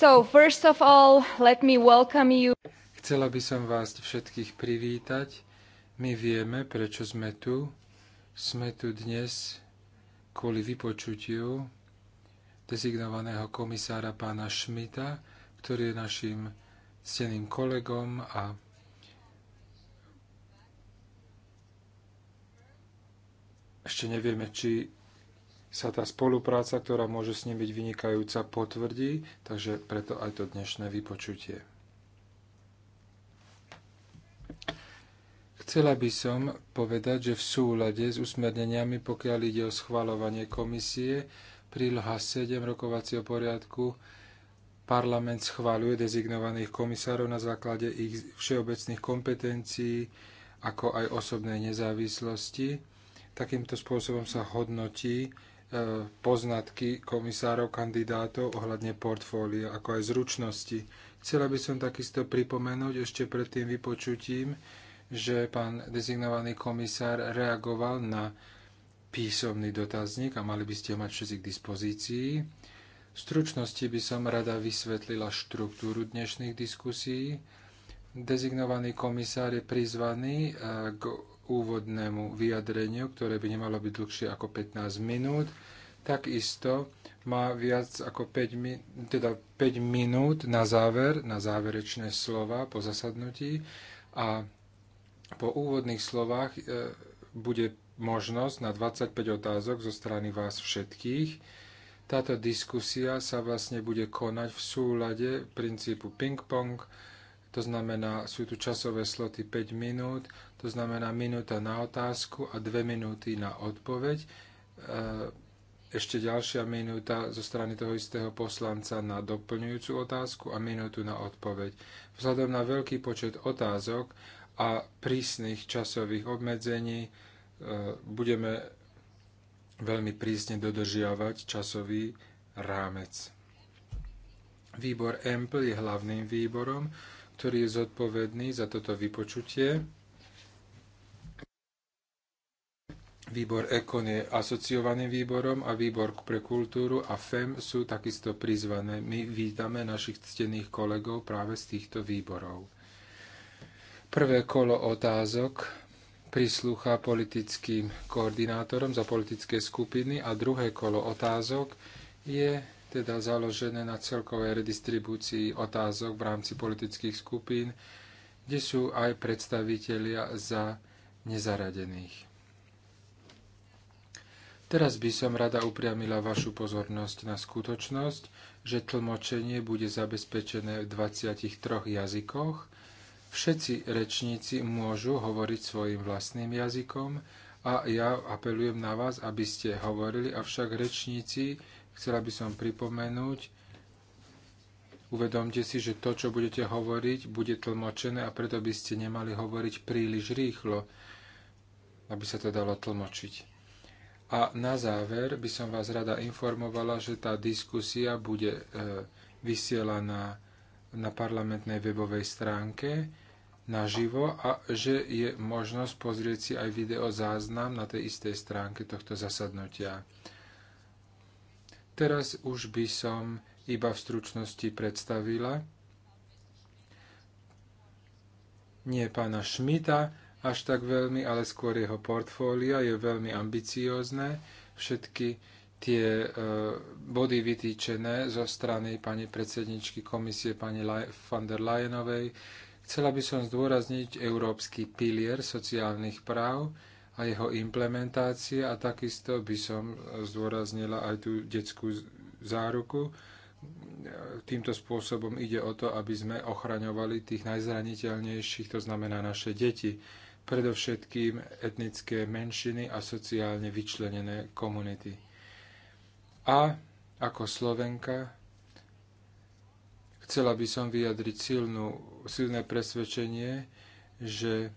So, first of all, let me welcome you. Chcela by som vás všetkých privítať. My vieme, prečo sme tu. Sme tu dnes kvôli vypočutiu dezignovaného komisára pána Šmita, ktorý je našim steným kolegom a ešte nevieme, či sa tá spolupráca, ktorá môže s ním byť vynikajúca, potvrdí, takže preto aj to dnešné vypočutie. Chcela by som povedať, že v súlade s usmerneniami, pokiaľ ide o schvalovanie komisie, príloha 7 rokovacieho poriadku parlament schváľuje dezignovaných komisárov na základe ich všeobecných kompetencií, ako aj osobnej nezávislosti. Takýmto spôsobom sa hodnotí E, poznatky komisárov kandidátov ohľadne portfólia, ako aj zručnosti. Chcela by som takisto pripomenúť ešte pred tým vypočutím, že pán dezignovaný komisár reagoval na písomný dotazník a mali by ste mať všetci k dispozícii. V stručnosti by som rada vysvetlila štruktúru dnešných diskusí. Dezignovaný komisár je prizvaný e, k úvodnému vyjadreniu, ktoré by nemalo byť dlhšie ako 15 minút. Takisto má viac ako 5, teda 5 minút na záver, na záverečné slova po zasadnutí a po úvodných slovách e, bude možnosť na 25 otázok zo strany vás všetkých. Táto diskusia sa vlastne bude konať v súlade princípu ping-pong, to znamená, sú tu časové sloty 5 minút to znamená minúta na otázku a dve minúty na odpoveď. E, ešte ďalšia minúta zo strany toho istého poslanca na doplňujúcu otázku a minútu na odpoveď. Vzhľadom na veľký počet otázok a prísnych časových obmedzení e, budeme veľmi prísne dodržiavať časový rámec. Výbor EMPL je hlavným výborom, ktorý je zodpovedný za toto vypočutie Výbor EKON je asociovaným výborom a výbor pre kultúru a FEM sú takisto prizvané. My vítame našich ctených kolegov práve z týchto výborov. Prvé kolo otázok prislúcha politickým koordinátorom za politické skupiny a druhé kolo otázok je teda založené na celkovej redistribúcii otázok v rámci politických skupín, kde sú aj predstavitelia za nezaradených. Teraz by som rada upriamila vašu pozornosť na skutočnosť, že tlmočenie bude zabezpečené v 23 jazykoch. Všetci rečníci môžu hovoriť svojim vlastným jazykom a ja apelujem na vás, aby ste hovorili, avšak rečníci, chcela by som pripomenúť, uvedomte si, že to, čo budete hovoriť, bude tlmočené a preto by ste nemali hovoriť príliš rýchlo, aby sa to dalo tlmočiť. A na záver by som vás rada informovala, že tá diskusia bude e, vysielaná na parlamentnej webovej stránke naživo a že je možnosť pozrieť si aj video záznam na tej istej stránke tohto zasadnutia. Teraz už by som iba v stručnosti predstavila nie pána Šmita, až tak veľmi, ale skôr jeho portfólia je veľmi ambiciózne. Všetky tie e, body vytýčené zo strany pani predsedničky komisie pani van der Leyenovej. Chcela by som zdôrazniť európsky pilier sociálnych práv a jeho implementácie a takisto by som zdôraznila aj tú detskú záruku. Týmto spôsobom ide o to, aby sme ochraňovali tých najzraniteľnejších, to znamená naše deti predovšetkým etnické menšiny a sociálne vyčlenené komunity. A ako Slovenka chcela by som vyjadriť silnú, silné presvedčenie, že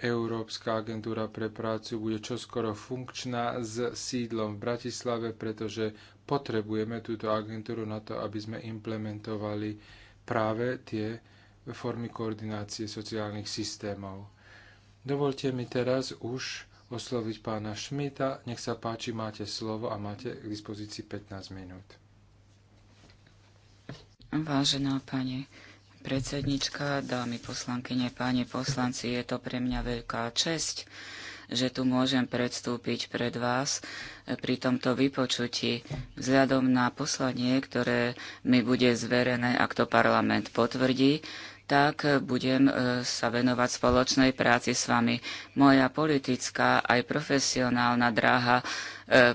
Európska agentúra pre prácu bude čoskoro funkčná s sídlom v Bratislave, pretože potrebujeme túto agentúru na to, aby sme implementovali práve tie formy koordinácie sociálnych systémov. Dovolte mi teraz už osloviť pána Šmita. Nech sa páči, máte slovo a máte k dispozícii 15 minút. Vážená pani predsednička, dámy poslankyne, páni poslanci, je to pre mňa veľká česť, že tu môžem predstúpiť pred vás pri tomto vypočutí vzhľadom na poslanie, ktoré mi bude zverené, ak to parlament potvrdí tak budem e, sa venovať spoločnej práci s vami. Moja politická aj profesionálna dráha e,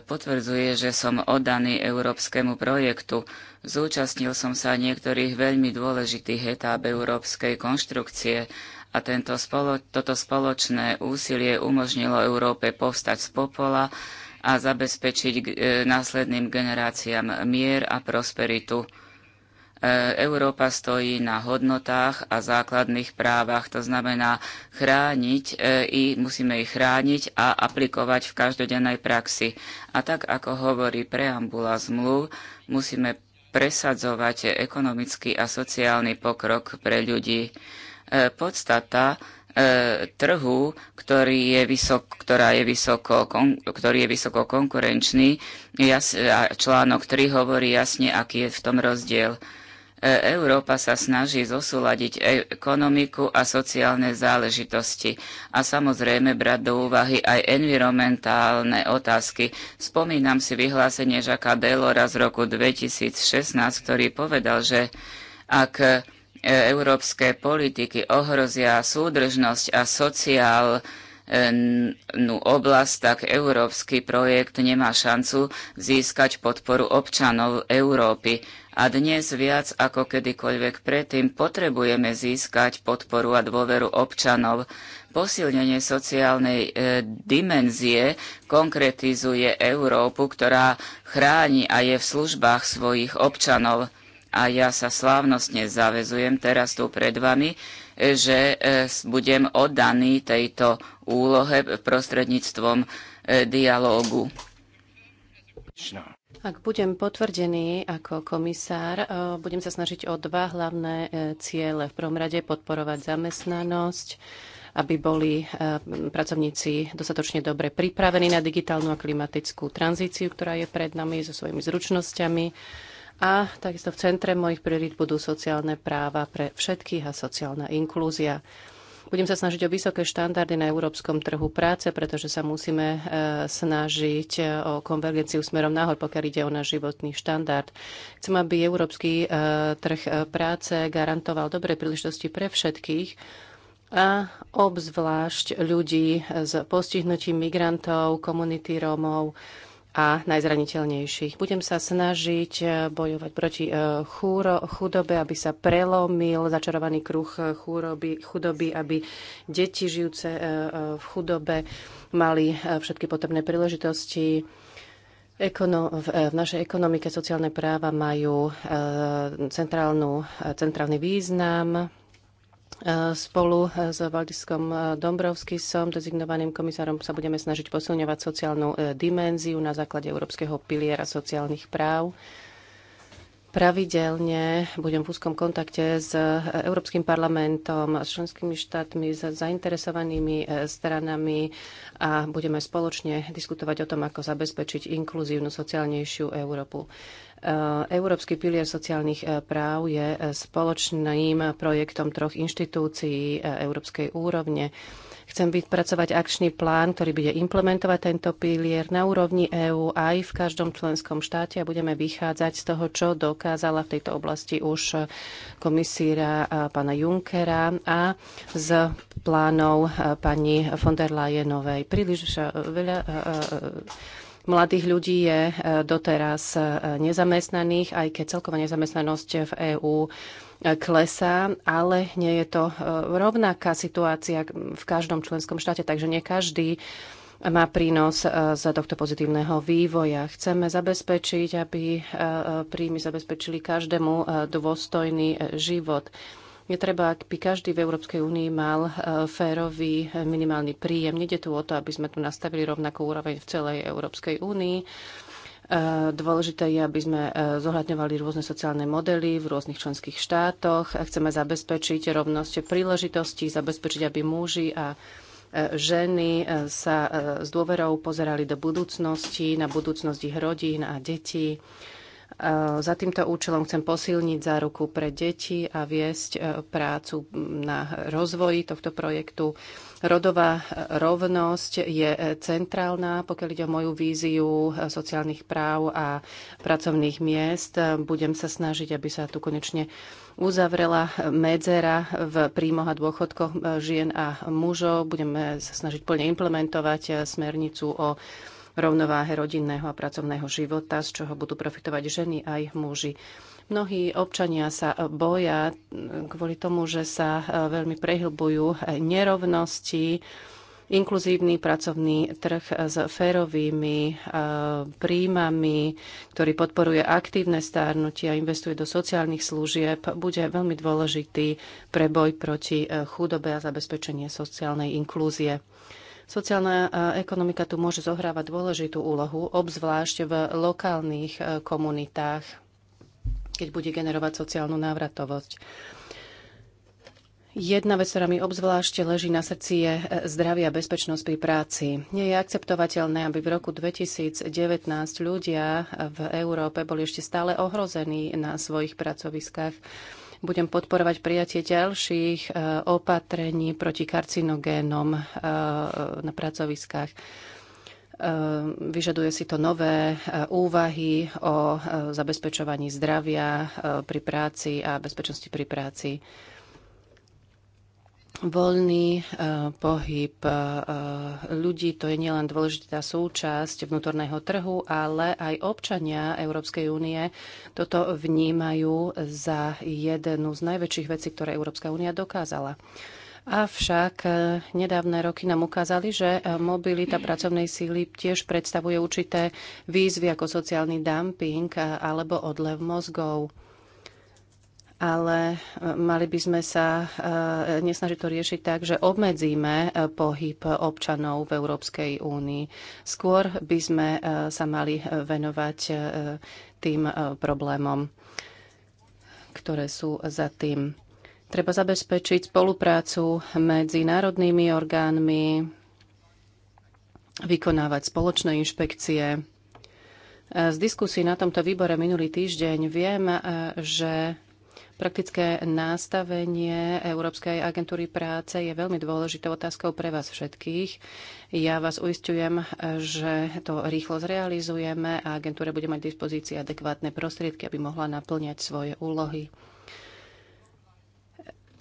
potvrdzuje, že som oddaný európskemu projektu. Zúčastnil som sa niektorých veľmi dôležitých etáp európskej konštrukcie a tento spolo- toto spoločné úsilie umožnilo Európe povstať z popola a zabezpečiť e, následným generáciám mier a prosperitu. E, Európa stojí na hodnotách a základných právach, to znamená chrániť e, i musíme ich chrániť a aplikovať v každodennej praxi. A tak, ako hovorí preambula zmluv, musíme presadzovať ekonomický a sociálny pokrok pre ľudí. E, podstata trhu, ktorý je vysok, ktorá je vysoko, kon, ktorý je vysoko konkurenčný. Jas, článok 3 hovorí jasne, aký je v tom rozdiel. E, Európa sa snaží zosúľadiť e, ekonomiku a sociálne záležitosti a samozrejme brať do úvahy aj environmentálne otázky. Spomínam si vyhlásenie Žaka Delora z roku 2016, ktorý povedal, že ak e, európske politiky ohrozia súdržnosť a sociál, oblasť, tak európsky projekt nemá šancu získať podporu občanov Európy. A dnes viac ako kedykoľvek predtým potrebujeme získať podporu a dôveru občanov. Posilnenie sociálnej e, dimenzie konkretizuje Európu, ktorá chráni a je v službách svojich občanov. A ja sa slávnostne zavezujem teraz tu pred vami, e, že e, budem oddaný tejto úlohe prostredníctvom e, dialógu. Ak budem potvrdený ako komisár, e, budem sa snažiť o dva hlavné e, ciele. V prvom rade podporovať zamestnanosť, aby boli pracovníci dostatočne dobre pripravení na digitálnu a klimatickú tranzíciu, ktorá je pred nami so svojimi zručnosťami. A takisto v centre mojich priorít budú sociálne práva pre všetkých a sociálna inklúzia. Budem sa snažiť o vysoké štandardy na európskom trhu práce, pretože sa musíme e, snažiť e, o konvergenciu smerom nahor, pokiaľ ide o náš životný štandard. Chcem, aby európsky e, trh práce garantoval dobré príležitosti pre všetkých a obzvlášť ľudí s postihnutím migrantov, komunity Rómov, a najzraniteľnejších. Budem sa snažiť eh, bojovať proti eh, chudobe, aby sa prelomil začarovaný kruh eh, chudoby, chudoby aby deti žijúce v chudobe mali všetky potrebné príležitosti. Ekono, v, v našej ekonomike sociálne práva majú centrálnu, centrálny význam E, spolu e, s Valdiskom e, Dombrovskisom, dezignovaným komisárom, sa budeme snažiť posilňovať sociálnu dimenziu na základe Európskeho piliera sociálnych práv. Pravidelne budem v úzkom kontakte s Európskym parlamentom, s členskými štátmi, s zainteresovanými stranami a budeme spoločne diskutovať o tom, ako zabezpečiť inkluzívnu, sociálnejšiu Európu. E, Európsky pilier sociálnych e, práv je e, spoločným projektom troch inštitúcií európskej úrovne. Chcem vypracovať akčný plán, ktorý bude implementovať tento pilier na úrovni EÚ aj v každom členskom štáte a budeme vychádzať z toho, čo dokázala v tejto oblasti už komisíra pána Junckera a z plánov pani von der Leyenovej. Príliš veľa mladých ľudí je e, doteraz e, nezamestnaných, aj keď celková nezamestnanosť v EÚ e, klesá, ale nie je to rovnaká situácia v každom členskom štáte, takže nie každý má prínos z tohto pozitívneho vývoja. Chceme zabezpečiť, aby príjmy zabezpečili každému dôstojný život. Netreba, treba, aby každý v Európskej únii mal e, férový e, minimálny príjem. Nede tu o to, aby sme tu nastavili rovnakú úroveň v celej Európskej únii. E, dôležité je, aby sme zohľadňovali rôzne sociálne modely v rôznych členských štátoch. Chceme zabezpečiť rovnosť príležitostí, zabezpečiť, aby muži a ženy sa s dôverou pozerali do budúcnosti, na budúcnosť ich rodín a detí. Eh, za týmto účelom chcem posilniť záruku pre deti a viesť eh, prácu na rozvoji tohto projektu. Rodová eh, rovnosť je centrálna, pokiaľ ide o moju víziu sociálnych práv a pracovných miest. Budem sa snažiť, aby sa tu konečne uzavrela medzera v príjmoch a dôchodkoch žien a mužov. Budeme sa snažiť plne implementovať smernicu o rovnováhe rodinného a pracovného života, z čoho budú profitovať ženy aj muži. Mnohí občania sa boja kvôli tomu, že sa e, veľmi prehlbujú nerovnosti, inkluzívny pracovný trh s férovými e, príjmami, ktorý podporuje aktívne stárnutie a investuje do sociálnych služieb, bude veľmi dôležitý pre boj proti e, chudobe a zabezpečenie sociálnej inklúzie. Sociálna e, ekonomika tu môže zohrávať dôležitú úlohu, obzvlášť v lokálnych e, komunitách, keď bude generovať sociálnu návratovosť. Jedna vec, ktorá mi obzvlášť leží na srdci, je e, zdravie a bezpečnosť pri práci. Nie je akceptovateľné, aby v roku 2019 ľudia v Európe boli ešte stále ohrození na svojich pracoviskách budem podporovať prijatie ďalších e, opatrení proti karcinogénom e, na pracoviskách. E, vyžaduje si to nové úvahy o zabezpečovaní zdravia pri práci a bezpečnosti pri práci. Voľný e, pohyb e, ľudí to je nielen dôležitá súčasť vnútorného trhu, ale aj občania Európskej únie toto vnímajú za jednu z najväčších vecí, ktoré Európska únia dokázala. Avšak e, nedávne roky nám ukázali, že mobilita pracovnej síly tiež predstavuje určité výzvy ako sociálny dumping alebo odlev mozgov ale e, mali by sme sa e, nesnažiť to riešiť tak, že obmedzíme e, pohyb občanov v Európskej únii. Skôr by sme sa mali venovať tým problémom, ktoré sú za tým. Treba zabezpečiť spoluprácu medzi národnými orgánmi, vykonávať spoločné inšpekcie. Z diskusí na tomto výbore minulý týždeň viem, že Praktické nastavenie Európskej agentúry práce je veľmi dôležitou otázkou pre vás všetkých. Ja vás uistujem, že to rýchlo zrealizujeme a agentúra bude mať dispozícii adekvátne prostriedky, aby mohla naplňať svoje úlohy.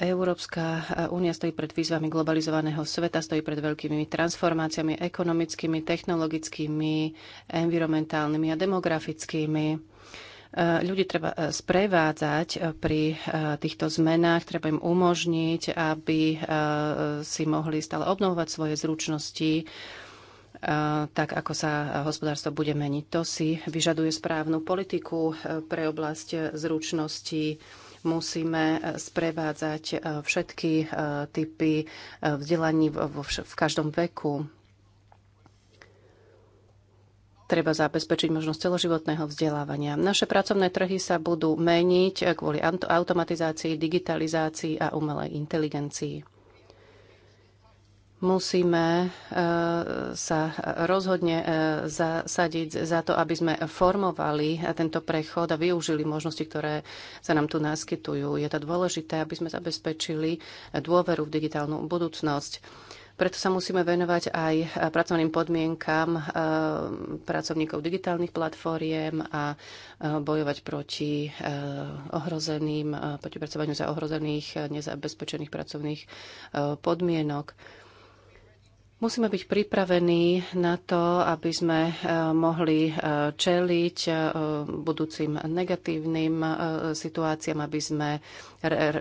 Európska únia stojí pred výzvami globalizovaného sveta, stojí pred veľkými transformáciami ekonomickými, technologickými, environmentálnymi a demografickými. E, ľudí treba e, sprevádzať e, pri týchto zmenách, treba im umožniť, aby si mohli stále obnovovať svoje zručnosti, tak ako sa hospodárstvo bude meniť. To si vyžaduje správnu politiku pre oblasť zručnosti. Musíme sprevádzať všetky typy vzdelaní v každom veku treba zabezpečiť možnosť celoživotného vzdelávania. Naše pracovné trhy sa budú meniť kvôli automatizácii, digitalizácii a umelej inteligencii. Musíme eh, sa rozhodne eh, zasadiť za to, aby sme formovali tento prechod a využili možnosti, ktoré sa nám tu naskytujú. Je to dôležité, aby sme zabezpečili dôveru v digitálnu budúcnosť preto sa musíme venovať aj eh, pracovným podmienkam eh, pracovníkov digitálnych platformiem a eh, bojovať proti ohrozeným, proti pracovaniu za ohrozených, nezabezpečených pracovných podmienok. Musíme byť pripravení na to, aby sme e, mohli e, čeliť e, budúcim negatívnym situáciám, aby sme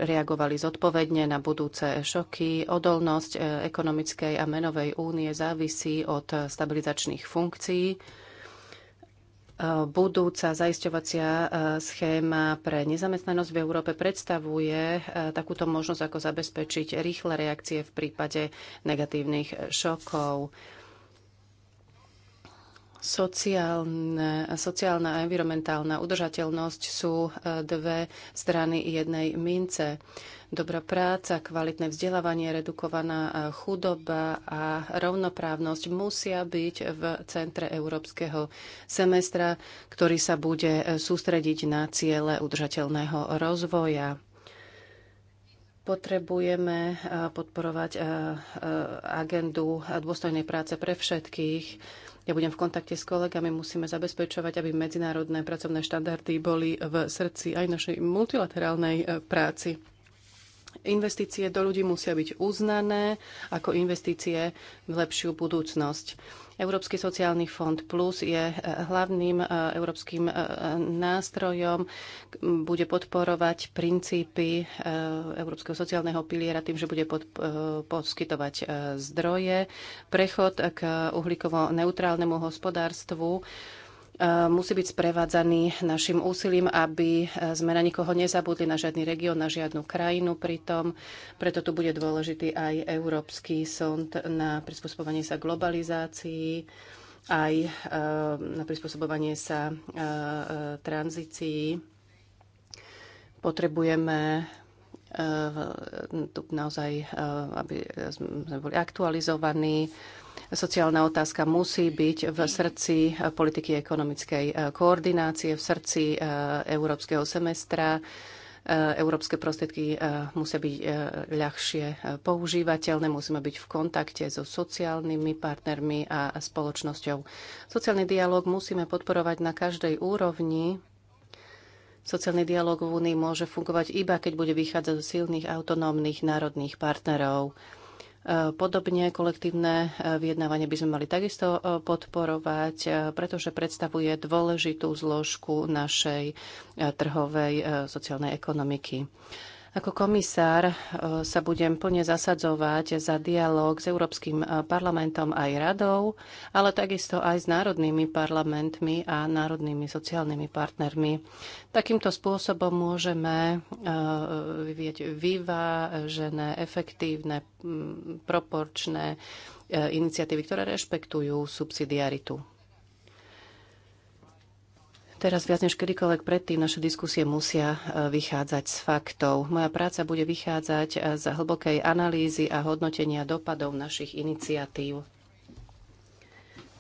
reagovali zodpovedne na budúce šoky. Odolnosť ekonomickej a menovej únie závisí od stabilizačných funkcií E, budúca zaisťovacia e, schéma pre nezamestnanosť v Európe predstavuje e, takúto možnosť, ako zabezpečiť rýchle reakcie v prípade negatívnych šokov. Sociálne, sociálna a environmentálna udržateľnosť sú dve strany jednej mince dobrá práca, kvalitné vzdelávanie, redukovaná e, chudoba a rovnoprávnosť musia byť v centre európskeho semestra, ktorý sa bude e, sústrediť na ciele udržateľného rozvoja potrebujeme e, podporovať agendu dôstojnej práce pre všetkých. Ja budem v kontakte s kolegami, musíme zabezpečovať, aby medzinárodné pracovné štandardy boli v srdci aj našej multilaterálnej práci investície do ľudí musia byť uznané ako investície v lepšiu budúcnosť. Európsky sociálny fond Plus je eh, hlavným eh, európskym eh, nástrojom, bude podporovať princípy Európskeho sociálneho piliera tým, že bude pod, poskytovať zdroje, prechod k uhlíkovo neutrálnemu hospodárstvu Eh, musí byť sprevádzaný našim úsilím, aby eh, sme na nikoho nezabudli, na žiadny región, na žiadnu krajinu pritom. Preto tu bude dôležitý aj Európsky sond na prispôsobovanie sa globalizácii, aj eh, na prispôsobovanie sa tranzícii. Potrebujeme tu naozaj, aby sme boli aktualizovaní, Sociálna otázka musí byť v srdci politiky ekonomickej eh, koordinácie, v srdci eh, európskeho semestra. Eh, európske prostriedky musia byť ľahšie používateľné, musíme byť v kontakte so sociálnymi partnermi a spoločnosťou. Sociálny dialog musíme podporovať na každej úrovni, Sociálny dialog v Únii môže fungovať iba, keď bude vychádzať zo silných autonómnych národných partnerov. Podobne kolektívne e, vyjednávanie by sme mali takisto e, podporovať, e, pretože predstavuje dôležitú zložku našej trhovej sociálnej ekonomiky. Ako komisár e, sa budem plne zasadzovať za dialog s Európskym e, parlamentom aj radou, ale takisto aj s národnými parlamentmi a národnými sociálnymi partnermi. Takýmto spôsobom môžeme e, vyvieť vyvážené, efektívne, proporčné iniciatívy, ktoré rešpektujú subsidiaritu. Teraz viac než kedykoľvek predtým naše diskusie musia e, vychádzať z faktov. Moja práca bude vychádzať e, z hlbokej analýzy a hodnotenia dopadov našich iniciatív.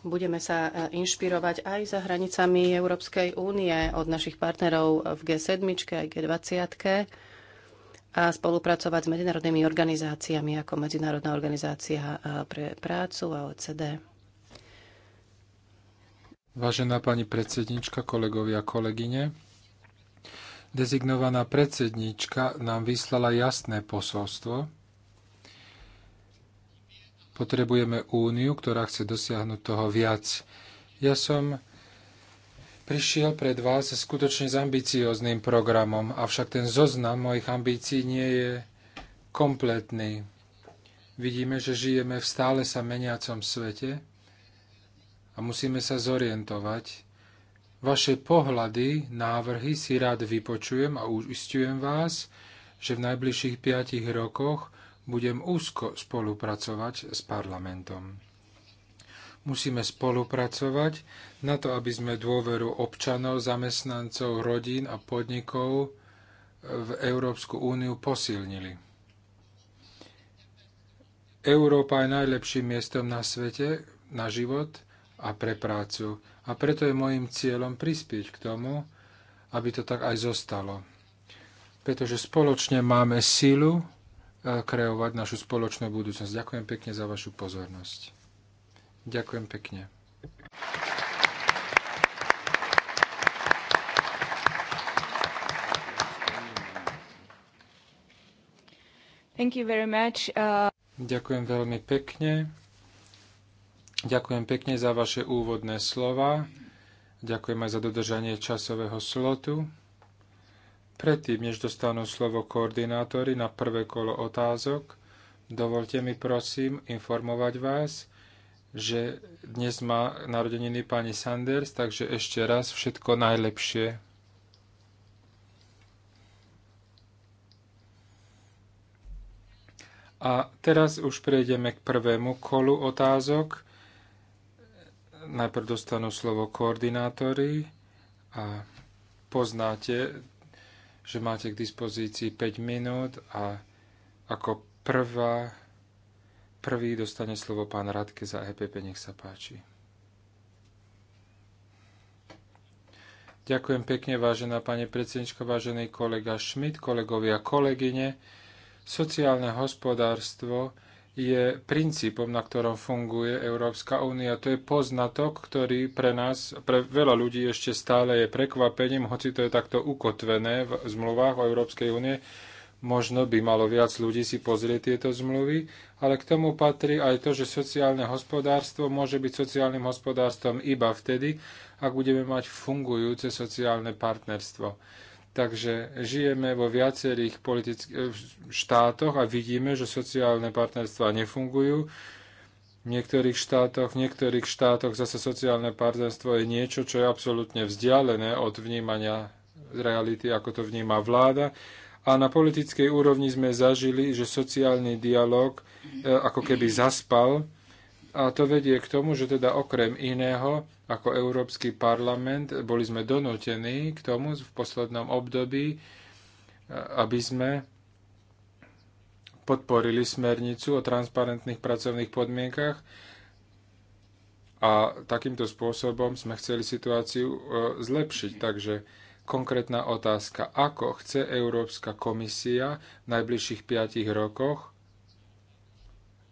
Budeme sa e, inšpirovať aj za hranicami Európskej únie od našich partnerov v G7 aj G20 a spolupracovať s medzinárodnými organizáciami ako Medzinárodná organizácia pre prácu a OCD. Vážená pani predsednička, kolegovia, kolegyne, dezignovaná predsednička nám vyslala jasné posolstvo. Potrebujeme úniu, ktorá chce dosiahnuť toho viac. Ja som prišiel pred vás skutočne s ambiciozným programom, avšak ten zoznam mojich ambícií nie je kompletný. Vidíme, že žijeme v stále sa meniacom svete, a musíme sa zorientovať. Vaše pohľady, návrhy si rád vypočujem a uistujem vás, že v najbližších piatich rokoch budem úzko spolupracovať s parlamentom. Musíme spolupracovať na to, aby sme dôveru občanov, zamestnancov, rodín a podnikov v Európsku úniu posilnili. Európa je najlepším miestom na svete na život a pre prácu. A preto je môjim cieľom prispieť k tomu, aby to tak aj zostalo. Pretože spoločne máme sílu e, kreovať našu spoločnú budúcnosť. Ďakujem pekne za vašu pozornosť. Ďakujem pekne. Thank you very much. Uh... Ďakujem veľmi pekne. Ďakujem pekne za vaše úvodné slova. Ďakujem aj za dodržanie časového slotu. Predtým, než dostanú slovo koordinátori na prvé kolo otázok, dovolte mi prosím informovať vás, že dnes má narodeniny pani Sanders, takže ešte raz všetko najlepšie. A teraz už prejdeme k prvému kolu otázok. Najprv dostanú slovo koordinátori a poznáte, že máte k dispozícii 5 minút a ako prvá, prvý dostane slovo pán Radke za EPP, nech sa páči. Ďakujem pekne, vážená pani predsednička, vážený kolega Schmidt, kolegovia, kolegyne. Sociálne hospodárstvo je princípom, na ktorom funguje Európska únia. To je poznatok, ktorý pre nás, pre veľa ľudí ešte stále je prekvapením, hoci to je takto ukotvené v zmluvách o Európskej únie. Možno by malo viac ľudí si pozrieť tieto zmluvy, ale k tomu patrí aj to, že sociálne hospodárstvo môže byť sociálnym hospodárstvom iba vtedy, ak budeme mať fungujúce sociálne partnerstvo. Takže žijeme vo viacerých eh, štátoch a vidíme, že sociálne partnerstva nefungujú. V niektorých štátoch, v niektorých štátoch zase sociálne partnerstvo je niečo, čo je absolútne vzdialené od vnímania reality, ako to vníma vláda. A na politickej úrovni sme zažili, že sociálny dialog eh, ako keby zaspal a to vedie k tomu, že teda okrem iného, ako Európsky parlament, boli sme donútení k tomu v poslednom období, e, aby sme podporili smernicu o transparentných pracovných podmienkach a takýmto spôsobom sme chceli situáciu e, zlepšiť. Takže konkrétna otázka, ako chce Európska komisia v najbližších 5 rokoch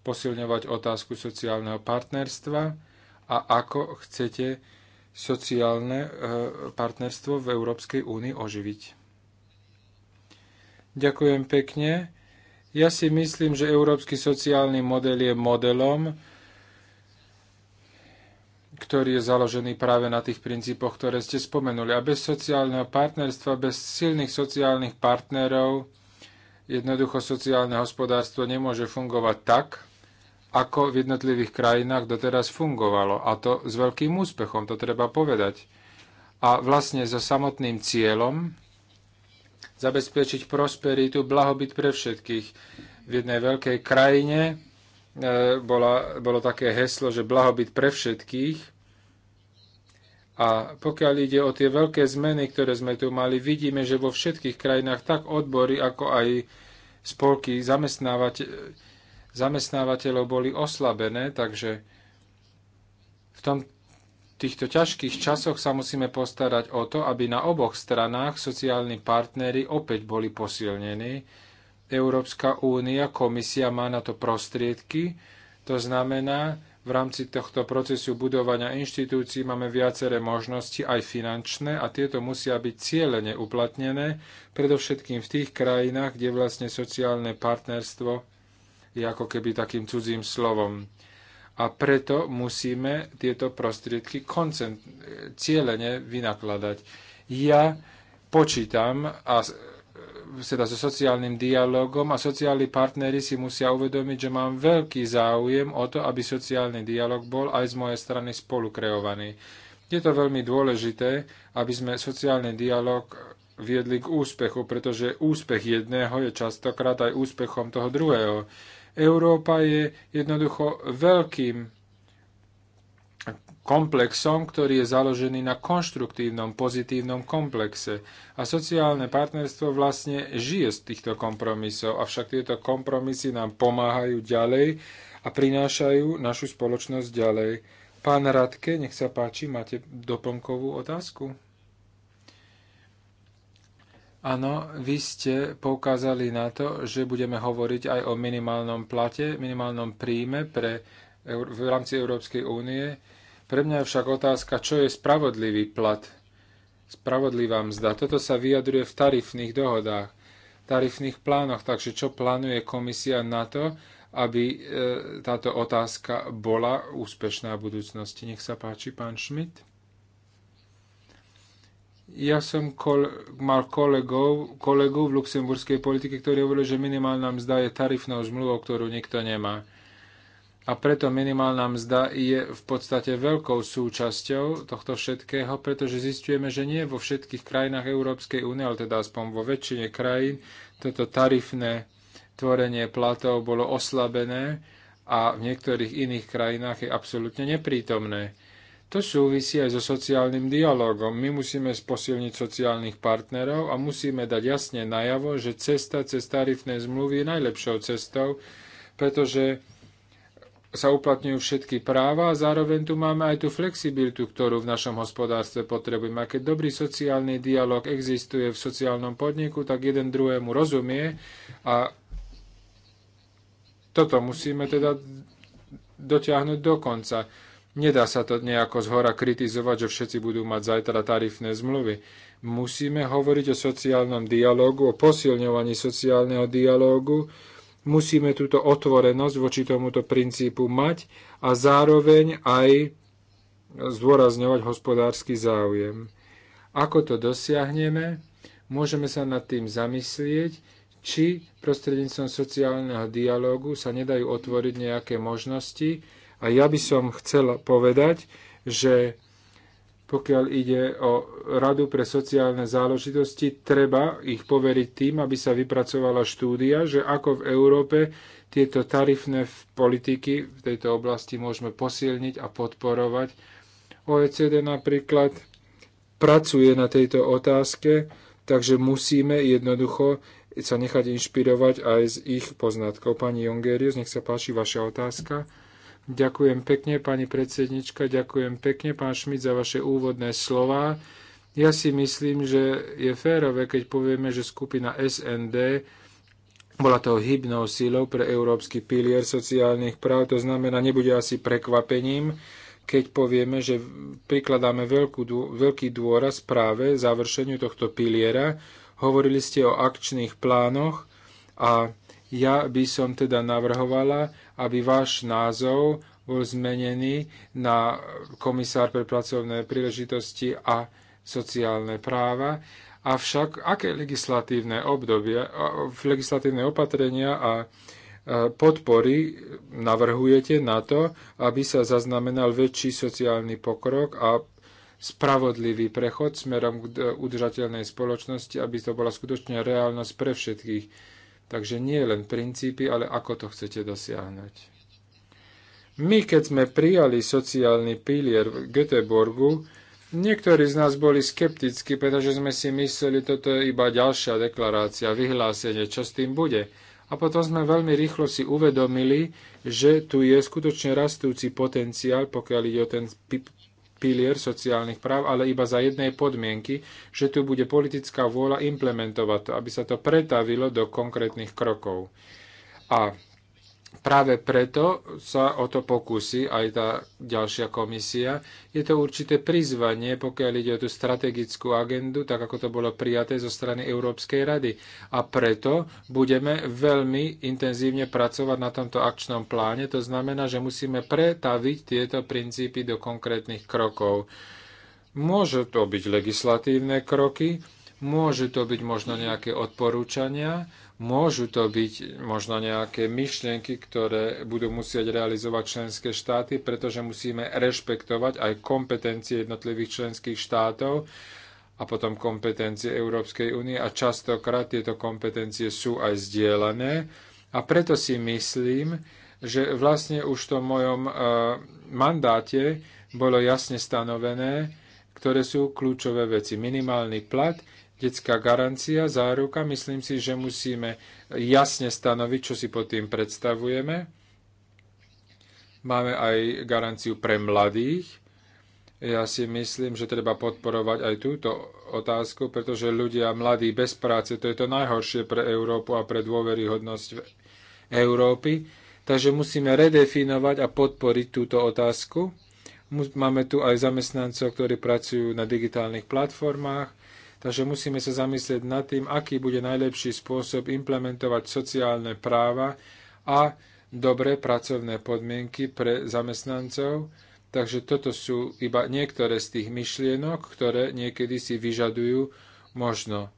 posilňovať otázku sociálneho partnerstva a ako chcete sociálne e, partnerstvo v Európskej únii oživiť. Ďakujem pekne. Ja si myslím, že európsky sociálny model je modelom, ktorý je založený práve na tých princípoch, ktoré ste spomenuli. A bez sociálneho partnerstva, bez silných sociálnych partnerov, jednoducho sociálne hospodárstvo nemôže fungovať tak, ako v jednotlivých krajinách doteraz fungovalo. A to s veľkým úspechom, to treba povedať. A vlastne so samotným cieľom zabezpečiť prosperitu, blahobyt pre všetkých. V jednej veľkej krajine e, bola, bolo také heslo, že blahobyt pre všetkých. A pokiaľ ide o tie veľké zmeny, ktoré sme tu mali, vidíme, že vo všetkých krajinách tak odbory, ako aj spolky zamestnávateľov zamestnávateľov boli oslabené, takže v tom, týchto ťažkých časoch sa musíme postarať o to, aby na oboch stranách sociálni partnery opäť boli posilnení. Európska únia, komisia má na to prostriedky, to znamená, v rámci tohto procesu budovania inštitúcií máme viaceré možnosti, aj finančné, a tieto musia byť cieľene uplatnené, predovšetkým v tých krajinách, kde vlastne sociálne partnerstvo je ako keby takým cudzím slovom. A preto musíme tieto prostriedky koncent- cieľene vynakladať. Ja počítam a teda so sociálnym dialogom a sociálni partnery si musia uvedomiť, že mám veľký záujem o to, aby sociálny dialog bol aj z mojej strany spolukreovaný. Je to veľmi dôležité, aby sme sociálny dialog viedli k úspechu, pretože úspech jedného je častokrát aj úspechom toho druhého. Európa je jednoducho veľkým komplexom, ktorý je založený na konštruktívnom, pozitívnom komplexe. A sociálne partnerstvo vlastne žije z týchto kompromisov, avšak tieto kompromisy nám pomáhajú ďalej a prinášajú našu spoločnosť ďalej. Pán Radke, nech sa páči, máte doplnkovú otázku? Áno, vy ste poukázali na to, že budeme hovoriť aj o minimálnom plate, minimálnom príjme pre, v rámci Európskej únie. Pre mňa je však otázka, čo je spravodlivý plat, spravodlivá mzda. Toto sa vyjadruje v tarifných dohodách, tarifných plánoch. Takže čo plánuje komisia na to, aby e, táto otázka bola úspešná v budúcnosti? Nech sa páči, pán Schmidt. Ja som kol, mal kolegov, kolegov v luxemburskej politike, ktorí hovorili, že minimálna mzda je tarifnou zmluvou, ktorú nikto nemá. A preto minimálna mzda je v podstate veľkou súčasťou tohto všetkého, pretože zistujeme, že nie vo všetkých krajinách Európskej únie, ale teda aspoň vo väčšine krajín, toto tarifné tvorenie platov bolo oslabené a v niektorých iných krajinách je absolútne neprítomné. To súvisí aj so sociálnym dialogom. My musíme posilniť sociálnych partnerov a musíme dať jasne najavo, že cesta cez tarifné zmluvy je najlepšou cestou, pretože sa uplatňujú všetky práva a zároveň tu máme aj tú flexibilitu, ktorú v našom hospodárstve potrebujeme. A keď dobrý sociálny dialog existuje v sociálnom podniku, tak jeden druhému rozumie a toto musíme teda dotiahnuť do konca Nedá sa to nejako zhora kritizovať, že všetci budú mať zajtra tarifné zmluvy. Musíme hovoriť o sociálnom dialogu, o posilňovaní sociálneho dialógu. Musíme túto otvorenosť voči tomuto princípu mať a zároveň aj zdôrazňovať hospodársky záujem. Ako to dosiahneme? Môžeme sa nad tým zamyslieť, či prostredníctvom sociálneho dialógu sa nedajú otvoriť nejaké možnosti, a ja by som chcela povedať, že pokiaľ ide o Radu pre sociálne záležitosti, treba ich poveriť tým, aby sa vypracovala štúdia, že ako v Európe tieto tarifné politiky v tejto oblasti môžeme posilniť a podporovať. OECD napríklad pracuje na tejto otázke, takže musíme jednoducho sa nechať inšpirovať aj z ich poznatkov. Pani Jongerius, nech sa páči vaša otázka. Ďakujem pekne, pani predsednička, ďakujem pekne, pán Šmit, za vaše úvodné slova. Ja si myslím, že je férové, keď povieme, že skupina SND bola to hybnou síľou pre európsky pilier sociálnych práv. To znamená, nebude asi prekvapením, keď povieme, že prikladáme veľkú, veľký dôraz práve završeniu tohto piliera. Hovorili ste o akčných plánoch a ja by som teda navrhovala, aby váš názov bol zmenený na komisár pre pracovné príležitosti a sociálne práva. Avšak aké legislatívne obdobie, legislatívne opatrenia a e, podpory navrhujete na to, aby sa zaznamenal väčší sociálny pokrok a spravodlivý prechod smerom k udržateľnej spoločnosti, aby to bola skutočne reálnosť pre všetkých Takže nie len princípy, ale ako to chcete dosiahnuť. My, keď sme prijali sociálny pilier v Göteborgu, niektorí z nás boli skeptickí, pretože sme si mysleli, toto je iba ďalšia deklarácia, vyhlásenie, čo s tým bude. A potom sme veľmi rýchlo si uvedomili, že tu je skutočne rastúci potenciál, pokiaľ ide o ten pilier sociálnych práv, ale iba za jednej podmienky, že tu bude politická vôľa implementovať to, aby sa to pretavilo do konkrétnych krokov. A práve preto sa o to pokusí aj tá ďalšia komisia. Je to určité prizvanie, pokiaľ ide o tú strategickú agendu, tak ako to bolo prijaté zo strany Európskej rady. A preto budeme veľmi intenzívne pracovať na tomto akčnom pláne. To znamená, že musíme pretaviť tieto princípy do konkrétnych krokov. Môžu to byť legislatívne kroky, môžu to byť možno nejaké odporúčania, Môžu to byť možno nejaké myšlienky, ktoré budú musieť realizovať členské štáty, pretože musíme rešpektovať aj kompetencie jednotlivých členských štátov a potom kompetencie Európskej únie a častokrát tieto kompetencie sú aj zdieľané. A preto si myslím, že vlastne už v v mojom e, mandáte bolo jasne stanovené, ktoré sú kľúčové veci. Minimálny plat, detská garancia, záruka. Myslím si, že musíme jasne stanoviť, čo si pod tým predstavujeme. Máme aj garanciu pre mladých. Ja si myslím, že treba podporovať aj túto otázku, pretože ľudia mladí bez práce, to je to najhoršie pre Európu a pre dôveryhodnosť Európy. Takže musíme redefinovať a podporiť túto otázku. Máme tu aj zamestnancov, ktorí pracujú na digitálnych platformách. Takže musíme sa zamyslieť nad tým, aký bude najlepší spôsob implementovať sociálne práva a dobré pracovné podmienky pre zamestnancov. Takže toto sú iba niektoré z tých myšlienok, ktoré niekedy si vyžadujú možno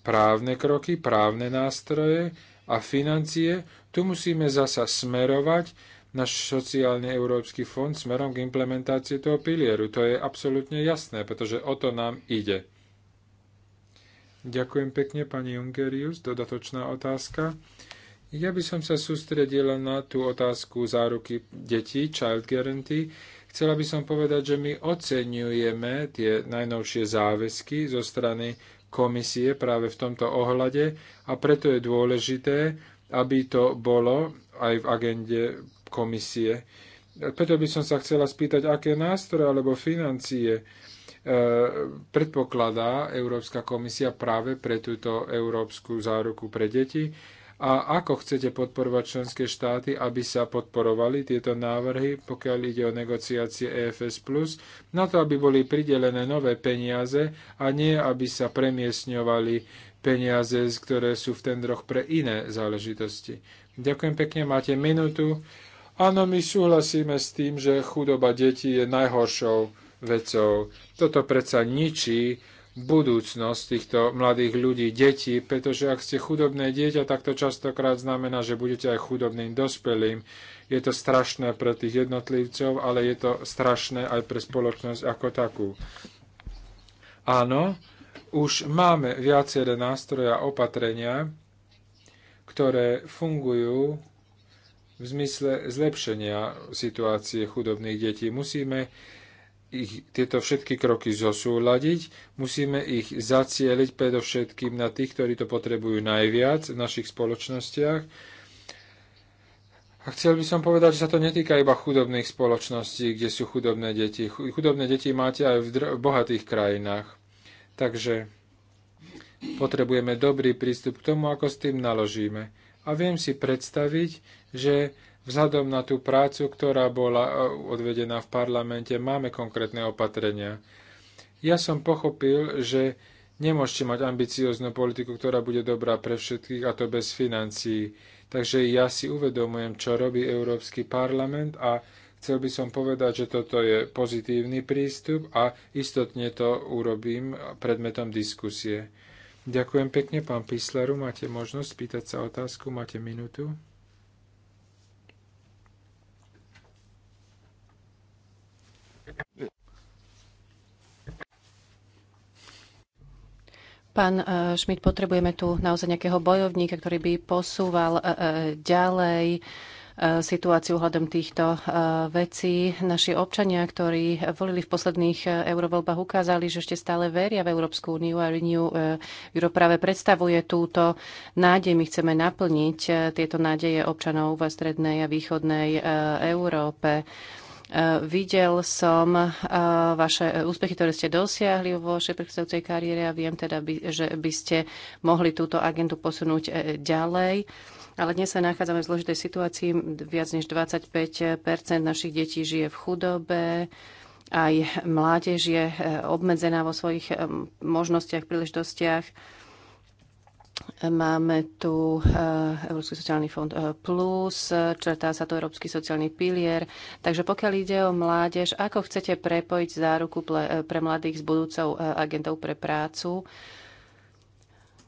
právne kroky, právne nástroje a financie. Tu musíme zasa smerovať náš sociálny európsky fond smerom k implementácii toho pilieru. To je absolútne jasné, pretože o to nám ide. Ďakujem pekne, pani Jungerius. Dodatočná otázka. Ja by som sa sústredila na tú otázku záruky detí, Child Guarantee. Chcela by som povedať, že my oceňujeme tie najnovšie záväzky zo strany komisie práve v tomto ohľade a preto je dôležité, aby to bolo aj v agende komisie. Preto by som sa chcela spýtať, aké nástroje alebo financie E, predpokladá Európska komisia práve pre túto európsku záruku pre deti. A ako chcete podporovať členské štáty, aby sa podporovali tieto návrhy, pokiaľ ide o negociácie EFS+, na to, aby boli pridelené nové peniaze a nie, aby sa premiesňovali peniaze, ktoré sú v tendroch pre iné záležitosti. Ďakujem pekne, máte minútu. Áno, my súhlasíme s tým, že chudoba detí je najhoršou vecou. Toto predsa ničí budúcnosť týchto mladých ľudí, detí, pretože ak ste chudobné dieťa, tak to častokrát znamená, že budete aj chudobným dospelým. Je to strašné pre tých jednotlivcov, ale je to strašné aj pre spoločnosť ako takú. Áno, už máme viaceré nástroje a opatrenia, ktoré fungujú v zmysle zlepšenia situácie chudobných detí. Musíme ich, tieto všetky kroky zosúľadiť, musíme ich zacieliť predovšetkým na tých, ktorí to potrebujú najviac v našich spoločnostiach. A chcel by som povedať, že sa to netýka iba chudobných spoločností, kde sú chudobné deti. Chudobné deti máte aj v, v bohatých krajinách. Takže potrebujeme dobrý prístup k tomu, ako s tým naložíme. A viem si predstaviť, že Vzhľadom na tú prácu, ktorá bola e, odvedená v parlamente, máme konkrétne opatrenia. Ja som pochopil, že nemôžete mať ambicióznu politiku, ktorá bude dobrá pre všetkých, a to bez financií. Takže ja si uvedomujem, čo robí Európsky parlament a chcel by som povedať, že toto je pozitívny prístup a istotne to urobím predmetom diskusie. Ďakujem pekne, pán Pislaru. Máte možnosť spýtať sa otázku, máte minútu. Pán Šmit, eh, potrebujeme tu naozaj nejakého bojovníka, ktorý by posúval eh, eh, ďalej situáciu hľadom týchto vecí. Naši občania, ktorí volili v posledných eurovoľbách, ukázali, že ešte stále veria v Európsku úniu a Renew Europe práve predstavuje túto nádej. My chceme naplniť tieto nádeje občanov v strednej a východnej Európe. E, videl som e, vaše e, úspechy, ktoré ste dosiahli vo vašej predchádzajúcej kariére a viem teda, by, že by ste mohli túto agendu posunúť ďalej. Ale dnes sa nachádzame v zložitej situácii. Viac než 25 našich detí žije v chudobe. Aj mládež je obmedzená vo svojich možnostiach, príležitostiach Máme tu eh, Európsky sociálny fond eh, plus, črtá sa tu Európsky sociálny pilier. Takže pokiaľ ide o mládež, ako chcete prepojiť záruku eh, pre mladých s budúcou agentou pre prácu?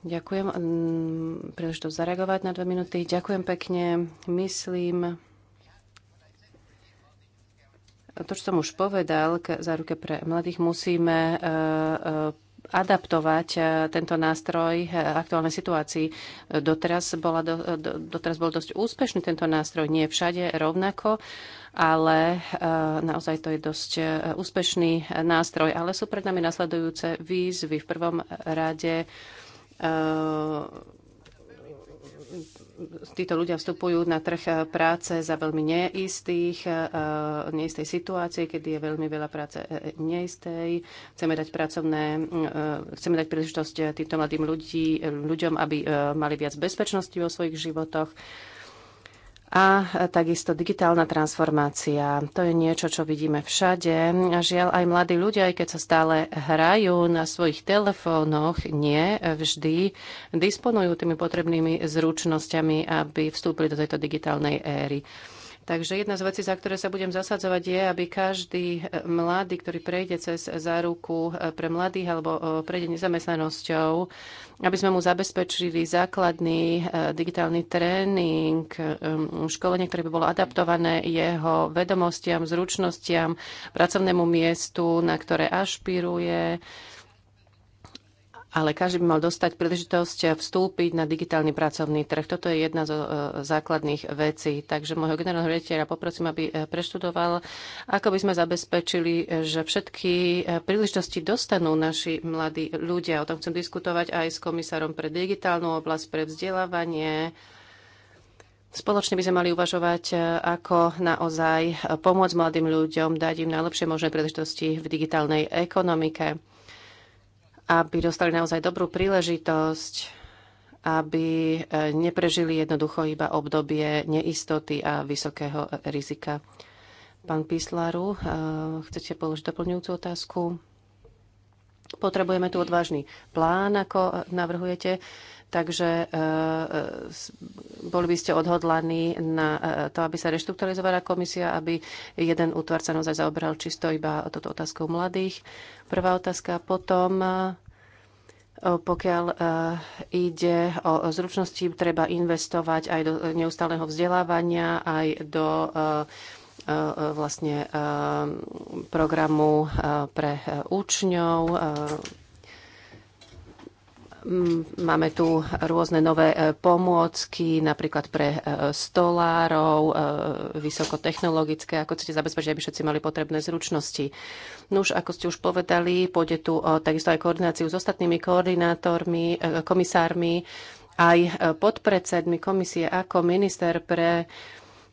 Ďakujem. Mm, to zareagovať na dve minúty. Ďakujem pekne. Myslím, to, čo som už povedal, k záruke pre mladých musíme adaptovať e, tento nástroj e, aktuálnej situácii. Doteraz, bola, do, do, doteraz bol dosť úspešný tento nástroj, nie všade rovnako, ale e, naozaj to je dosť úspešný nástroj. Ale sú pred nami nasledujúce výzvy. V prvom rade títo ľudia vstupujú na trh eh, práce za veľmi neistých, eh, eh, neistej situácie, kedy je veľmi veľa práce neistej. Chceme dať pracovné, chceme dať príležitosť týmto mladým ľudí, ľuďom, aby mali viac bezpečnosti vo svojich životoch a takisto digitálna transformácia. To je niečo, čo vidíme všade. A žiaľ, aj mladí ľudia, aj keď sa stále hrajú na svojich telefónoch, nie vždy disponujú tými potrebnými zručnosťami, aby vstúpili do tejto digitálnej éry. Takže jedna z vecí, za ktoré sa budem zasadzovať, je, aby každý e, mladý, ktorý prejde cez záruku e, pre mladých alebo e, prejde nezamestnanosťou, aby sme mu zabezpečili základný digitálny tréning, školenie, ktoré by bolo adaptované jeho vedomostiam, zručnostiam, pracovnému miestu, na ktoré ašpiruje, ale každý by mal dostať príležitosť vstúpiť na digitálny pracovný trh. Toto je jedna zo e, základných vecí. Takže môjho generálneho rediteľa poprosím, aby e, preštudoval, ako by sme zabezpečili, e, že všetky príležitosti dostanú naši mladí ľudia. O tom chcem diskutovať aj s komisárom pre digitálnu oblasť, pre vzdelávanie, Spoločne by sme mali uvažovať, ako naozaj pomôcť mladým ľuďom, dať im najlepšie možné príležitosti v digitálnej ekonomike aby dostali naozaj dobrú príležitosť, aby e, neprežili jednoducho iba obdobie neistoty a vysokého e, rizika. Pán Píslaru, e, chcete položiť doplňujúcu otázku? Potrebujeme tu odvážny plán, ako navrhujete. Takže e, e, boli by ste odhodlaní na e, to, aby sa reštrukturalizovala komisia, aby jeden útvar sa naozaj zaoberal čisto iba toto otázkou mladých. Prvá otázka. Potom pokiaľ ide o zručnosti, treba investovať aj do neustáleho vzdelávania, aj do vlastne programu pre účňov. Mm, máme tu rôzne nové e, pomôcky, napríklad pre e, stolárov, e, vysokotechnologické, ako chcete zabezpečiť, aby všetci mali potrebné zručnosti. Nuž, ako ste už povedali, pôjde tu o takisto aj koordináciu s ostatnými koordinátormi, komisármi, aj podpredsedmi komisie ako minister pre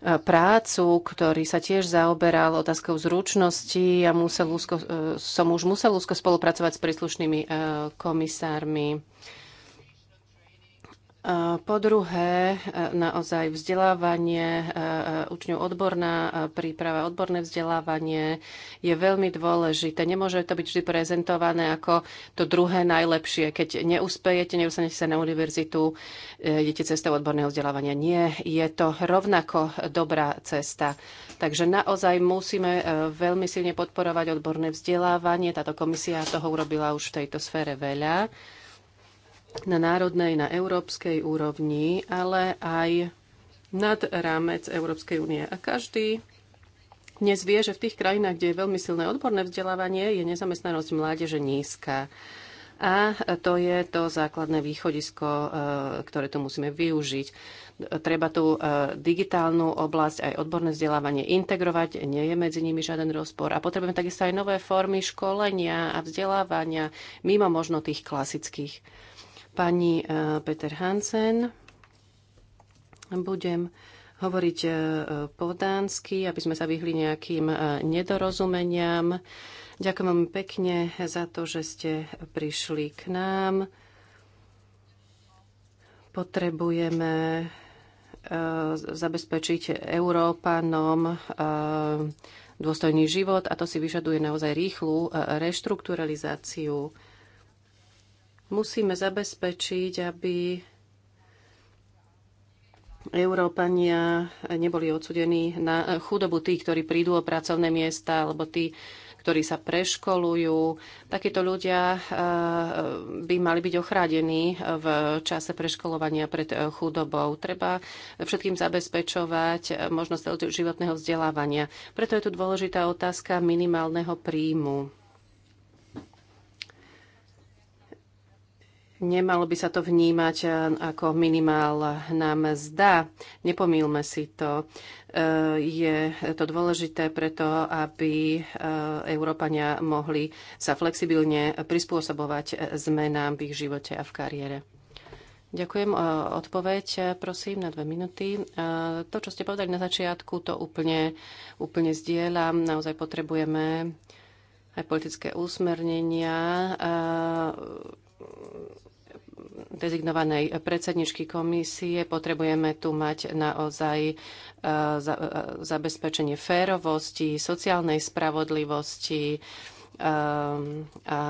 E, prácu, ktorý sa tiež zaoberal otázkou zručnosti a musel úzko, e, som už musel úzko spolupracovať s príslušnými e, komisármi. Po druhé, e, naozaj vzdelávanie e, e, učňov odborná príprava, odborné vzdelávanie je veľmi dôležité. Nemôže to byť vždy prezentované ako to druhé najlepšie. Keď neúspejete, neúspejete sa na univerzitu, idete cestou odborného vzdelávania. Nie, je to rovnako dobrá cesta. Takže naozaj musíme veľmi silne podporovať odborné vzdelávanie. Táto komisia toho urobila už v tejto sfére veľa na národnej, na európskej úrovni, ale aj nad rámec Európskej únie. A každý dnes vie, že v tých krajinách, kde je veľmi silné odborné vzdelávanie, je nezamestnanosť mládeže nízka. A to je to základné východisko, e, ktoré tu musíme využiť. Treba tú e, digitálnu oblasť aj odborné vzdelávanie integrovať, nie je medzi nimi žiaden rozpor. A potrebujeme takisto aj nové formy školenia a vzdelávania mimo možno tých klasických pani eh, Peter Hansen. Budem hovoriť eh, po dánsky, aby sme sa vyhli nejakým eh, nedorozumeniam. Ďakujem vám pekne za to, že ste prišli k nám. Potrebujeme zabezpečiť Európanom dôstojný život a to si vyžaduje naozaj rýchlu reštrukturalizáciu Musíme zabezpečiť, aby Európania neboli odsudení na chudobu tých, ktorí prídu o pracovné miesta, alebo tí, ktorí sa preškolujú. Takíto ľudia eh, by mali byť ochrádení v čase preškolovania pred eh, chudobou. Treba všetkým zabezpečovať eh, možnosť životného vzdelávania. Preto je tu dôležitá otázka minimálneho príjmu Nemalo by sa to vnímať eh, ako minimál nám mzda. Nepomílme si to. Eh, je to dôležité preto, aby eh, Európania mohli sa flexibilne prispôsobovať zmenám v ich živote a v kariére. Ďakujem. Odpoveď, prosím, na dve minúty. To, čo ste povedali na začiatku, to úplne, úplne zdieľam. Naozaj potrebujeme aj politické úsmernenia dezignovanej predsedničky komisie potrebujeme tu mať naozaj e, e, zabezpečenie férovosti, sociálnej spravodlivosti, e, a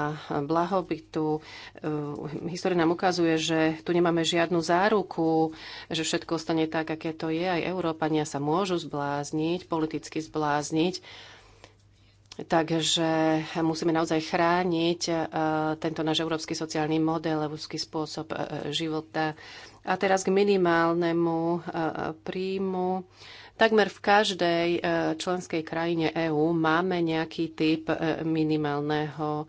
blahobytu. História nám ukazuje, že tu nemáme žiadnu záruku, že všetko ostane tak, aké to je. Aj Európania sa môžu zblázniť, politicky zblázniť Takže musíme naozaj chrániť e, tento náš európsky sociálny model, európsky spôsob e, života. A teraz k minimálnemu e, príjmu. Takmer v každej členskej krajine EÚ máme nejaký typ minimálneho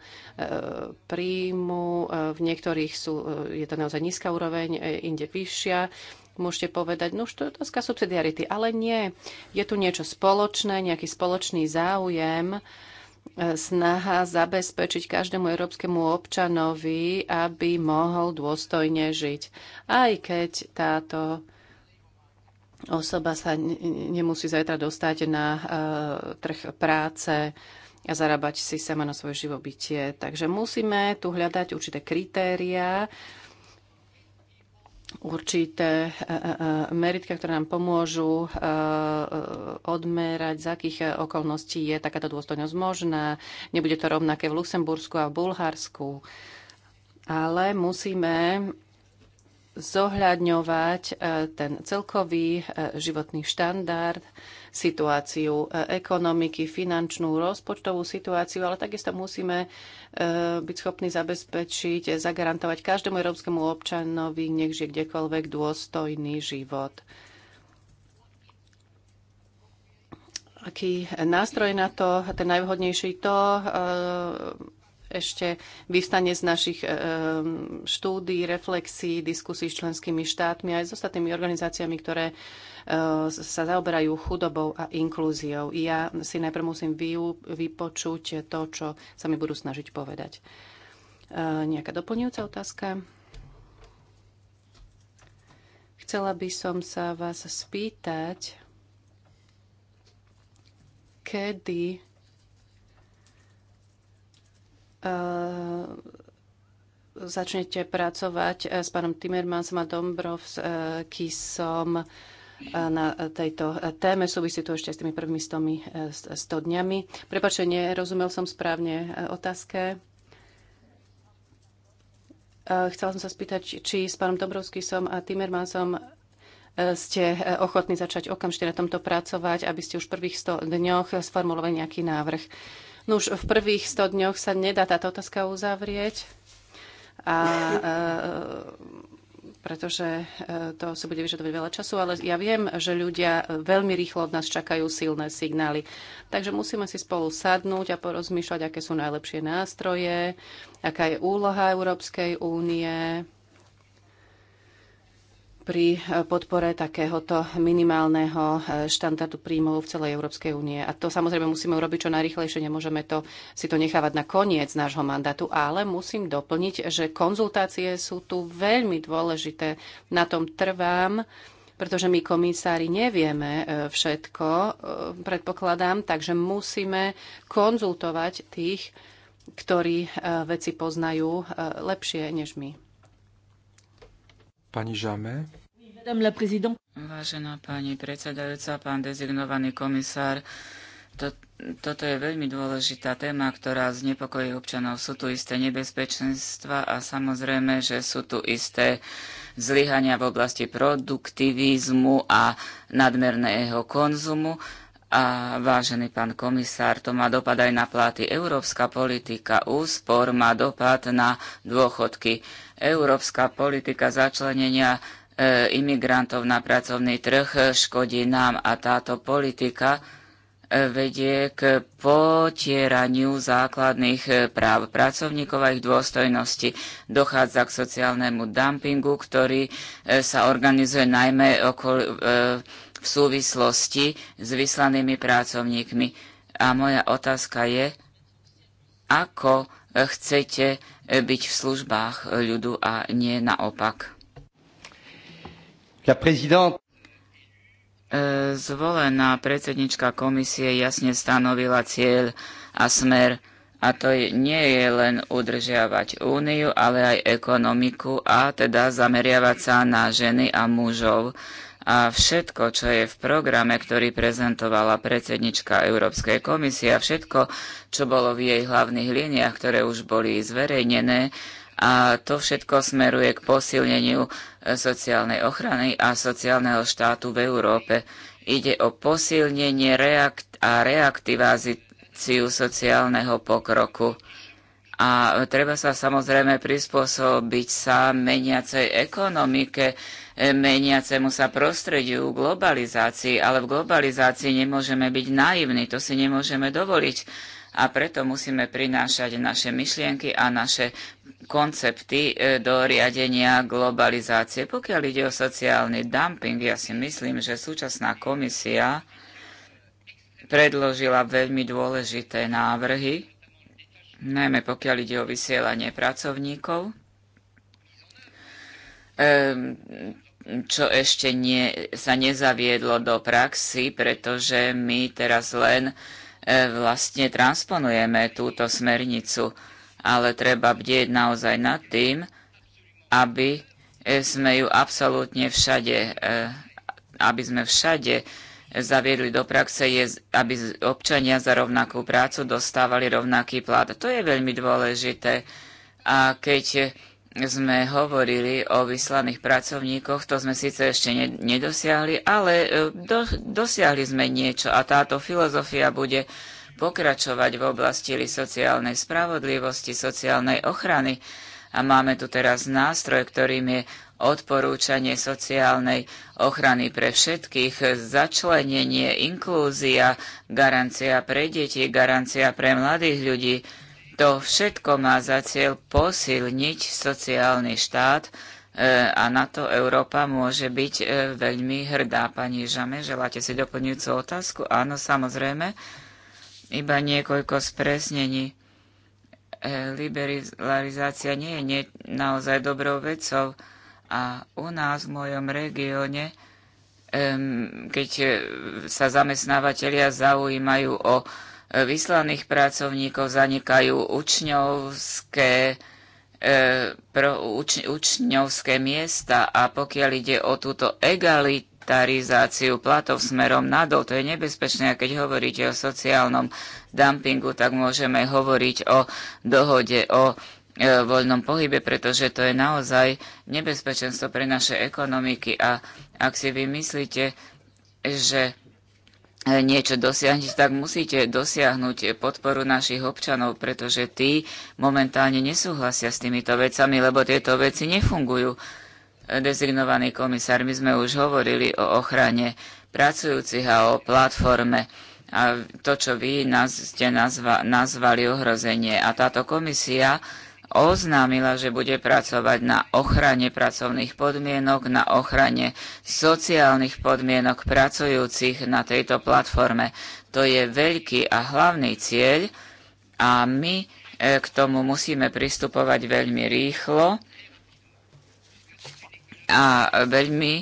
príjmu. V niektorých sú, je to naozaj nízka úroveň, inde vyššia môžete povedať, no už to je otázka subsidiarity, ale nie. Je tu niečo spoločné, nejaký spoločný záujem, e, snaha zabezpečiť každému európskemu občanovi, aby mohol dôstojne žiť. Aj keď táto osoba sa nemusí zajtra dostať na uh, trh práce a zarábať si sama na svoje živobytie. Takže musíme tu hľadať určité kritériá, určité e, e, e, meritka, ktoré nám pomôžu odmerať, z akých okolností je takáto dôstojnosť možná. Nebude to rovnaké v Luxembursku a v Bulharsku. Ale musíme zohľadňovať ten celkový životný štandard, situáciu e, ekonomiky, finančnú, rozpočtovú situáciu, ale takisto musíme e, byť schopní zabezpečiť, e, zagarantovať každému európskemu občanovi, nech žije kdekoľvek, dôstojný život. aký nástroj na to, ten najvhodnejší, to ešte vyvstane z našich štúdí, reflexí, diskusí s členskými štátmi aj s ostatnými organizáciami, ktoré E, sa zaoberajú chudobou a inklúziou. Ja si najprv musím vypočuť to, čo sa mi budú snažiť povedať. E, nejaká doplňujúca otázka? Chcela by som sa vás spýtať, kedy e, začnete pracovať s pánom Timmermansom a Dombrovským, Eh, na tejto eh, téme. Súvisí to ešte s tými prvými 100, 100 eh, dňami. Prepačte, nerozumel som správne otázke. Chcela som sa spýtať, či s pánom Dobrovským a Timmermansom ste ochotní začať okamžite na tomto pracovať, aby ste už v prvých 100 dňoch sformulovali nejaký návrh. No už v prvých 100 dňoch sa nedá táto otázka uzavrieť. A, a pretože e, to sa bude vyžadovať veľa času, ale ja viem, že ľudia e, veľmi rýchlo od nás čakajú silné signály. Takže musíme si spolu sadnúť a porozmýšľať, aké sú najlepšie nástroje, aká je úloha Európskej únie, pri e, podpore takéhoto minimálneho e, štandardu príjmov v celej Európskej únie. A to samozrejme musíme urobiť čo najrychlejšie, nemôžeme to, si to nechávať na koniec nášho mandátu, ale musím doplniť, že konzultácie sú tu veľmi dôležité. Na tom trvám, pretože my komisári nevieme e, všetko, predpokladám, takže musíme konzultovať tých, ktorí veci poznajú lepšie než my. Pani Žame. Vážená pani predsedajúca, pán dezignovaný komisár, to, toto je veľmi dôležitá téma, ktorá znepokojí občanov. Sú tu isté nebezpečenstva a samozrejme, že sú tu isté zlyhania v oblasti produktivizmu a nadmerného konzumu. A vážený pán komisár, to má dopad aj na platy. Európska politika úspor má dopad na dôchodky. Európska politika začlenenia e, imigrantov na pracovný trh škodí nám a táto politika e, vedie k potieraniu základných e, práv pracovníkov a ich dôstojnosti. Dochádza k sociálnemu dumpingu, ktorý e, sa organizuje najmä okolo, e, v súvislosti s vyslanými pracovníkmi. A moja otázka je, ako chcete byť v službách ľudu a nie naopak. E, zvolená predsednička komisie jasne stanovila cieľ a smer a to nie je len udržiavať úniu, ale aj ekonomiku a teda zameriavať sa na ženy a mužov a všetko, čo je v programe, ktorý prezentovala predsednička Európskej komisie a všetko, čo bolo v jej hlavných líniách, ktoré už boli zverejnené, a to všetko smeruje k posilneniu e, sociálnej ochrany a sociálneho štátu v Európe. Ide o posilnenie reakt a reaktiváciu sociálneho pokroku. A treba sa samozrejme prispôsobiť sa meniacej ekonomike, meniacemu sa prostrediu, globalizácii, ale v globalizácii nemôžeme byť naivní, to si nemôžeme dovoliť a preto musíme prinášať naše myšlienky a naše koncepty e, do riadenia globalizácie. Pokiaľ ide o sociálny dumping, ja si myslím, že súčasná komisia predložila veľmi dôležité návrhy, najmä pokiaľ ide o vysielanie pracovníkov. Ehm, čo ešte nie, sa nezaviedlo do praxi, pretože my teraz len e, vlastne transponujeme túto smernicu, ale treba bdieť naozaj nad tým, aby e, sme ju absolútne všade, e, aby sme všade zaviedli do praxe, je, aby občania za rovnakú prácu dostávali rovnaký plat. To je veľmi dôležité. A keď sme hovorili o vyslaných pracovníkoch, to sme síce ešte nedosiahli, ale e, do, dosiahli sme niečo a táto filozofia bude pokračovať v oblasti sociálnej spravodlivosti, sociálnej ochrany. A máme tu teraz nástroj, ktorým je odporúčanie sociálnej ochrany pre všetkých, začlenenie, inklúzia, garancia pre deti, garancia pre mladých ľudí, to všetko má za cieľ posilniť sociálny štát e, a na to Európa môže byť e, veľmi hrdá. Pani Žame, želáte si doplňujúcu otázku? Áno, samozrejme. Iba niekoľko spresnení. E, liberalizácia nie je naozaj dobrou vecou a u nás v mojom regióne keď sa zamestnávateľia zaujímajú o vyslaných pracovníkov, zanikajú učňovské e, pro uč, učňovské miesta a pokiaľ ide o túto egalitarizáciu platov smerom nadol, to je nebezpečné. A keď hovoríte o sociálnom dumpingu, tak môžeme hovoriť o dohode o e, voľnom pohybe, pretože to je naozaj nebezpečenstvo pre naše ekonomiky. A ak si vy myslíte, že niečo dosiahnuť, tak musíte dosiahnuť podporu našich občanov, pretože tí momentálne nesúhlasia s týmito vecami, lebo tieto veci nefungujú. Dezignovaný komisár, my sme už hovorili o ochrane pracujúcich a o platforme a to, čo vy ste nazva, nazvali ohrozenie. A táto komisia oznámila, že bude pracovať na ochrane pracovných podmienok, na ochrane sociálnych podmienok pracujúcich na tejto platforme. To je veľký a hlavný cieľ a my e, k tomu musíme pristupovať veľmi rýchlo a veľmi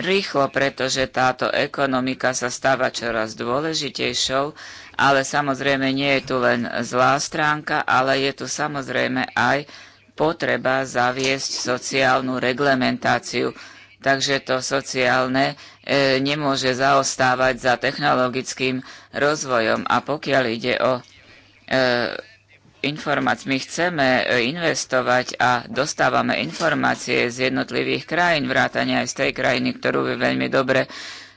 rýchlo, pretože táto ekonomika sa stáva čoraz dôležitejšou ale samozrejme nie je tu len zlá stránka, ale je tu samozrejme aj potreba zaviesť sociálnu reglementáciu. Takže to sociálne e, nemôže zaostávať za technologickým rozvojom. A pokiaľ ide o e, informácie, my chceme investovať a dostávame informácie z jednotlivých krajín, vrátane aj z tej krajiny, ktorú vy veľmi dobre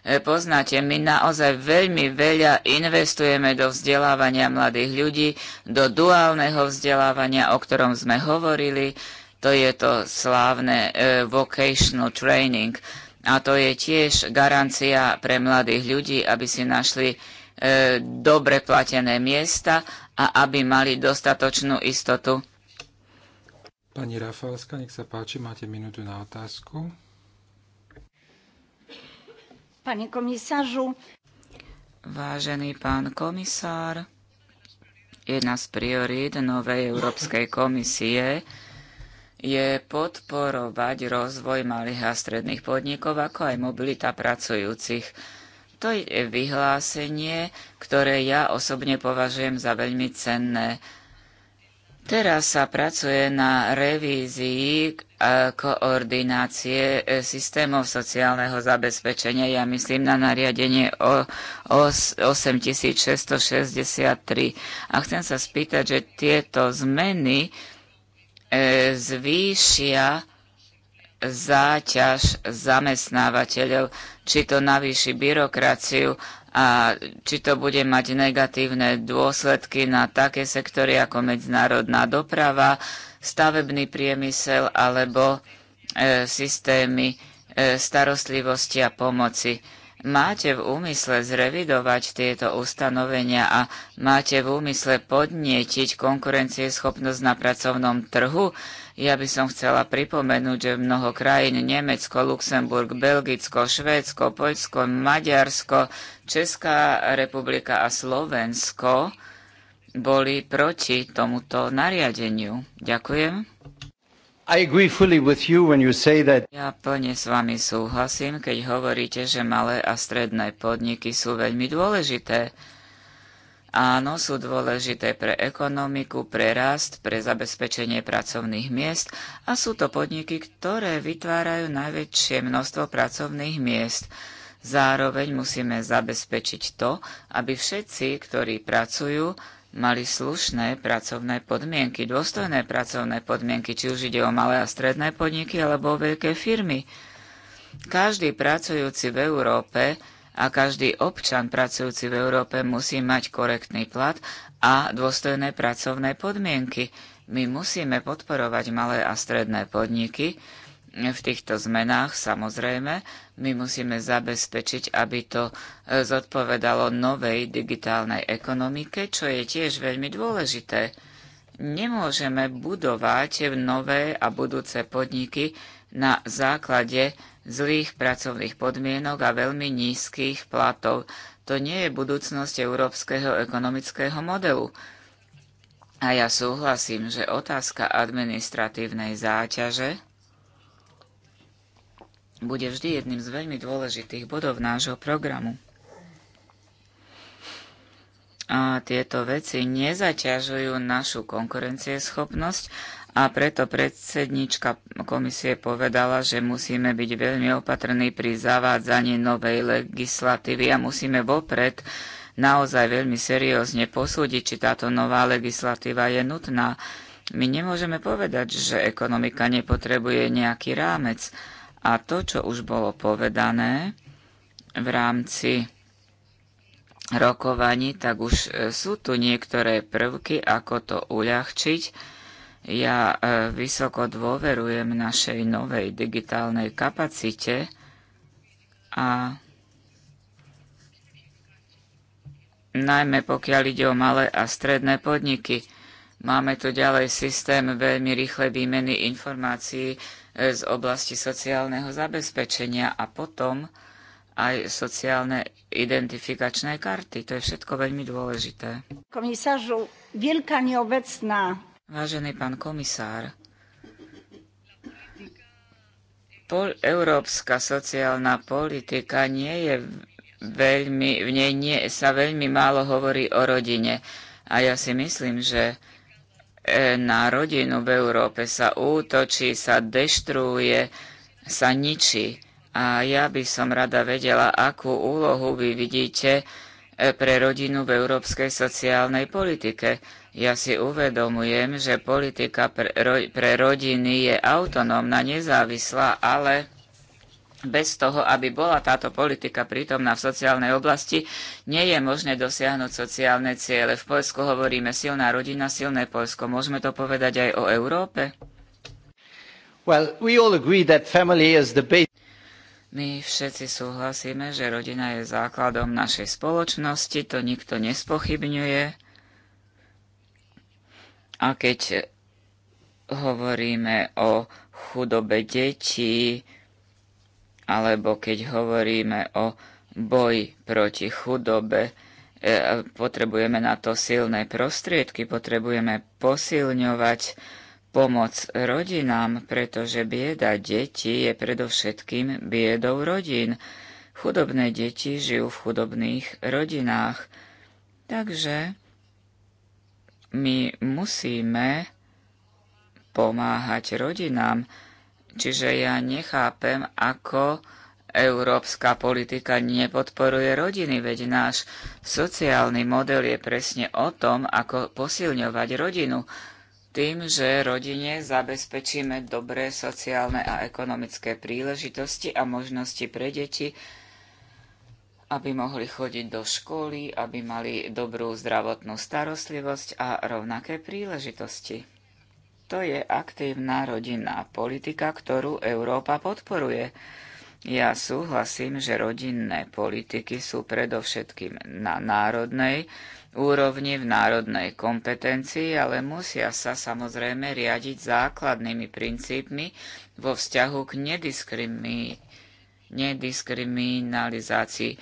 E, poznáte. My naozaj veľmi veľa investujeme do vzdelávania mladých ľudí, do duálneho vzdelávania, o ktorom sme hovorili. To je to slávne e, vocational training. A to je tiež garancia pre mladých ľudí, aby si našli e, dobre platené miesta a aby mali dostatočnú istotu. Pani Rafalska, nech sa páči, máte minútu na otázku. Panie komisarzu. Vážený pán komisár, jedna z priorít novej Európskej komisie je podporovať rozvoj malých a stredných podnikov, ako aj mobilita pracujúcich. To je vyhlásenie, ktoré ja osobne považujem za veľmi cenné. Teraz sa pracuje na revízii e, koordinácie e, systémov sociálneho zabezpečenia, ja myslím na nariadenie o 8663. A chcem sa spýtať, že tieto zmeny e, zvýšia záťaž zamestnávateľov, či to navýši byrokraciu a či to bude mať negatívne dôsledky na také sektory ako medzinárodná doprava, stavebný priemysel alebo e, systémy e, starostlivosti a pomoci. Máte v úmysle zrevidovať tieto ustanovenia a máte v úmysle podnietiť konkurencieschopnosť na pracovnom trhu? Ja by som chcela pripomenúť, že mnoho krajín, Nemecko, Luxemburg, Belgicko, Švédsko, Poľsko, Maďarsko, Česká republika a Slovensko boli proti tomuto nariadeniu. Ďakujem. Ja plne s vami súhlasím, keď hovoríte, že malé a stredné podniky sú veľmi dôležité áno, sú dôležité pre ekonomiku, pre rast, pre zabezpečenie pracovných miest a sú to podniky, ktoré vytvárajú najväčšie množstvo pracovných miest. Zároveň musíme zabezpečiť to, aby všetci, ktorí pracujú, mali slušné pracovné podmienky, dôstojné pracovné podmienky, či už ide o malé a stredné podniky alebo o veľké firmy. Každý pracujúci v Európe a každý občan pracujúci v Európe musí mať korektný plat a dôstojné pracovné podmienky. My musíme podporovať malé a stredné podniky. V týchto zmenách samozrejme my musíme zabezpečiť, aby to e, zodpovedalo novej digitálnej ekonomike, čo je tiež veľmi dôležité. Nemôžeme budovať nové a budúce podniky na základe zlých pracovných podmienok a veľmi nízkych platov. To nie je budúcnosť európskeho ekonomického modelu. A ja súhlasím, že otázka administratívnej záťaže bude vždy jedným z veľmi dôležitých bodov nášho programu. A tieto veci nezaťažujú našu konkurencieschopnosť a preto predsednička komisie povedala, že musíme byť veľmi opatrní pri zavádzaní novej legislatívy a musíme vopred naozaj veľmi seriózne posúdiť, či táto nová legislatíva je nutná. My nemôžeme povedať, že ekonomika nepotrebuje nejaký rámec. A to, čo už bolo povedané v rámci rokovaní, tak už e, sú tu niektoré prvky, ako to uľahčiť ja e, vysoko dôverujem našej novej digitálnej kapacite a najmä pokiaľ ide o malé a stredné podniky. Máme tu ďalej systém veľmi rýchlej výmeny informácií e, z oblasti sociálneho zabezpečenia a potom aj sociálne identifikačné karty. To je všetko veľmi dôležité. Komisážu, veľká neobecná Vážený pán komisár, pol, európska sociálna politika nie je veľmi, v nej nie, sa veľmi málo hovorí o rodine. A ja si myslím, že e, na rodinu v Európe sa útočí, sa deštruuje, sa ničí. A ja by som rada vedela, akú úlohu vy vidíte E, pre rodinu v európskej sociálnej politike. Ja si uvedomujem, že politika pre, rodiny je autonómna, nezávislá, ale bez toho, aby bola táto politika prítomná v sociálnej oblasti, nie je možné dosiahnuť sociálne ciele. V Poľsku hovoríme silná rodina, silné Poľsko. Môžeme to povedať aj o Európe? Well, we all agree that family is the base. My všetci súhlasíme, že rodina je základom našej spoločnosti, to nikto nespochybňuje. A keď hovoríme o chudobe detí, alebo keď hovoríme o boji proti chudobe, e, potrebujeme na to silné prostriedky, potrebujeme posilňovať pomoc rodinám, pretože bieda detí je predovšetkým biedou rodín. Chudobné deti žijú v chudobných rodinách. Takže my musíme pomáhať rodinám. Čiže ja nechápem, ako európska politika nepodporuje rodiny, veď náš sociálny model je presne o tom, ako posilňovať rodinu tým, že rodine zabezpečíme dobré sociálne a ekonomické príležitosti a možnosti pre deti, aby mohli chodiť do školy, aby mali dobrú zdravotnú starostlivosť a rovnaké príležitosti. To je aktívna rodinná politika, ktorú Európa podporuje. Ja súhlasím, že rodinné politiky sú predovšetkým na národnej, úrovni v národnej kompetencii, ale musia sa samozrejme riadiť základnými princípmi vo vzťahu k nediskrimi- nediskriminalizácii.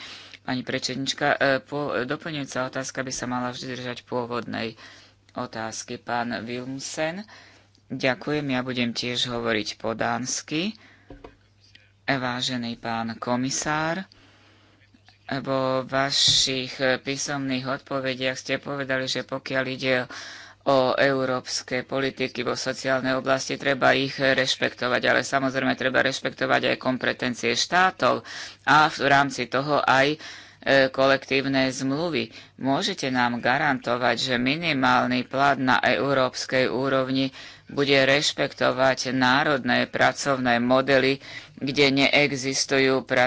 Pani prečenička, e, doplňujúca otázka by sa mala vždy držať pôvodnej otázky. Pán Wilmsen, ďakujem, ja budem tiež hovoriť po dánsky. Vážený pán komisár, vo vašich eh, písomných odpovediach ste povedali, že pokiaľ ide o európske politiky vo sociálnej oblasti, treba ich rešpektovať, ale samozrejme treba rešpektovať aj kompetencie štátov a v rámci toho aj eh, kolektívne zmluvy. Môžete nám garantovať, že minimálny plat na európskej úrovni bude rešpektovať národné pracovné modely kde neexistujú e,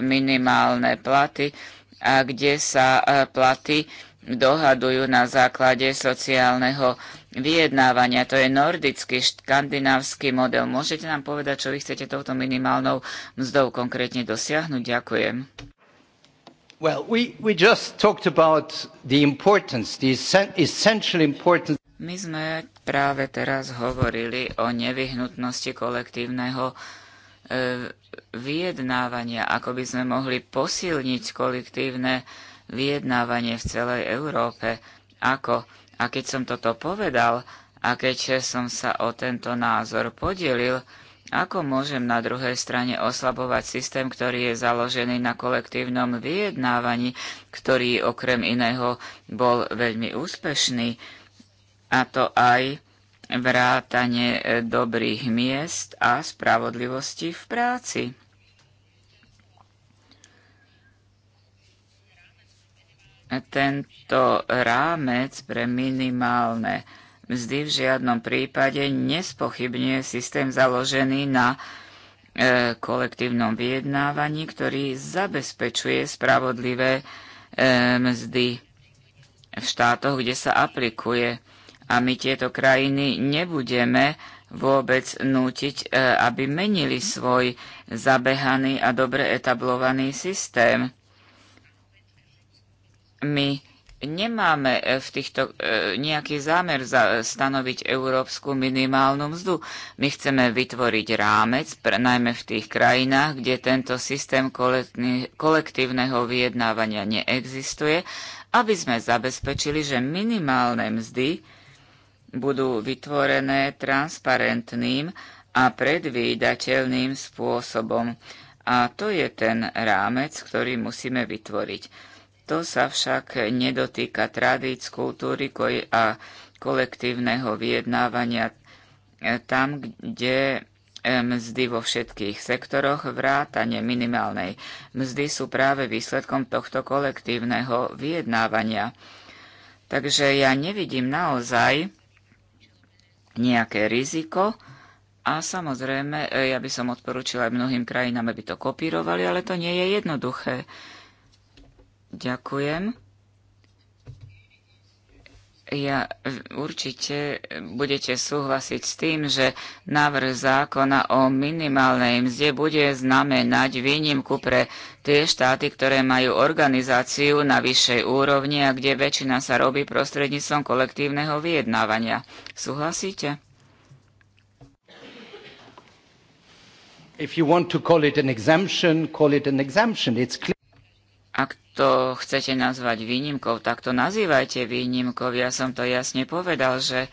minimálne platy a kde sa e, platy dohadujú na základe sociálneho vyjednávania. To je nordický, škandinávsky model. Môžete nám povedať, čo vy chcete touto minimálnou mzdou konkrétne dosiahnuť? Ďakujem. Well, we, we just talked about the importance, the essential importance. My sme práve teraz hovorili o nevyhnutnosti kolektívneho E, vyjednávania, ako by sme mohli posilniť kolektívne vyjednávanie v celej Európe. Ako? A keď som toto povedal a keď som sa o tento názor podielil, ako môžem na druhej strane oslabovať systém, ktorý je založený na kolektívnom vyjednávaní, ktorý okrem iného bol veľmi úspešný, a to aj vrátanie e, dobrých miest a spravodlivosti v práci. E, tento rámec pre minimálne mzdy v žiadnom prípade nespochybňuje systém založený na e, kolektívnom vyjednávaní, ktorý zabezpečuje spravodlivé mzdy v štátoch, kde sa aplikuje a my tieto krajiny nebudeme vôbec nútiť, e, aby menili svoj zabehaný a dobre etablovaný systém. My nemáme e, v týchto e, nejaký zámer stanoviť európsku minimálnu mzdu. My chceme vytvoriť rámec, najmä v tých krajinách, kde tento systém kolektívneho vyjednávania neexistuje, aby sme zabezpečili, že minimálne mzdy budú vytvorené transparentným a predvídateľným spôsobom. A to je ten rámec, ktorý musíme vytvoriť. To sa však nedotýka tradíc, kultúry a kolektívneho vyjednávania tam, kde e, mzdy vo všetkých sektoroch vrátane minimálnej. Mzdy sú práve výsledkom tohto kolektívneho vyjednávania. Takže ja nevidím naozaj nejaké riziko. A samozrejme, e, ja by som odporúčila aj mnohým krajinám, aby to kopírovali, ale to nie je jednoduché. Ďakujem ja e, určite e, budete súhlasiť s tým, že návrh zákona o minimálnej mzde bude znamenať výnimku pre tie štáty, ktoré majú organizáciu na vyššej úrovni a kde väčšina sa robí prostredníctvom kolektívneho vyjednávania. Súhlasíte? If you want to call it an exemption, call it an exemption. It's clear. Ak to chcete nazvať výnimkou, tak to nazývajte výnimkou. Ja som to jasne povedal, že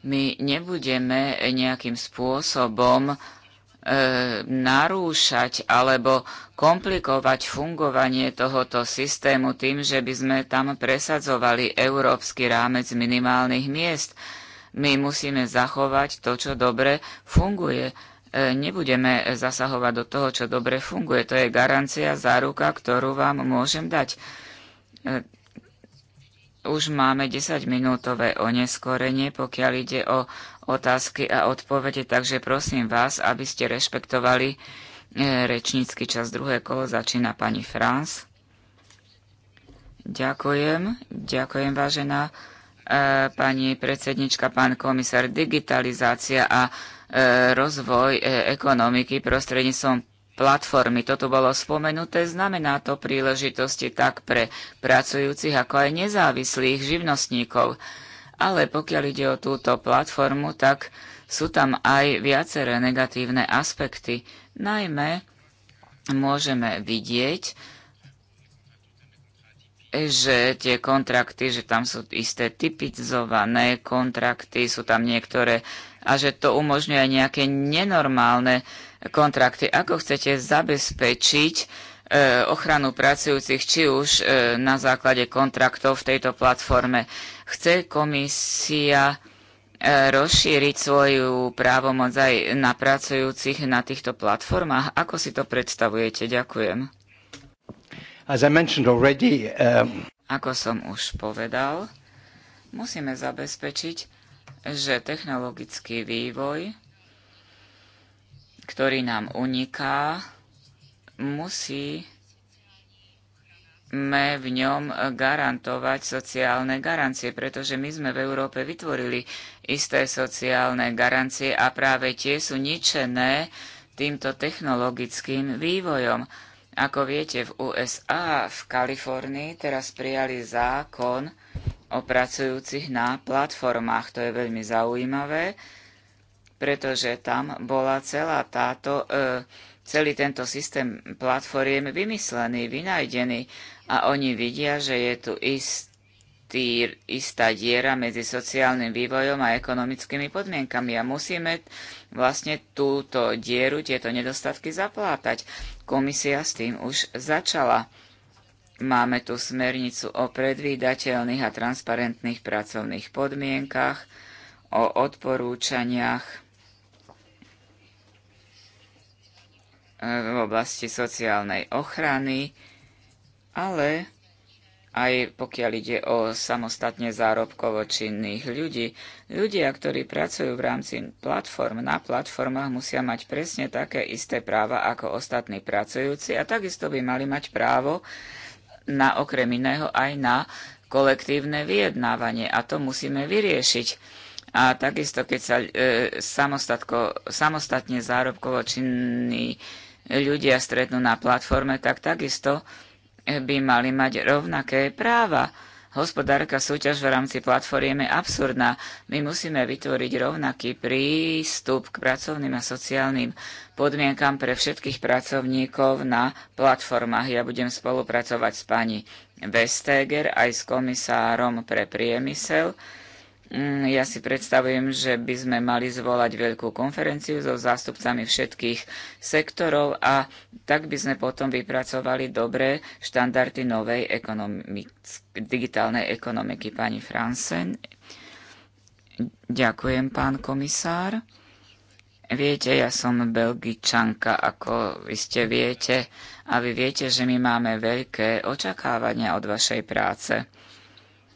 my nebudeme nejakým spôsobom e, narúšať alebo komplikovať fungovanie tohoto systému tým, že by sme tam presadzovali európsky rámec minimálnych miest. My musíme zachovať to, čo dobre funguje nebudeme e, zasahovať do toho, čo dobre funguje. To je garancia, záruka, ktorú vám môžem dať. E, už máme 10-minútové oneskorenie, pokiaľ ide o otázky a odpovede, takže prosím vás, aby ste rešpektovali e, rečnícky čas. Druhé kolo začína pani Franz. Ďakujem, ďakujem vážená pani predsednička, pán komisár. Digitalizácia a E, rozvoj e, ekonomiky prostredníctvom platformy. Toto bolo spomenuté, znamená to príležitosti tak pre pracujúcich ako aj nezávislých živnostníkov. Ale pokiaľ ide o túto platformu, tak sú tam aj viaceré negatívne aspekty. Najmä môžeme vidieť, že tie kontrakty, že tam sú isté typizované kontrakty, sú tam niektoré a že to umožňuje aj nejaké nenormálne kontrakty. Ako chcete zabezpečiť e, ochranu pracujúcich, či už e, na základe kontraktov v tejto platforme? Chce komisia e, rozšíriť svoju právomoc aj na pracujúcich na týchto platformách? Ako si to predstavujete? Ďakujem. As I mentioned already, um... Ako som už povedal, musíme zabezpečiť, že technologický vývoj, ktorý nám uniká, musí v ňom garantovať sociálne garancie, pretože my sme v Európe vytvorili isté sociálne garancie a práve tie sú ničené týmto technologickým vývojom. Ako viete, v USA, v Kalifornii teraz prijali zákon, o pracujúcich na platformách. To je veľmi zaujímavé, pretože tam bola celá táto, e, celý tento systém platformiem vymyslený, vynajdený a oni vidia, že je tu istý, istá diera medzi sociálnym vývojom a ekonomickými podmienkami a musíme vlastne túto dieru, tieto nedostatky zaplátať. Komisia s tým už začala. Máme tu smernicu o predvídateľných a transparentných pracovných podmienkach, o odporúčaniach e, v oblasti sociálnej ochrany, ale aj pokiaľ ide o samostatne zárobkovo činných ľudí. Ľudia, ktorí pracujú v rámci platform, na platformách musia mať presne také isté práva ako ostatní pracujúci a takisto by mali mať právo na okrem iného aj na kolektívne vyjednávanie a to musíme vyriešiť. A takisto, keď sa e, samostatne zárobkovo činní ľudia stretnú na platforme, tak takisto e, by mali mať rovnaké práva. Hospodárka súťaž v rámci platformy je absurdná. My musíme vytvoriť rovnaký prístup k pracovným a sociálnym podmienkam pre všetkých pracovníkov na platformách. Ja budem spolupracovať s pani Vestager aj s komisárom pre priemysel. Mm, ja si predstavujem, že by sme mali zvolať veľkú konferenciu so zástupcami všetkých sektorov a tak by sme potom vypracovali dobré štandardy novej ekonomik digitálnej ekonomiky. Pani Fransen, ďakujem, pán komisár. Viete, ja som belgičanka, ako vy ste viete, a vy viete, že my máme veľké očakávania od vašej práce.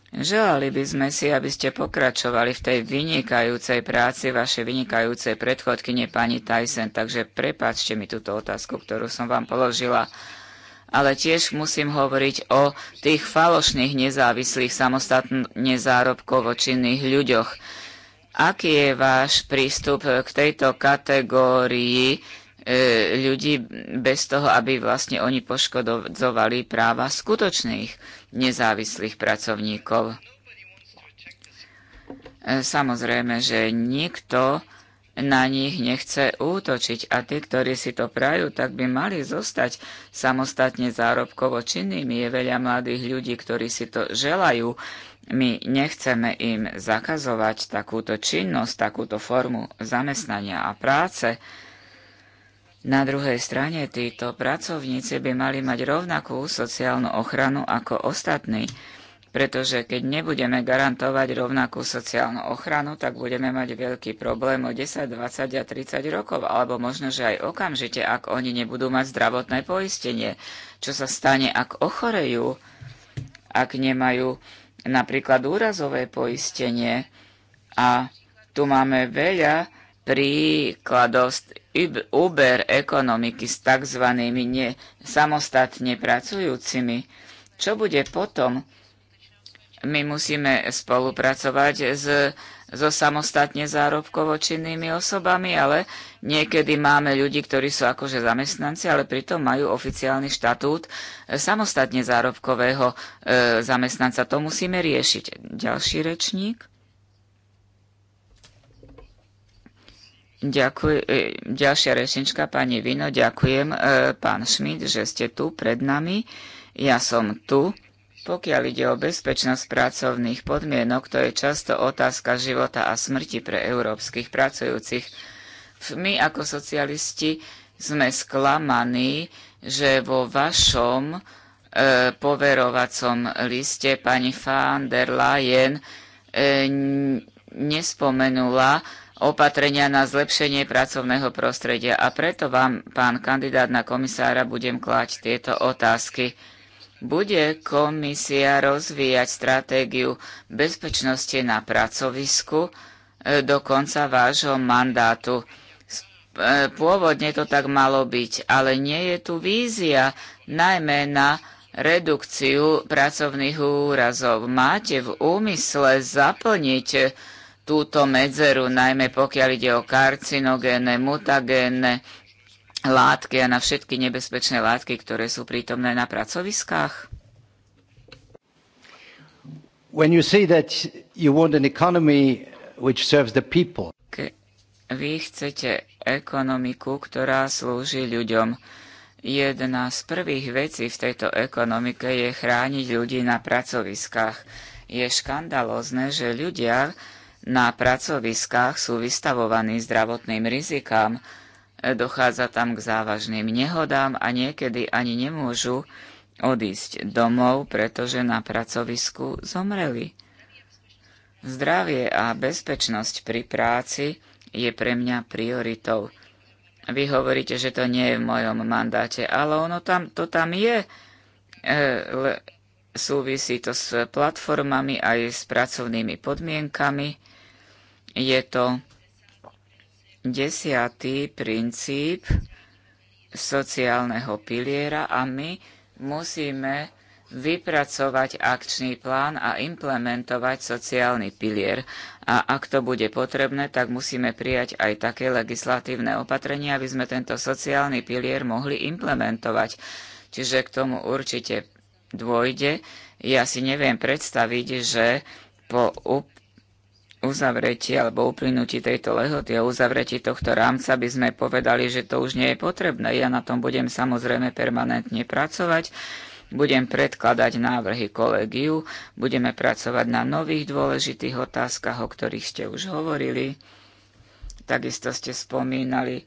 Želali by sme si, aby ste pokračovali v tej vynikajúcej práci vašej vynikajúcej predchodkyne pani Tyson, takže prepáčte mi túto otázku, ktorú som vám položila. Ale tiež musím hovoriť o tých falošných nezávislých samostatne zárobkovo činných ľuďoch Aký je váš prístup k tejto kategórii e, ľudí bez toho, aby vlastne oni poškodzovali práva skutočných nezávislých pracovníkov? E, samozrejme, že nikto na nich nechce útočiť a tí, ktorí si to prajú, tak by mali zostať samostatne zárobkovo činnými. Je veľa mladých ľudí, ktorí si to želajú. My nechceme im zakazovať takúto činnosť, takúto formu zamestnania a práce. Na druhej strane títo pracovníci by mali mať rovnakú sociálnu ochranu ako ostatní, pretože keď nebudeme garantovať rovnakú sociálnu ochranu, tak budeme mať veľký problém o 10, 20 a 30 rokov, alebo možno, že aj okamžite, ak oni nebudú mať zdravotné poistenie. Čo sa stane, ak ochorejú, ak nemajú napríklad úrazové poistenie. A tu máme veľa príkladov z Uber ekonomiky s tzv. Ne, samostatne pracujúcimi. Čo bude potom? My musíme spolupracovať s so samostatne zárobkovo činnými osobami, ale niekedy máme ľudí, ktorí sú akože zamestnanci, ale pritom majú oficiálny štatút e, samostatne zárobkového e, zamestnanca. To musíme riešiť. Ďalší rečník. Ďakuj, e, ďalšia rečnička, pani Vino, ďakujem, e, pán Šmit, že ste tu pred nami. Ja som tu. Pokiaľ ide o bezpečnosť pracovných podmienok, to je často otázka života a smrti pre európskych pracujúcich. My ako socialisti sme sklamaní, že vo vašom e, poverovacom liste pani van der Leyen e, nespomenula opatrenia na zlepšenie pracovného prostredia. A preto vám, pán kandidát na komisára, budem klať tieto otázky. Bude komisia rozvíjať stratégiu bezpečnosti na pracovisku e, do konca vášho mandátu. E, pôvodne to tak malo byť, ale nie je tu vízia, najmä na redukciu pracovných úrazov. Máte v úmysle zaplniť túto medzeru, najmä pokiaľ ide o karcinogénne, mutagénne látky a na všetky nebezpečné látky, ktoré sú prítomné na pracoviskách? When you say that you want an economy which serves the people. Ke vy chcete ekonomiku, ktorá slúži ľuďom. Jedna z prvých vecí v tejto ekonomike je chrániť ľudí na pracoviskách. Je škandalózne, že ľudia na pracoviskách sú vystavovaní zdravotným rizikám dochádza tam k závažným nehodám a niekedy ani nemôžu odísť domov, pretože na pracovisku zomreli. Zdravie a bezpečnosť pri práci je pre mňa prioritou. Vy hovoríte, že to nie je v mojom mandáte, ale ono tam, to tam je. E, le, súvisí to s platformami aj s pracovnými podmienkami. Je to desiatý princíp sociálneho piliera a my musíme vypracovať akčný plán a implementovať sociálny pilier. A ak to bude potrebné, tak musíme prijať aj také legislatívne opatrenia, aby sme tento sociálny pilier mohli implementovať. Čiže k tomu určite dôjde. Ja si neviem predstaviť, že po up uzavretí alebo uplynutí tejto lehoty a uzavretí tohto rámca by sme povedali, že to už nie je potrebné. Ja na tom budem samozrejme permanentne pracovať. Budem predkladať návrhy kolegiu, budeme pracovať na nových dôležitých otázkach, o ktorých ste už hovorili. Takisto ste spomínali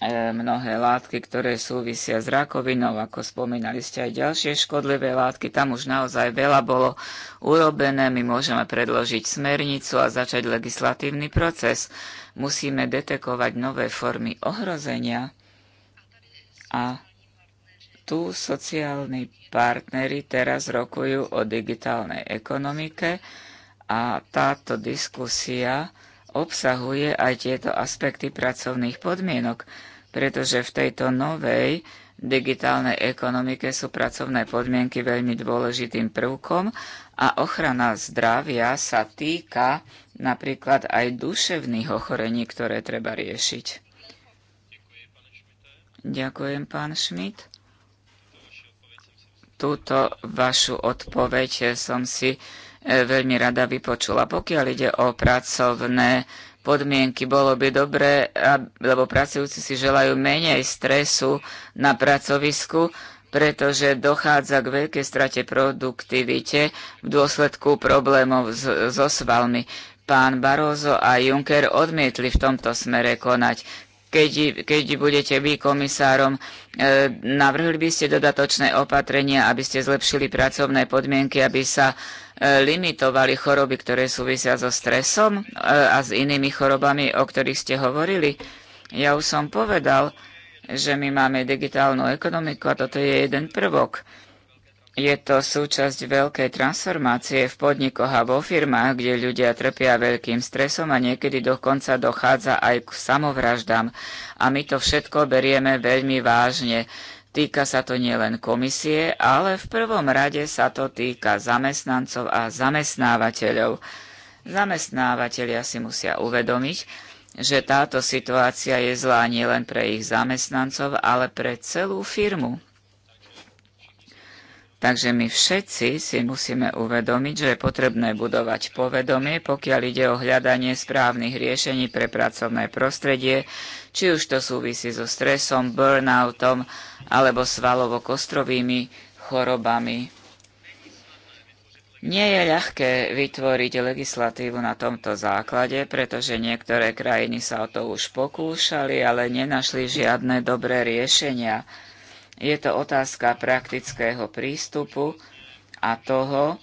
E, mnohé látky, ktoré súvisia s rakovinou, ako spomínali ste aj ďalšie škodlivé látky. Tam už naozaj veľa bolo urobené. My môžeme predložiť smernicu a začať legislatívny proces. Musíme detekovať nové formy ohrozenia a tu sociálni partnery teraz rokujú o digitálnej ekonomike a táto diskusia obsahuje aj tieto aspekty pracovných podmienok pretože v tejto novej digitálnej ekonomike sú pracovné podmienky veľmi dôležitým prvkom a ochrana zdravia sa týka napríklad aj duševných ochorení, ktoré treba riešiť. Ďakujem, pán Schmidt. Túto vašu odpoveď som si e, veľmi rada vypočula. Pokiaľ ide o pracovné podmienky. Bolo by dobré, lebo pracujúci si želajú menej stresu na pracovisku, pretože dochádza k veľkej strate produktivite v dôsledku problémov so svalmi. Pán Barózo a Juncker odmietli v tomto smere konať keď, keď budete vy komisárom. E, navrhli by ste dodatočné opatrenia, aby ste zlepšili pracovné podmienky, aby sa e, limitovali choroby, ktoré súvisia so stresom e, a s inými chorobami, o ktorých ste hovorili. Ja už som povedal, že my máme digitálnu ekonomiku a toto je jeden prvok. Je to súčasť veľkej transformácie v podnikoch a vo firmách, kde ľudia trpia veľkým stresom a niekedy dokonca dochádza aj k samovraždám. A my to všetko berieme veľmi vážne. Týka sa to nielen komisie, ale v prvom rade sa to týka zamestnancov a zamestnávateľov. Zamestnávateľia si musia uvedomiť, že táto situácia je zlá nielen pre ich zamestnancov, ale pre celú firmu. Takže my všetci si musíme uvedomiť, že je potrebné budovať povedomie, pokiaľ ide o hľadanie správnych riešení pre pracovné prostredie, či už to súvisí so stresom, burnoutom alebo svalovo-kostrovými chorobami. Nie je ľahké vytvoriť legislatívu na tomto základe, pretože niektoré krajiny sa o to už pokúšali, ale nenašli žiadne dobré riešenia. Je to otázka praktického prístupu a toho,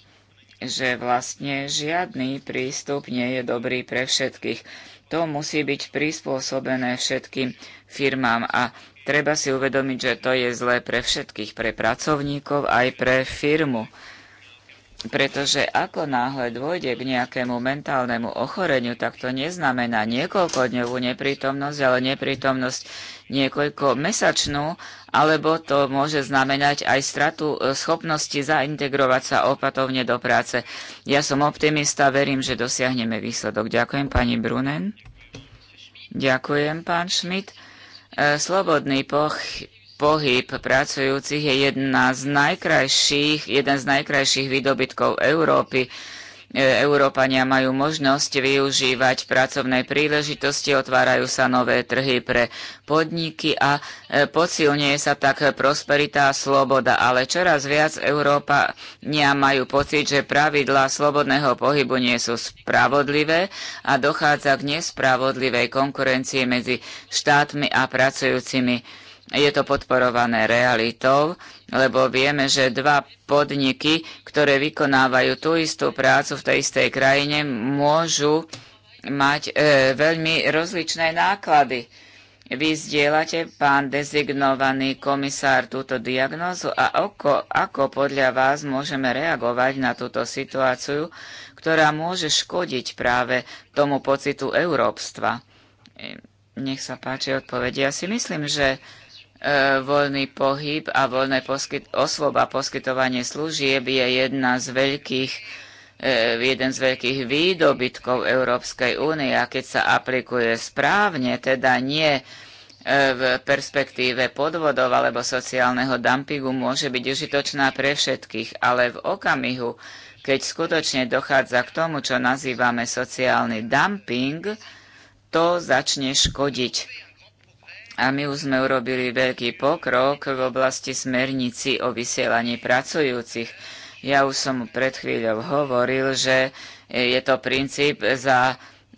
že vlastne žiadny prístup nie je dobrý pre všetkých. To musí byť prispôsobené všetkým firmám a treba si uvedomiť, že to je zlé pre všetkých, pre pracovníkov aj pre firmu. Pretože ako náhle dôjde k nejakému mentálnemu ochoreniu, tak to neznamená niekoľkodňovú neprítomnosť, ale neprítomnosť niekoľko mesačnú, alebo to môže znamenať aj stratu e, schopnosti zaintegrovať sa opatovne do práce. Ja som optimista, verím, že dosiahneme výsledok. Ďakujem pani Brunen. Ďakujem pán Schmidt. E, slobodný poch- pohyb pracujúcich je jedna z najkrajších, jeden z najkrajších výdobytkov Európy. E, Európania majú možnosť využívať pracovné príležitosti, otvárajú sa nové trhy pre podniky a e, posilňuje sa tak prosperita a sloboda. Ale čoraz viac Európania majú pocit, že pravidlá slobodného pohybu nie sú spravodlivé a dochádza k nespravodlivej konkurencii medzi štátmi a pracujúcimi. Je to podporované realitou lebo vieme, že dva podniky, ktoré vykonávajú tú istú prácu v tej istej krajine, môžu mať e, veľmi rozličné náklady. Vy zdieľate, pán dezignovaný komisár, túto diagnózu a ako, ako podľa vás môžeme reagovať na túto situáciu, ktorá môže škodiť práve tomu pocitu európstva? E, nech sa páči odpovedia Ja si myslím, že E, voľný pohyb a voľné poskyt- osvoba poskytovanie služieb je jedna z veľkých, e, jeden z veľkých výdobytkov Európskej únie a keď sa aplikuje správne, teda nie e, v perspektíve podvodov alebo sociálneho dumpingu môže byť užitočná pre všetkých, ale v okamihu, keď skutočne dochádza k tomu, čo nazývame sociálny dumping, to začne škodiť a my už sme urobili veľký pokrok v oblasti smernici o vysielaní pracujúcich. Ja už som pred chvíľou hovoril, že je to princíp za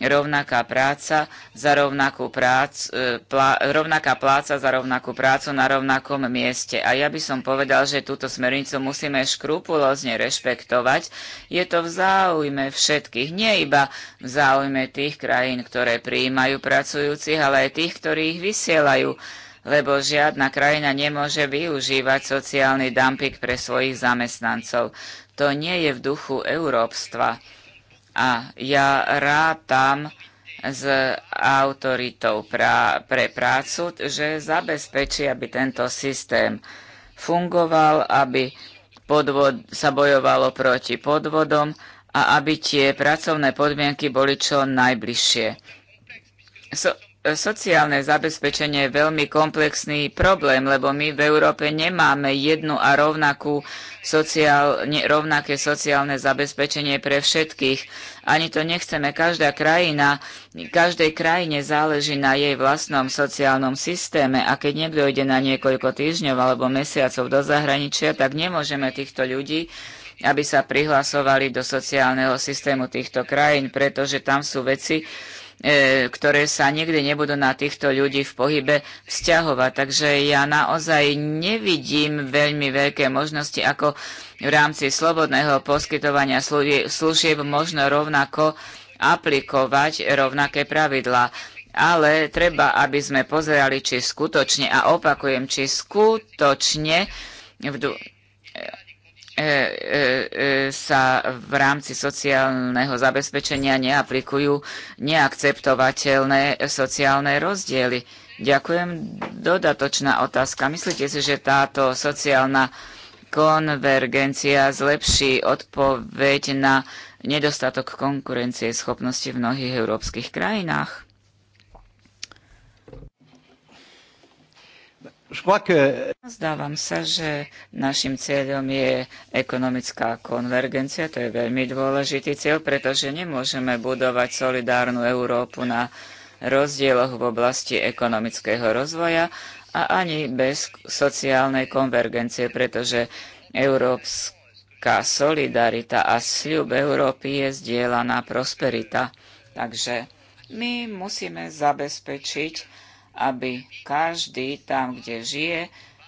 rovnaká práca za rovnakú prácu, e, plá, rovnaká pláca za rovnakú prácu na rovnakom mieste. A ja by som povedal, že túto smernicu musíme škrupulózne rešpektovať. Je to v záujme všetkých, nie iba v záujme tých krajín, ktoré prijímajú pracujúcich, ale aj tých, ktorí ich vysielajú lebo žiadna krajina nemôže využívať sociálny dumping pre svojich zamestnancov. To nie je v duchu európstva. A ja rátam s autoritou pra, pre prácu, že zabezpečí, aby tento systém fungoval, aby podvod, sa bojovalo proti podvodom a aby tie pracovné podmienky boli čo najbližšie. So, sociálne zabezpečenie je veľmi komplexný problém, lebo my v Európe nemáme jednu a rovnakú sociálne, rovnaké sociálne zabezpečenie pre všetkých. Ani to nechceme. Každá krajina, každej krajine záleží na jej vlastnom sociálnom systéme a keď niekto ide na niekoľko týždňov alebo mesiacov do zahraničia, tak nemôžeme týchto ľudí aby sa prihlasovali do sociálneho systému týchto krajín, pretože tam sú veci, E, ktoré sa nikdy nebudú na týchto ľudí v pohybe vzťahovať. Takže ja naozaj nevidím veľmi veľké možnosti, ako v rámci slobodného poskytovania služieb možno rovnako aplikovať rovnaké pravidlá. Ale treba, aby sme pozerali, či skutočne, a opakujem, či skutočne v E, e, e, sa v rámci sociálneho zabezpečenia neaplikujú neakceptovateľné sociálne rozdiely. Ďakujem. Dodatočná otázka. Myslíte si, že táto sociálna konvergencia zlepší odpoveď na nedostatok konkurencie schopnosti v mnohých európskych krajinách? Zdávam sa, že našim cieľom je ekonomická konvergencia. To je veľmi dôležitý cieľ, pretože nemôžeme budovať solidárnu Európu na rozdieloch v oblasti ekonomického rozvoja a ani bez sociálnej konvergencie, pretože európska solidarita a sľub Európy je zdieľaná prosperita. Takže my musíme zabezpečiť, aby každý tam, kde žije,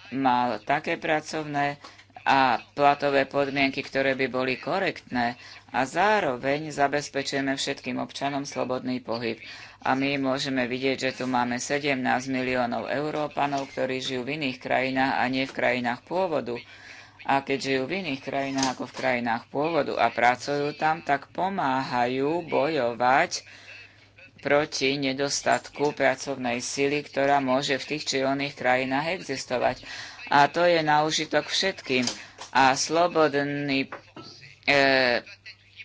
mal také pracovné a platové podmienky, ktoré by boli korektné a zároveň zabezpečujeme všetkým občanom slobodný pohyb. A my môžeme vidieť, že tu máme 17 miliónov Európanov, ktorí žijú v iných krajinách a nie v krajinách pôvodu. A keď žijú v iných krajinách ako v krajinách pôvodu a pracujú tam, tak pomáhajú bojovať proti nedostatku pracovnej sily, ktorá môže v tých či oných krajinách existovať. A to je na užitok všetkým. A slobodný e,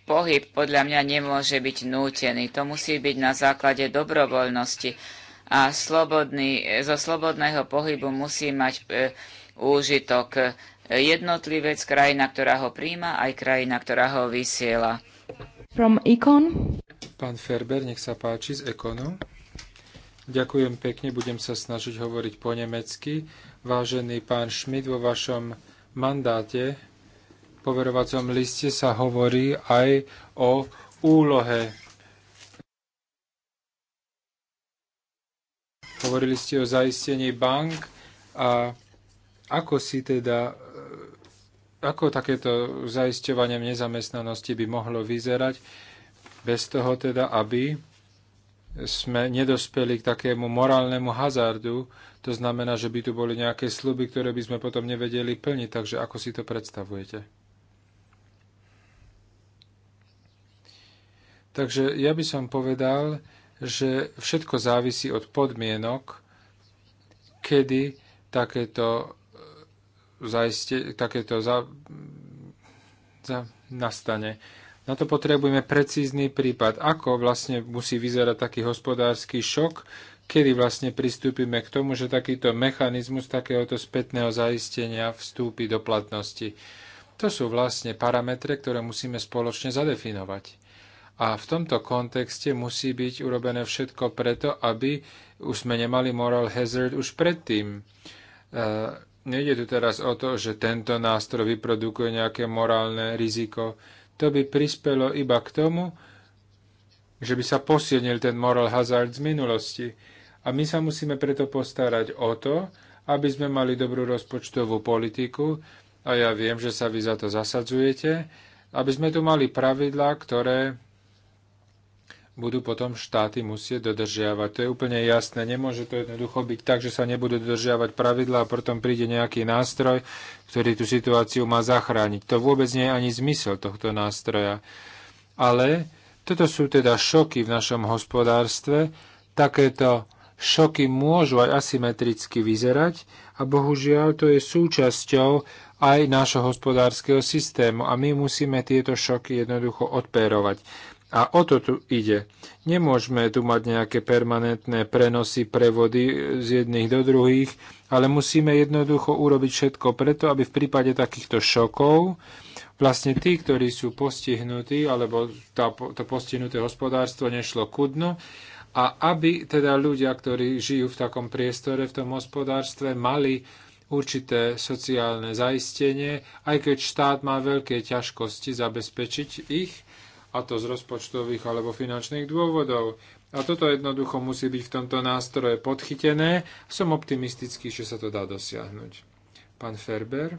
pohyb podľa mňa nemôže byť nútený. To musí byť na základe dobrovoľnosti. A slobodný, zo slobodného pohybu musí mať e, úžitok e, jednotlivec, krajina, ktorá ho príjma, aj krajina, ktorá ho vysiela. From Econ. Pán Ferber, nech sa páči z Ekonu. Ďakujem pekne, budem sa snažiť hovoriť po nemecky. Vážený pán Schmidt, vo vašom mandáte poverovacom liste sa hovorí aj o úlohe. Hovorili ste o zaistení bank a ako si teda ako takéto zaisťovanie nezamestnanosti by mohlo vyzerať bez toho teda, aby sme nedospeli k takému morálnemu hazardu, to znamená, že by tu boli nejaké sluby, ktoré by sme potom nevedeli plniť. Takže ako si to predstavujete? Takže ja by som povedal, že všetko závisí od podmienok, kedy takéto, e, zaiste, takéto za, za, nastane. Na to potrebujeme precízny prípad, ako vlastne musí vyzerať taký hospodársky šok, kedy vlastne pristúpime k tomu, že takýto mechanizmus takéhoto spätného zaistenia vstúpi do platnosti. To sú vlastne parametre, ktoré musíme spoločne zadefinovať. A v tomto kontexte musí byť urobené všetko preto, aby už sme nemali moral hazard už predtým. E, nejde tu teraz o to, že tento nástroj vyprodukuje nejaké morálne riziko to by prispelo iba k tomu, že by sa posilnil ten moral hazard z minulosti. A my sa musíme preto postarať o to, aby sme mali dobrú rozpočtovú politiku, a ja viem, že sa vy za to zasadzujete, aby sme tu mali pravidlá, ktoré budú potom štáty musieť dodržiavať. To je úplne jasné. Nemôže to jednoducho byť tak, že sa nebudú dodržiavať pravidlá a potom príde nejaký nástroj, ktorý tú situáciu má zachrániť. To vôbec nie je ani zmysel tohto nástroja. Ale toto sú teda šoky v našom hospodárstve. Takéto šoky môžu aj asymetricky vyzerať a bohužiaľ to je súčasťou aj nášho hospodárskeho systému a my musíme tieto šoky jednoducho odpérovať. A o to tu ide. Nemôžeme tu mať nejaké permanentné prenosy, prevody z jedných do druhých, ale musíme jednoducho urobiť všetko preto, aby v prípade takýchto šokov vlastne tí, ktorí sú postihnutí, alebo tá, to postihnuté hospodárstvo nešlo ku dnu, a aby teda ľudia, ktorí žijú v takom priestore, v tom hospodárstve, mali určité sociálne zaistenie, aj keď štát má veľké ťažkosti zabezpečiť ich, a to z rozpočtových alebo finančných dôvodov. A toto jednoducho musí byť v tomto nástroje podchytené. Som optimistický, že sa to dá dosiahnuť. Pán Ferber,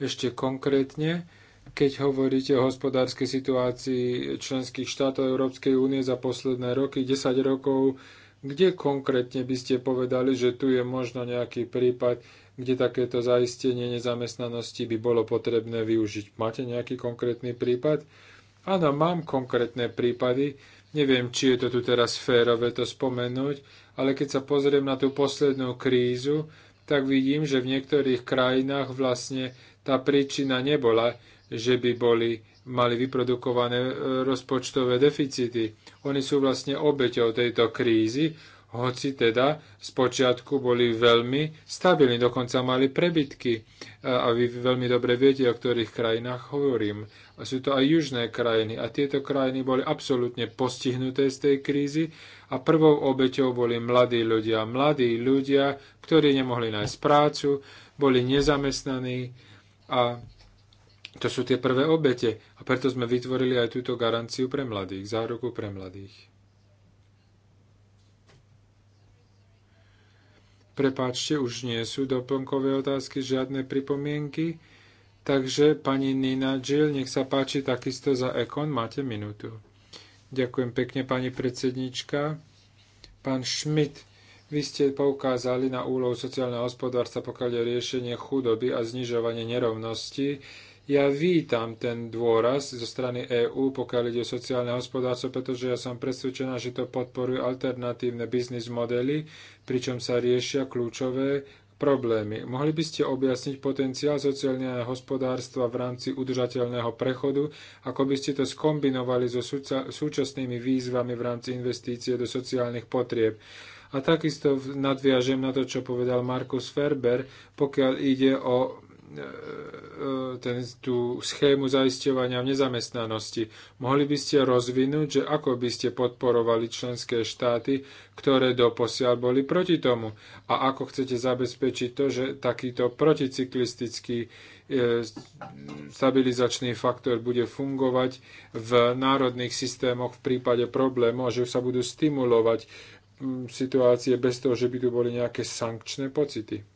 ešte konkrétne, keď hovoríte o hospodárskej situácii členských štátov Európskej únie za posledné roky, 10 rokov, kde konkrétne by ste povedali, že tu je možno nejaký prípad, kde takéto zaistenie nezamestnanosti by bolo potrebné využiť. Máte nejaký konkrétny prípad? Áno, mám konkrétne prípady, neviem, či je to tu teraz férové to spomenúť, ale keď sa pozriem na tú poslednú krízu, tak vidím, že v niektorých krajinách vlastne tá príčina nebola, že by boli, mali vyprodukované e, rozpočtové deficity. Oni sú vlastne obeťou tejto krízy hoci teda z počiatku boli veľmi stabilní, dokonca mali prebytky. A vy veľmi dobre viete, o ktorých krajinách hovorím. A sú to aj južné krajiny. A tieto krajiny boli absolútne postihnuté z tej krízy a prvou obeťou boli mladí ľudia. Mladí ľudia, ktorí nemohli nájsť prácu, boli nezamestnaní a to sú tie prvé obete. A preto sme vytvorili aj túto garanciu pre mladých, záruku pre mladých. Prepáčte, už nie sú doplnkové otázky, žiadne pripomienky. Takže pani Nina Jill, nech sa páči takisto za Ekon, máte minútu. Ďakujem pekne, pani predsednička. Pán Schmidt, vy ste poukázali na úlohu sociálneho hospodárstva, pokiaľ je riešenie chudoby a znižovanie nerovnosti ja vítam ten dôraz zo strany EÚ, pokiaľ ide o sociálne hospodárstvo, pretože ja som presvedčená, že to podporujú alternatívne biznis modely, pričom sa riešia kľúčové problémy. Mohli by ste objasniť potenciál sociálneho hospodárstva v rámci udržateľného prechodu, ako by ste to skombinovali so súčasnými výzvami v rámci investície do sociálnych potrieb. A takisto nadviažem na to, čo povedal Markus Ferber, pokiaľ ide o E, e, ten, tú schému zaisťovania v nezamestnanosti. Mohli by ste rozvinúť, že ako by ste podporovali členské štáty, ktoré doposiaľ boli proti tomu a ako chcete zabezpečiť to, že takýto proticyklistický e, stabilizačný faktor bude fungovať v národných systémoch v prípade problémov, že sa budú stimulovať situácie bez toho, že by tu boli nejaké sankčné pocity.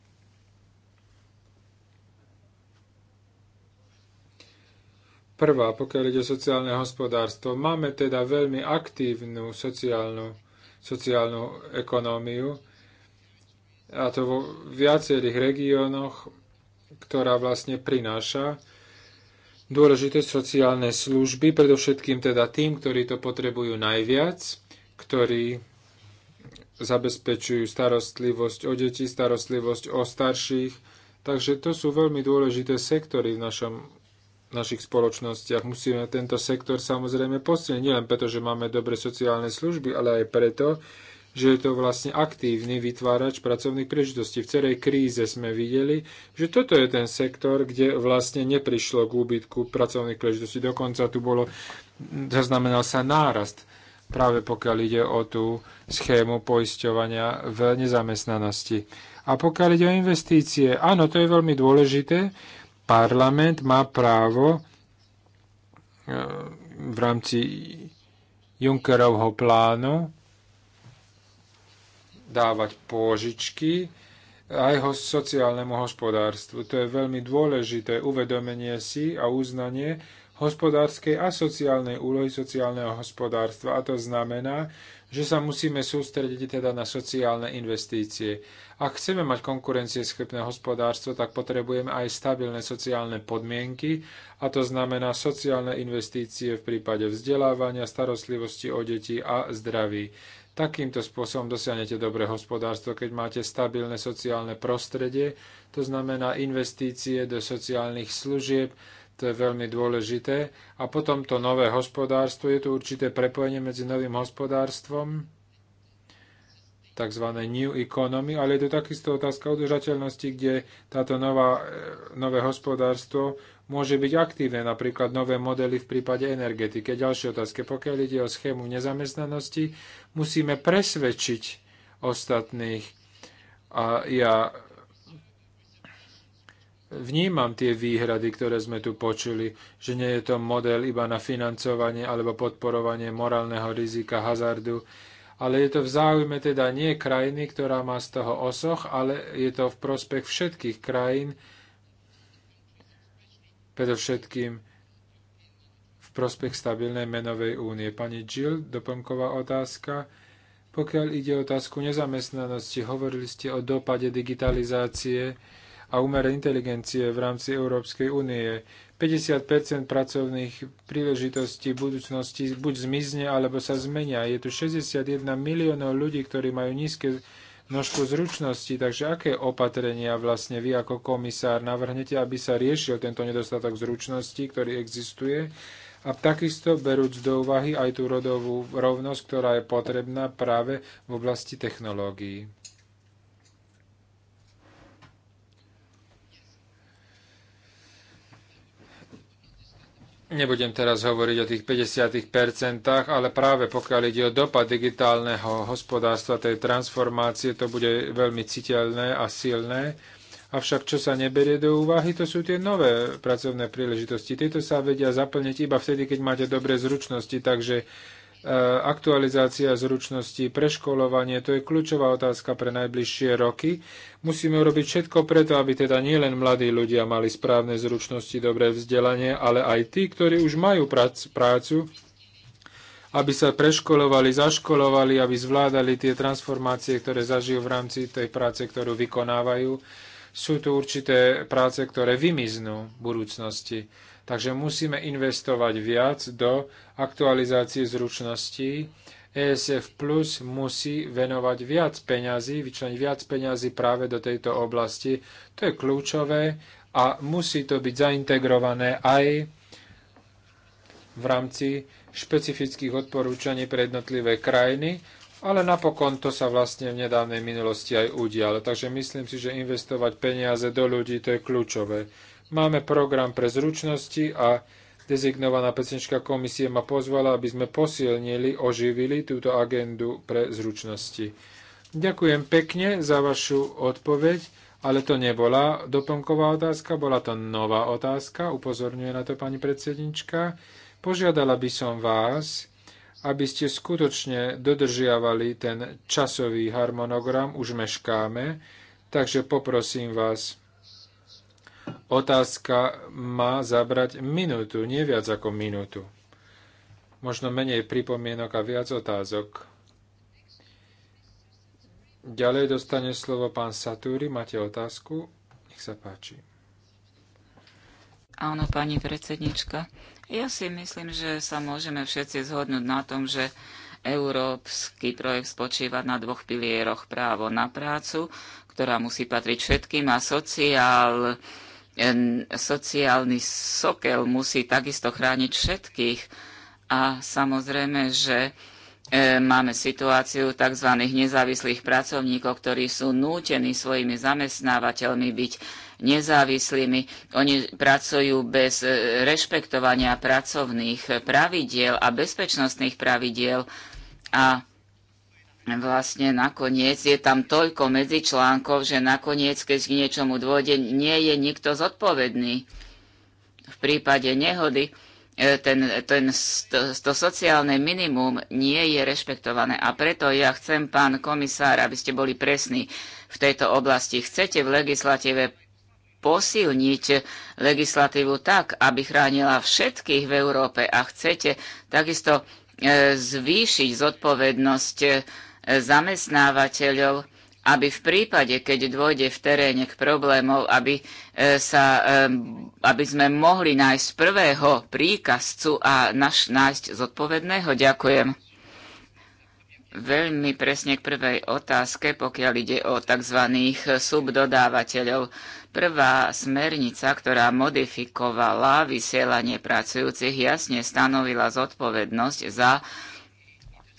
Prvá, pokiaľ ide sociálne hospodárstvo. Máme teda veľmi aktívnu sociálnu, sociálnu ekonómiu, a to vo viacerých regiónoch, ktorá vlastne prináša dôležité sociálne služby, predovšetkým teda tým, ktorí to potrebujú najviac, ktorí zabezpečujú starostlivosť o deti, starostlivosť o starších. Takže to sú veľmi dôležité sektory v našom našich spoločnostiach. Musíme tento sektor samozrejme posilniť, nielen preto, že máme dobre sociálne služby, ale aj preto, že je to vlastne aktívny vytvárač pracovných príležitostí. V celej kríze sme videli, že toto je ten sektor, kde vlastne neprišlo k úbytku pracovných príležitostí. Dokonca tu bolo, zaznamenal sa nárast, práve pokiaľ ide o tú schému poisťovania v nezamestnanosti. A pokiaľ ide o investície, áno, to je veľmi dôležité, parlament má právo e, v rámci Junckerovho plánu dávať pôžičky aj ho sociálnemu hospodárstvu. To je veľmi dôležité uvedomenie si a uznanie hospodárskej a sociálnej úlohy sociálneho hospodárstva. A to znamená, že sa musíme sústrediť teda na sociálne investície. Ak chceme mať konkurencieschopné hospodárstvo, tak potrebujeme aj stabilné sociálne podmienky, a to znamená sociálne investície v prípade vzdelávania, starostlivosti o deti a zdraví. Takýmto spôsobom dosiahnete dobré hospodárstvo, keď máte stabilné sociálne prostredie, to znamená investície do sociálnych služieb, to je veľmi dôležité. A potom to nové hospodárstvo, je tu určité prepojenie medzi novým hospodárstvom, tzv. new economy, ale je to takisto otázka udržateľnosti, kde táto nová, e, nové hospodárstvo môže byť aktívne, napríklad nové modely v prípade energetiky. Ďalšie otázky. pokiaľ ide o schému nezamestnanosti, musíme presvedčiť ostatných. A ja vnímam tie výhrady, ktoré sme tu počuli, že nie je to model iba na financovanie alebo podporovanie morálneho rizika hazardu, ale je to v záujme teda nie krajiny, ktorá má z toho osoch, ale je to v prospech všetkých krajín, predovšetkým v prospech stabilnej menovej únie. Pani Jill, doplnková otázka. Pokiaľ ide o otázku nezamestnanosti, hovorili ste o dopade digitalizácie a umelej inteligencie v rámci Európskej únie. 50 pracovných príležitostí v budúcnosti buď zmizne, alebo sa zmenia. Je tu 61 miliónov ľudí, ktorí majú nízke množstvo zručností, takže aké opatrenia vlastne vy ako komisár navrhnete, aby sa riešil tento nedostatok zručností, ktorý existuje? A takisto berúc do úvahy aj tú rodovú rovnosť, ktorá je potrebná práve v oblasti technológií. Nebudem teraz hovoriť o tých 50%, ale práve pokiaľ ide o dopad digitálneho hospodárstva, tej transformácie, to bude veľmi citeľné a silné. Avšak čo sa neberie do úvahy, to sú tie nové pracovné príležitosti. Tieto sa vedia zaplniť iba vtedy, keď máte dobré zručnosti, takže E, aktualizácia zručností, preškolovanie, to je kľúčová otázka pre najbližšie roky. Musíme urobiť všetko preto, aby teda nielen mladí ľudia mali správne zručnosti, dobré vzdelanie, ale aj tí, ktorí už majú prácu, aby sa preškolovali, zaškolovali, aby zvládali tie transformácie, ktoré zažijú v rámci tej práce, ktorú vykonávajú. Sú tu určité práce, ktoré vymiznú v budúcnosti. Takže musíme investovať viac do aktualizácie zručností. ESF Plus musí venovať viac peňazí, vyčleniť viac peňazí práve do tejto oblasti. To je kľúčové a musí to byť zaintegrované aj v rámci špecifických odporúčaní pre jednotlivé krajiny, ale napokon to sa vlastne v nedávnej minulosti aj udialo. Takže myslím si, že investovať peniaze do ľudí to je kľúčové. Máme program pre zručnosti a dezignovaná predsednička komisie ma pozvala, aby sme posilnili, oživili túto agendu pre zručnosti. Ďakujem pekne za vašu odpoveď, ale to nebola doplnková otázka, bola to nová otázka, upozorňuje na to pani predsednička. Požiadala by som vás, aby ste skutočne dodržiavali ten časový harmonogram, už meškáme, takže poprosím vás, otázka má zabrať minútu, nie viac ako minútu. Možno menej pripomienok a viac otázok. Ďalej dostane slovo pán Satúri. Máte otázku? Nech sa páči. Áno, pani predsednička. Ja si myslím, že sa môžeme všetci zhodnúť na tom, že európsky projekt spočíva na dvoch pilieroch právo na prácu, ktorá musí patriť všetkým a sociál, sociálny sokel musí takisto chrániť všetkých. A samozrejme, že e, máme situáciu tzv. nezávislých pracovníkov, ktorí sú nútení svojimi zamestnávateľmi byť nezávislými. Oni pracujú bez e, rešpektovania pracovných pravidiel a bezpečnostných pravidiel a vlastne nakoniec je tam toľko medzičlánkov, že nakoniec, keď k niečomu dôjde, nie je nikto zodpovedný. V prípade nehody e, ten, ten, to, to sociálne minimum nie je rešpektované. A preto ja chcem, pán komisár, aby ste boli presní v tejto oblasti. Chcete v legislatíve posilniť legislatívu tak, aby chránila všetkých v Európe a chcete takisto e, zvýšiť zodpovednosť e, zamestnávateľov, aby v prípade, keď dôjde v teréne k problémov, aby, e, sa, e, aby sme mohli nájsť prvého príkazcu a naš, nájsť zodpovedného. Ďakujem. Veľmi presne k prvej otázke, pokiaľ ide o tzv. subdodávateľov. Prvá smernica, ktorá modifikovala vysielanie pracujúcich, jasne stanovila zodpovednosť za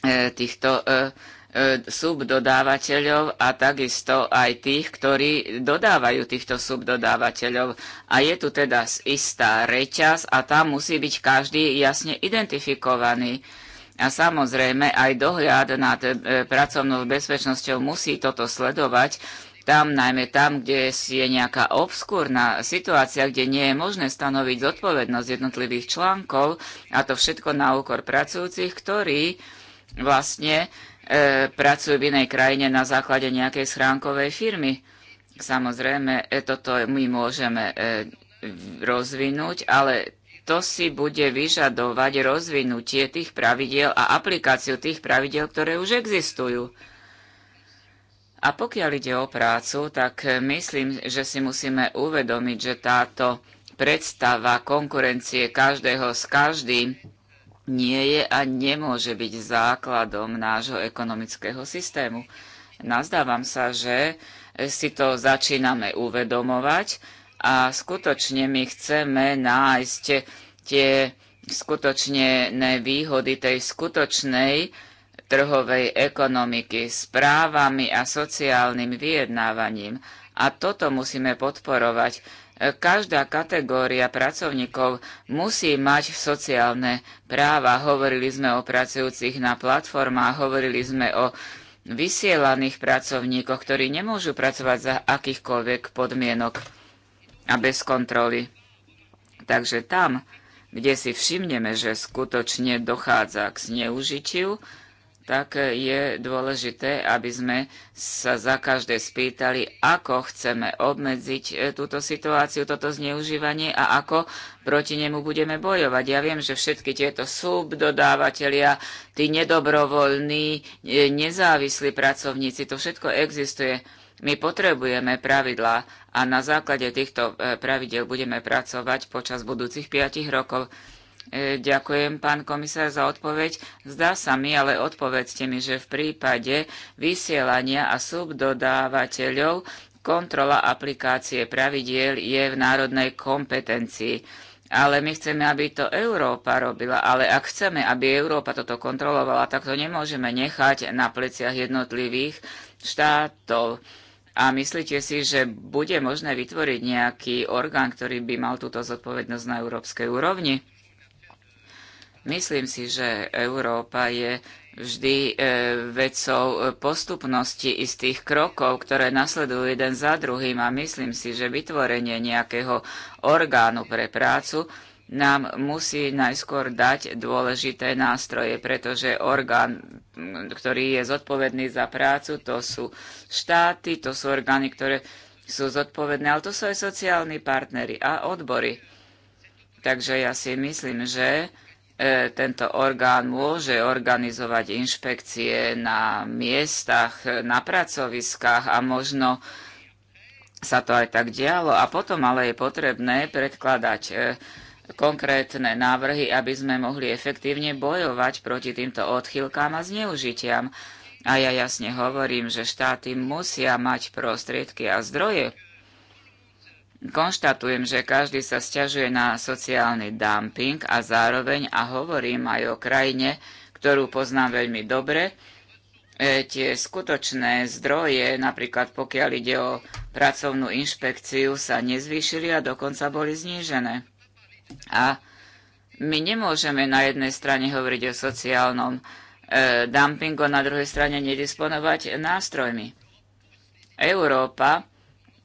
e, týchto E, subdodávateľov a takisto aj tých, ktorí dodávajú týchto subdodávateľov. A je tu teda istá reťaz a tam musí byť každý jasne identifikovaný. A samozrejme aj dohľad nad e, pracovnou bezpečnosťou musí toto sledovať, tam, najmä tam, kde je nejaká obskúrna situácia, kde nie je možné stanoviť zodpovednosť jednotlivých článkov a to všetko na úkor pracujúcich, ktorí vlastne E, pracujú v inej krajine na základe nejakej schránkovej firmy. Samozrejme, e, toto my môžeme e, rozvinúť, ale to si bude vyžadovať rozvinutie tých pravidiel a aplikáciu tých pravidiel, ktoré už existujú. A pokiaľ ide o prácu, tak myslím, že si musíme uvedomiť, že táto predstava konkurencie každého s každým nie je a nemôže byť základom nášho ekonomického systému. Nazdávam sa, že si to začíname uvedomovať a skutočne my chceme nájsť tie skutočne výhody tej skutočnej trhovej ekonomiky s právami a sociálnym vyjednávaním. A toto musíme podporovať každá kategória pracovníkov musí mať sociálne práva. Hovorili sme o pracujúcich na platformách, hovorili sme o vysielaných pracovníkoch, ktorí nemôžu pracovať za akýchkoľvek podmienok a bez kontroly. Takže tam, kde si všimneme, že skutočne dochádza k zneužitiu, tak je dôležité, aby sme sa za každé spýtali, ako chceme obmedziť e, túto situáciu, toto zneužívanie a ako proti nemu budeme bojovať. Ja viem, že všetky tieto subdodávateľia, tí nedobrovoľní, e, nezávislí pracovníci, to všetko existuje. My potrebujeme pravidlá a na základe týchto e, pravidel budeme pracovať počas budúcich piatich rokov. E, ďakujem, pán komisár, za odpoveď. Zdá sa mi, ale odpovedzte mi, že v prípade vysielania a subdodávateľov kontrola aplikácie pravidiel je v národnej kompetencii. Ale my chceme, aby to Európa robila. Ale ak chceme, aby Európa toto kontrolovala, tak to nemôžeme nechať na pleciach jednotlivých štátov. A myslíte si, že bude možné vytvoriť nejaký orgán, ktorý by mal túto zodpovednosť na európskej úrovni? Myslím si, že Európa je vždy e, vecou e, postupnosti istých krokov, ktoré nasledujú jeden za druhým a myslím si, že vytvorenie nejakého orgánu pre prácu nám musí najskôr dať dôležité nástroje, pretože orgán, ktorý je zodpovedný za prácu, to sú štáty, to sú orgány, ktoré sú zodpovedné, ale to sú aj sociálni partnery a odbory. Takže ja si myslím, že E, tento orgán môže organizovať inšpekcie na miestach, na pracoviskách a možno sa to aj tak dialo. A potom ale je potrebné predkladať e, konkrétne návrhy, aby sme mohli efektívne bojovať proti týmto odchýlkám a zneužitiam. A ja jasne hovorím, že štáty musia mať prostriedky a zdroje konštatujem, že každý sa sťažuje na sociálny dumping a zároveň, a hovorím aj o krajine, ktorú poznám veľmi dobre, e, tie skutočné zdroje, napríklad pokiaľ ide o pracovnú inšpekciu, sa nezvýšili a dokonca boli znížené. A my nemôžeme na jednej strane hovoriť o sociálnom e, dumpingu, na druhej strane nedisponovať nástrojmi. Európa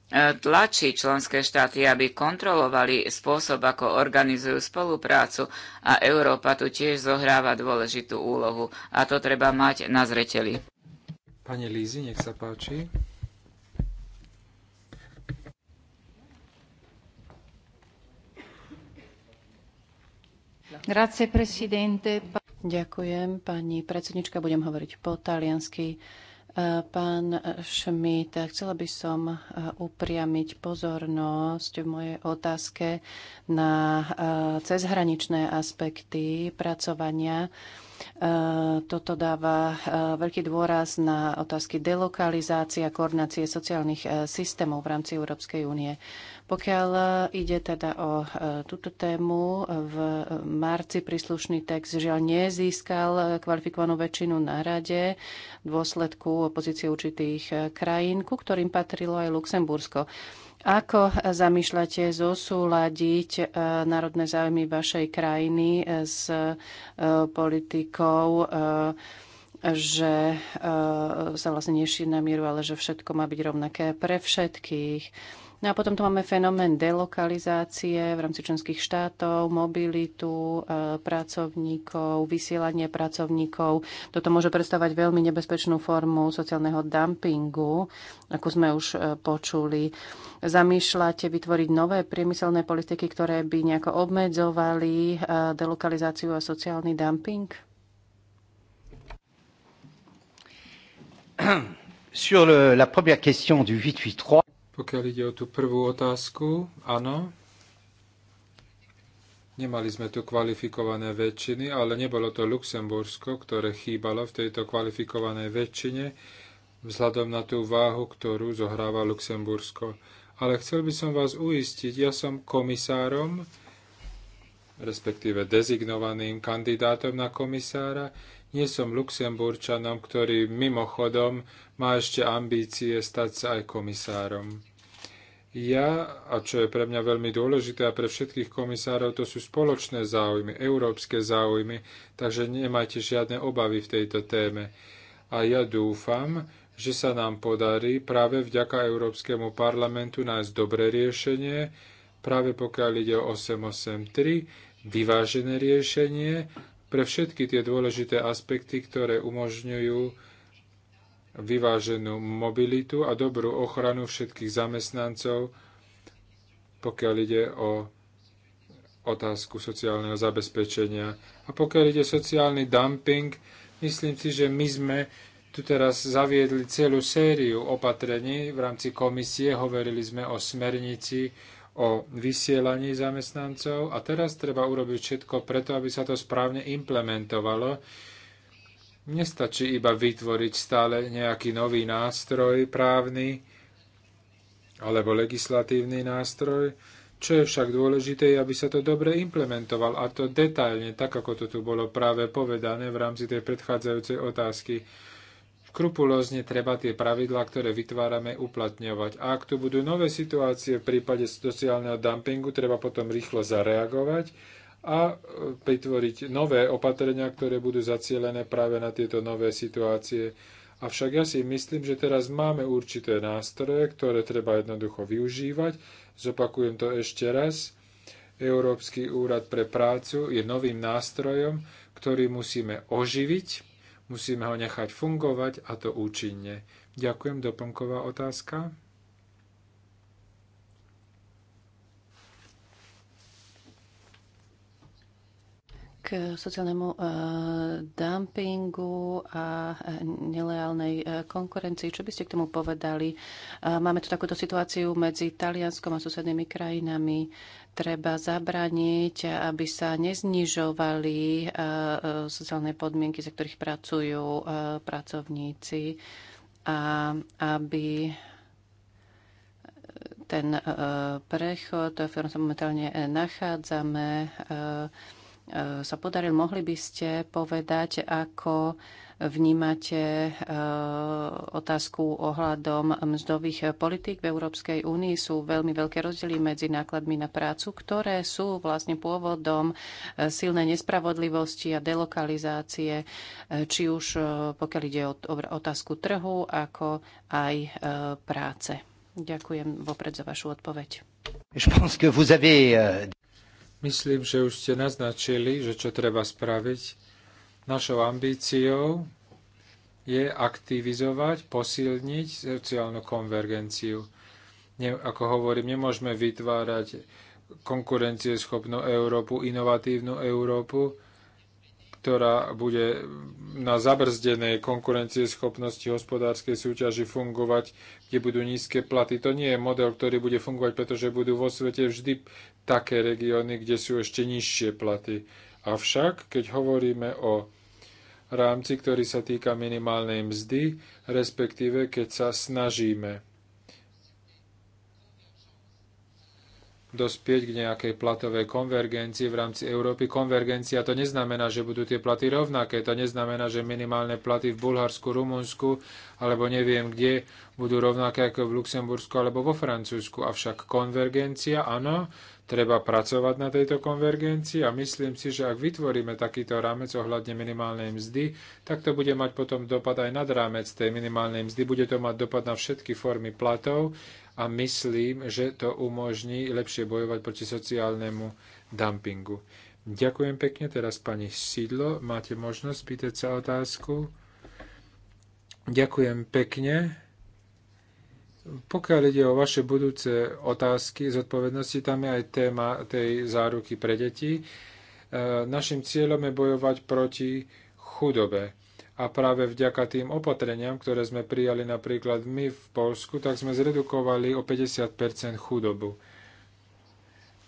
E, tlačí členské štáty, aby kontrolovali spôsob, ako organizujú spoluprácu a Európa tu tiež zohráva dôležitú úlohu a to treba mať na zreteli. Pane Lízy, nech sa páči. Grazie, Ďakujem, pani predsednička. Budem hovoriť po taliansky. Pán Šmit, chcela by som eh, upriamiť pozornosť v mojej otázke na eh, cezhraničné aspekty pracovania. Eh, toto dáva veľký dôraz na otázky delokalizácie a koordinácie sociálnych systémov v rámci Európskej únie. Pokiaľ e, ide teda o e, túto tému, v marci príslušný text žiaľ nezískal e, kvalifikovanú väčšinu na rade v dôsledku opozície určitých krajín, ku ktorým patrilo aj Luxembursko. Ako zamýšľate zosúľadiť národné záujmy vašej krajiny s politikou, že sa vlastne nešíri na mieru, ale že všetko má byť rovnaké pre všetkých? No a potom tu máme fenomén delokalizácie v rámci členských štátov, mobilitu e, pracovníkov, vysielanie pracovníkov. Toto môže predstavať veľmi nebezpečnú formu sociálneho dumpingu, ako sme už e, počuli. Zamýšľate vytvoriť nové priemyselné politiky, ktoré by nejako obmedzovali e, delokalizáciu a sociálny dumping? Sur le, la première question du 883, pokiaľ ide o tú prvú otázku, áno, nemali sme tu kvalifikované väčšiny, ale nebolo to Luxembursko, ktoré chýbalo v tejto kvalifikovanej väčšine vzhľadom na tú váhu, ktorú zohráva Luxembursko. Ale chcel by som vás uistiť, ja som komisárom, respektíve dezignovaným kandidátom na komisára, nie som Luxemburčanom, ktorý mimochodom má ešte ambície stať sa aj komisárom ja, a čo je pre mňa veľmi dôležité a pre všetkých komisárov, to sú spoločné záujmy, európske záujmy, takže nemajte žiadne obavy v tejto téme. A ja dúfam, že sa nám podarí práve vďaka Európskemu parlamentu nájsť dobré riešenie, práve pokiaľ ide o 883, vyvážené riešenie pre všetky tie dôležité aspekty, ktoré umožňujú vyváženú mobilitu a dobrú ochranu všetkých zamestnancov, pokiaľ ide o otázku sociálneho zabezpečenia. A pokiaľ ide sociálny dumping, myslím si, že my sme tu teraz zaviedli celú sériu opatrení v rámci komisie, hovorili sme o smernici, o vysielaní zamestnancov a teraz treba urobiť všetko preto, aby sa to správne implementovalo Nestačí iba vytvoriť stále nejaký nový nástroj právny alebo legislatívny nástroj, čo je však dôležité, aby sa to dobre implementoval a to detailne, tak ako to tu bolo práve povedané v rámci tej predchádzajúcej otázky. Krupulózne treba tie pravidlá, ktoré vytvárame, uplatňovať. A ak tu budú nové situácie v prípade sociálneho dumpingu, treba potom rýchlo zareagovať a vytvoriť e, nové opatrenia, ktoré budú zacielené práve na tieto nové situácie. Avšak ja si myslím, že teraz máme určité nástroje, ktoré treba jednoducho využívať. Zopakujem to ešte raz. Európsky úrad pre prácu je novým nástrojom, ktorý musíme oživiť, musíme ho nechať fungovať a to účinne. Ďakujem, doplnková otázka. k sociálnemu e, dumpingu a neleálnej e, konkurencii. Čo by ste k tomu povedali? E, máme tu takúto situáciu medzi Talianskom a susednými krajinami. Treba zabraniť, aby sa neznižovali sociálne podmienky, za ktorých pracujú pracovníci a aby ten prechod, v ktorom sa momentálne nachádzame, E, sa podaril. Mohli by ste povedať, ako vnímate e, otázku ohľadom mzdových politík v Európskej únii. Sú veľmi veľké rozdiely medzi nákladmi na prácu, ktoré sú vlastne pôvodom e, silnej nespravodlivosti a delokalizácie, či už pokiaľ ide o otázku trhu, ako aj práce. Ďakujem vopred za vašu odpoveď. Myslím, že už ste naznačili, že čo treba spraviť. Našou ambíciou je aktivizovať, posilniť sociálnu konvergenciu. Ne, ako hovorím, nemôžeme vytvárať konkurencieschopnú Európu, inovatívnu Európu, ktorá bude na zabrzdenej schopnosti hospodárskej súťaži fungovať, kde budú nízke platy. To nie je model, ktorý bude fungovať, pretože budú vo svete vždy také regióny, kde sú ešte nižšie platy. Avšak, keď hovoríme o rámci, ktorý sa týka minimálnej mzdy, respektíve keď sa snažíme dospieť k nejakej platovej konvergencii v rámci Európy. Konvergencia to neznamená, že budú tie platy rovnaké, to neznamená, že minimálne platy v Bulharsku, Rumunsku alebo neviem kde budú rovnaké ako v Luxembursku alebo vo Francúzsku. Avšak konvergencia, áno, treba pracovať na tejto konvergencii a myslím si, že ak vytvoríme takýto rámec ohľadne minimálnej mzdy, tak to bude mať potom dopad aj nad rámec tej minimálnej mzdy. Bude to mať dopad na všetky formy platov a myslím, že to umožní lepšie bojovať proti sociálnemu dumpingu. Ďakujem pekne. Teraz pani Sídlo, máte možnosť pýtať sa otázku. Ďakujem pekne. Pokiaľ ide o vaše budúce otázky zodpovednosti, tam je aj téma tej záruky pre deti. E, našim cieľom je bojovať proti chudobe. A práve vďaka tým opatreniam, ktoré sme prijali napríklad my v Polsku, tak sme zredukovali o 50 chudobu.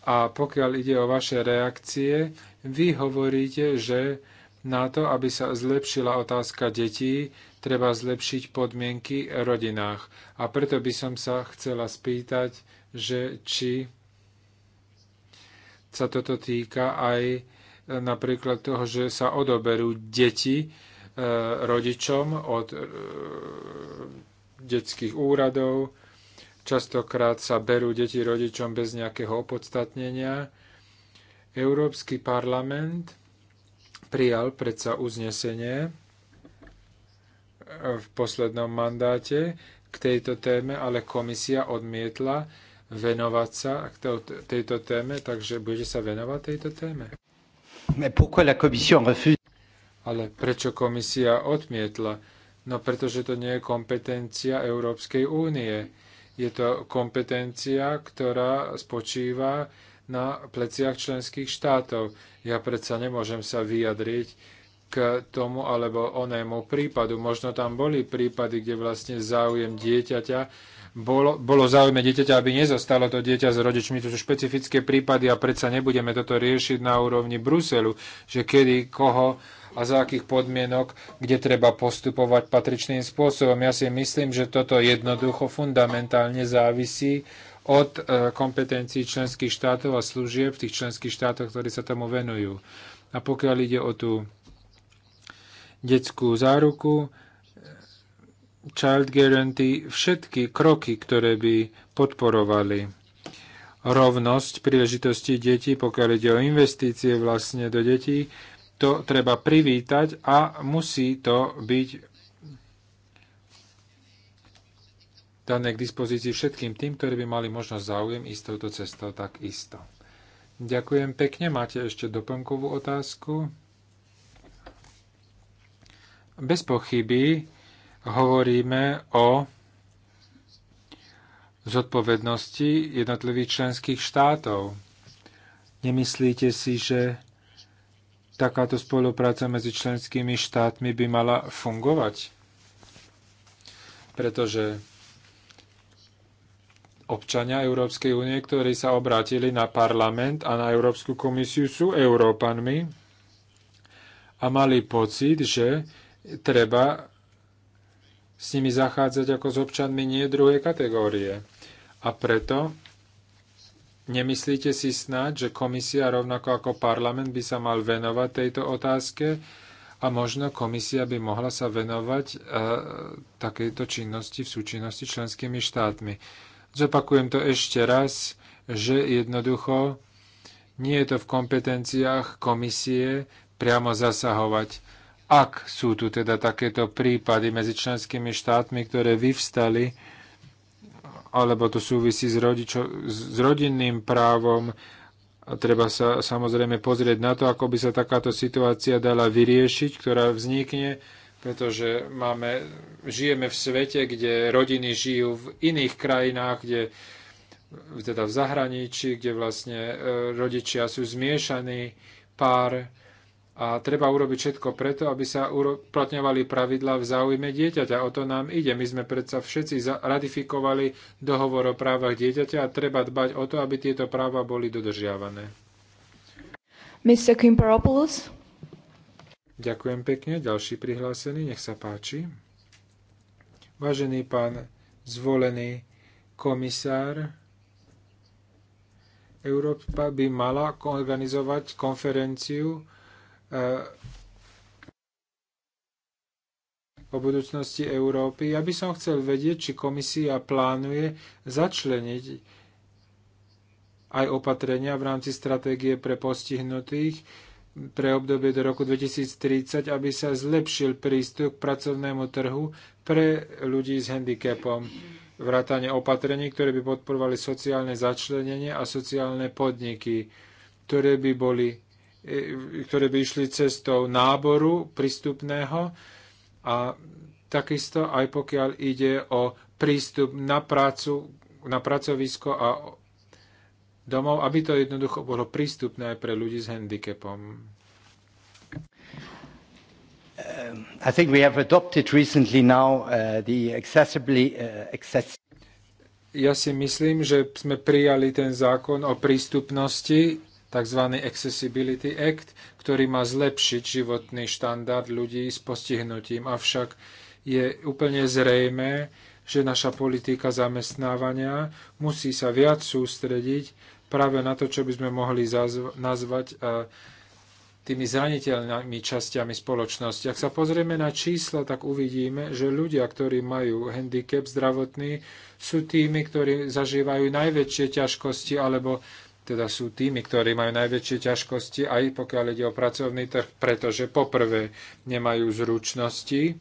A pokiaľ ide o vaše reakcie, vy hovoríte, že na to, aby sa zlepšila otázka detí, treba zlepšiť podmienky v rodinách. A preto by som sa chcela spýtať, že či sa toto týka aj napríklad toho, že sa odoberú deti rodičom od e, detských úradov. Častokrát sa berú deti rodičom bez nejakého opodstatnenia. Európsky parlament prijal predsa uznesenie e, v poslednom mandáte k tejto téme, ale komisia odmietla venovať sa k tejto téme, takže bude sa venovať tejto téme. Mais pourquoi la commission refuse ale prečo komisia odmietla? No pretože to nie je kompetencia Európskej únie. Je to kompetencia, ktorá spočíva na pleciach členských štátov. Ja predsa nemôžem sa vyjadriť k tomu alebo onému prípadu. Možno tam boli prípady, kde vlastne záujem dieťaťa bolo, bolo záujme dieťaťa, aby nezostalo to dieťa s rodičmi. To sú špecifické prípady a predsa nebudeme toto riešiť na úrovni Bruselu, že kedy koho a za akých podmienok, kde treba postupovať patričným spôsobom. Ja si myslím, že toto jednoducho fundamentálne závisí od e, kompetencií členských štátov a služieb v tých členských štátoch, ktorí sa tomu venujú. A pokiaľ ide o tú detskú záruku, Child Guarantee, všetky kroky, ktoré by podporovali rovnosť príležitosti detí, pokiaľ ide o investície vlastne do detí, to treba privítať a musí to byť dané k dispozícii všetkým tým, ktorí by mali možnosť záujem ísť touto cestou tak isto. Ďakujem pekne. Máte ešte doplnkovú otázku? Bez pochyby hovoríme o zodpovednosti jednotlivých členských štátov. Nemyslíte si, že takáto spolupráca medzi členskými štátmi by mala fungovať. Pretože občania Európskej únie, ktorí sa obrátili na parlament a na Európsku komisiu, sú Európanmi a mali pocit, že treba s nimi zachádzať ako s občanmi nie druhej kategórie. A preto Nemyslíte si snáď, že komisia rovnako ako parlament by sa mal venovať tejto otázke a možno komisia by mohla sa venovať e, takejto činnosti v súčinnosti členskými štátmi. Zopakujem to ešte raz, že jednoducho nie je to v kompetenciách komisie priamo zasahovať. Ak sú tu teda takéto prípady medzi členskými štátmi, ktoré vyvstali, alebo to súvisí s, rodičo, s rodinným právom. A treba sa samozrejme pozrieť na to, ako by sa takáto situácia dala vyriešiť, ktorá vznikne, pretože máme, žijeme v svete, kde rodiny žijú v iných krajinách, kde teda v zahraničí, kde vlastne e, rodičia sú zmiešaní pár, a treba urobiť všetko preto, aby sa uplatňovali pravidla v záujme dieťaťa. O to nám ide. My sme predsa všetci ratifikovali dohovor o právach dieťaťa a treba dbať o to, aby tieto práva boli dodržiavané. Mr. Kimperopoulos. Ďakujem pekne. Ďalší prihlásený, nech sa páči. Vážený pán zvolený komisár, Európa by mala organizovať konferenciu E, o budúcnosti Európy. Ja by som chcel vedieť, či komisia plánuje začleniť aj opatrenia v rámci stratégie pre postihnutých pre obdobie do roku 2030, aby sa zlepšil prístup k pracovnému trhu pre ľudí s handicapom. Vrátanie opatrení, ktoré by podporovali sociálne začlenenie a sociálne podniky, ktoré by boli E, ktoré by išli cestou náboru prístupného a takisto aj pokiaľ ide o prístup na prácu, na pracovisko a domov, aby to jednoducho bolo prístupné aj pre ľudí s handicapom. Um, I think we have adopted recently now uh, the accessibly uh, access ja si myslím, že sme prijali ten zákon o prístupnosti tzv. Accessibility Act, ktorý má zlepšiť životný štandard ľudí s postihnutím. Avšak je úplne zrejmé, že naša politika zamestnávania musí sa viac sústrediť práve na to, čo by sme mohli nazvať e, tými zraniteľnými časťami spoločnosti. Ak sa pozrieme na čísla, tak uvidíme, že ľudia, ktorí majú handicap zdravotný, sú tými, ktorí zažívajú najväčšie ťažkosti alebo teda sú tými, ktorí majú najväčšie ťažkosti, aj pokiaľ ide o pracovný trh, pretože poprvé nemajú zručnosti.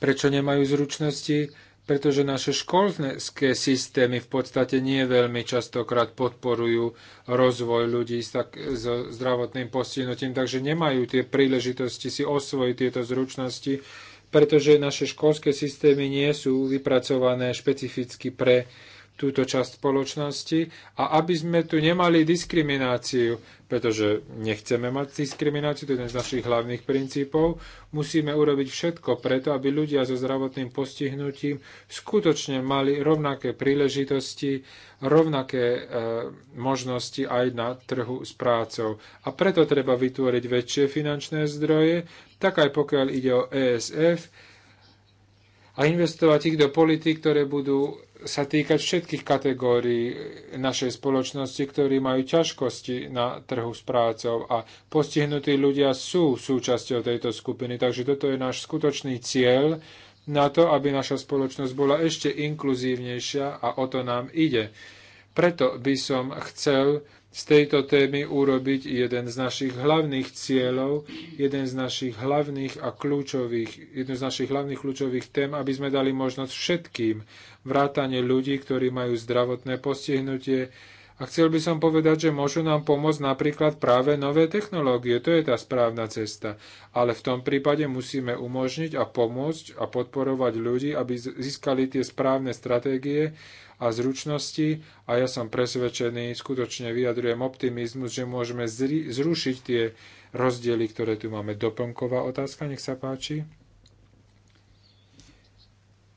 Prečo nemajú zručnosti? Pretože naše školské systémy v podstate nie veľmi častokrát podporujú rozvoj ľudí s, tak, s zdravotným postihnutím, takže nemajú tie príležitosti si osvojiť tieto zručnosti, pretože naše školské systémy nie sú vypracované špecificky pre uh, túto časť spoločnosti a aby sme tu nemali diskrimináciu, pretože nechceme mať diskrimináciu, to je jeden z našich hlavných princípov, musíme urobiť všetko preto, aby ľudia so zdravotným postihnutím skutočne mali rovnaké príležitosti, rovnaké e, možnosti aj na trhu s prácou. A preto treba vytvoriť väčšie finančné zdroje, tak aj pokiaľ ide o ESF, a investovať ich do politik, ktoré budú sa týkať všetkých kategórií našej spoločnosti, ktorí majú ťažkosti na trhu s prácou a postihnutí ľudia sú súčasťou tejto skupiny. Takže toto je náš skutočný cieľ na to, aby naša spoločnosť bola ešte inkluzívnejšia a o to nám ide. Preto by som chcel z tejto témy urobiť jeden z našich hlavných cieľov, jeden z našich hlavných a kľúčových, jednu z našich hlavných kľúčových tém, aby sme dali možnosť všetkým vrátane ľudí, ktorí majú zdravotné postihnutie. A chcel by som povedať, že môžu nám pomôcť napríklad práve nové technológie. To je tá správna cesta. Ale v tom prípade musíme umožniť a pomôcť a podporovať ľudí, aby získali tie správne stratégie, a zručnosti a ja som presvedčený, skutočne vyjadrujem optimizmus, že môžeme zrušiť tie rozdiely, ktoré tu máme. Doplnková otázka, nech sa páči.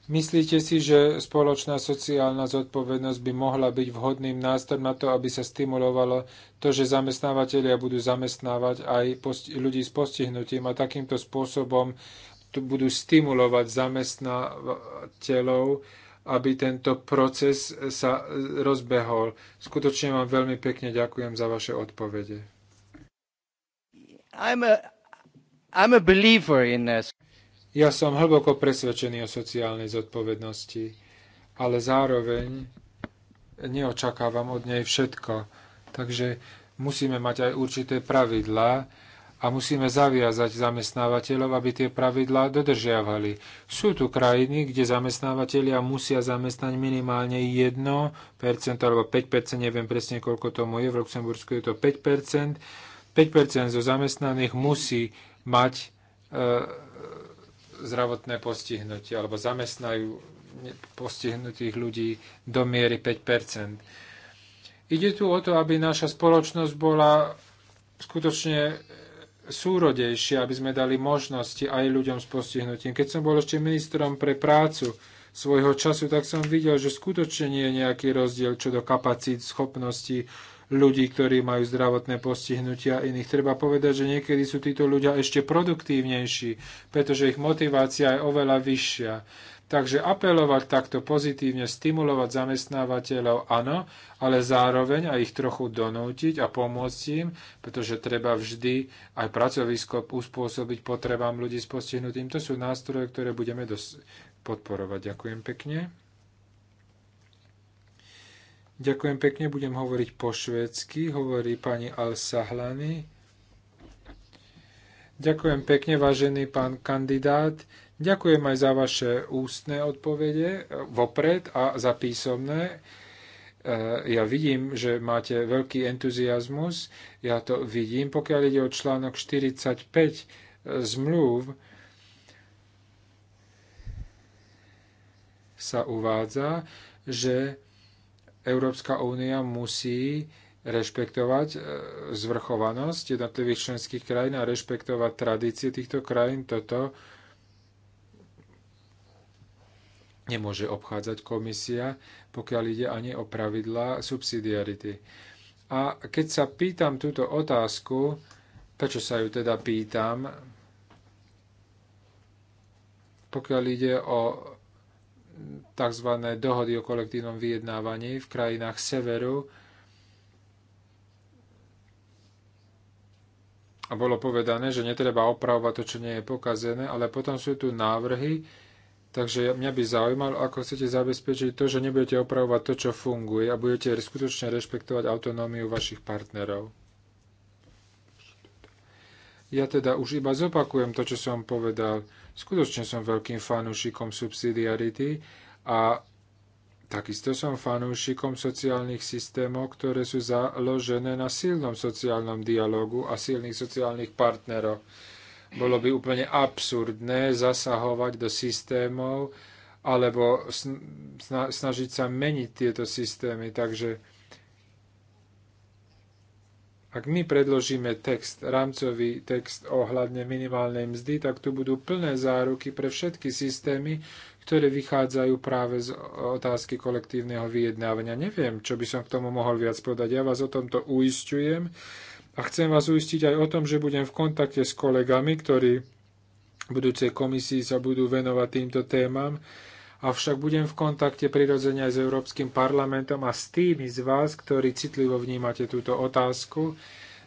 Myslíte si, že spoločná sociálna zodpovednosť by mohla byť vhodným nástrojom na to, aby sa stimulovalo to, že zamestnávateľia budú zamestnávať aj ľudí s postihnutím a takýmto spôsobom budú stimulovať zamestnávateľov, aby tento proces sa e, rozbehol. Skutočne vám veľmi pekne ďakujem za vaše odpovede. I'm a, I'm a believer in this. Uh, ja som hlboko presvedčený o sociálnej zodpovednosti, ale zároveň neočakávam od nej všetko. Takže musíme mať aj určité pravidlá, a musíme zaviazať zamestnávateľov, aby tie pravidlá dodržiavali. Sú tu krajiny, kde zamestnávateľia musia zamestnať minimálne 1% alebo 5%, neviem presne koľko tomu je, v Luxembursku je to 5%. 5% zo zamestnaných musí mať e, zdravotné postihnutie alebo zamestnajú postihnutých ľudí do miery 5%. Ide tu o to, aby naša spoločnosť bola skutočne súrodejšie, aby sme dali možnosti aj ľuďom s postihnutím. Keď som bol ešte ministrom pre prácu svojho času, tak som videl, že skutočne nie je nejaký rozdiel čo do kapacít, schopností ľudí, ktorí majú zdravotné postihnutia iných. Treba povedať, že niekedy sú títo ľudia ešte produktívnejší, pretože ich motivácia je oveľa vyššia. Takže apelovať takto pozitívne, stimulovať zamestnávateľov, áno, ale zároveň aj ich trochu donútiť a pomôcť im, pretože treba vždy aj pracovisko uspôsobiť potrebám ľudí s postihnutým. To sú nástroje, ktoré budeme podporovať. Ďakujem pekne. Ďakujem pekne, budem hovoriť po švedsky, hovorí pani Al-Sahlani. Ďakujem pekne, vážený pán kandidát. Ďakujem aj za vaše ústne odpovede e, vopred a za písomné. E, ja vidím, že máte veľký entuziasmus. Ja to vidím, pokiaľ ide o článok 45 e, zmluv, sa uvádza, že Európska únia musí rešpektovať zvrchovanosť jednotlivých členských krajín a rešpektovať tradície týchto krajín. Toto nemôže obchádzať komisia, pokiaľ ide ani o pravidlá subsidiarity. A keď sa pýtam túto otázku, prečo sa ju teda pýtam, pokiaľ ide o tzv. dohody o kolektívnom vyjednávaní v krajinách severu, a bolo povedané, že netreba opravovať to, čo nie je pokazené, ale potom sú tu návrhy, Takže mňa by zaujímalo, ako chcete zabezpečiť to, že nebudete opravovať to, čo funguje a budete skutočne rešpektovať autonómiu vašich partnerov. Ja teda už iba zopakujem to, čo som povedal. Skutočne som veľkým fanúšikom subsidiarity a takisto som fanúšikom sociálnych systémov, ktoré sú založené na silnom sociálnom dialogu a silných sociálnych partnerov. Bolo by úplne absurdné zasahovať do systémov alebo snažiť sa meniť tieto systémy. Takže ak my predložíme text, rámcový text ohľadne minimálnej mzdy, tak tu budú plné záruky pre všetky systémy, ktoré vychádzajú práve z otázky kolektívneho vyjednávania. Neviem, čo by som k tomu mohol viac povedať. Ja vás o tomto uistujem. A chcem vás uistiť aj o tom, že budem v kontakte s kolegami, ktorí v budúcej komisii sa budú venovať týmto témam, avšak budem v kontakte prirodzene aj s Európskym parlamentom a s tými z vás, ktorí citlivo vnímate túto otázku.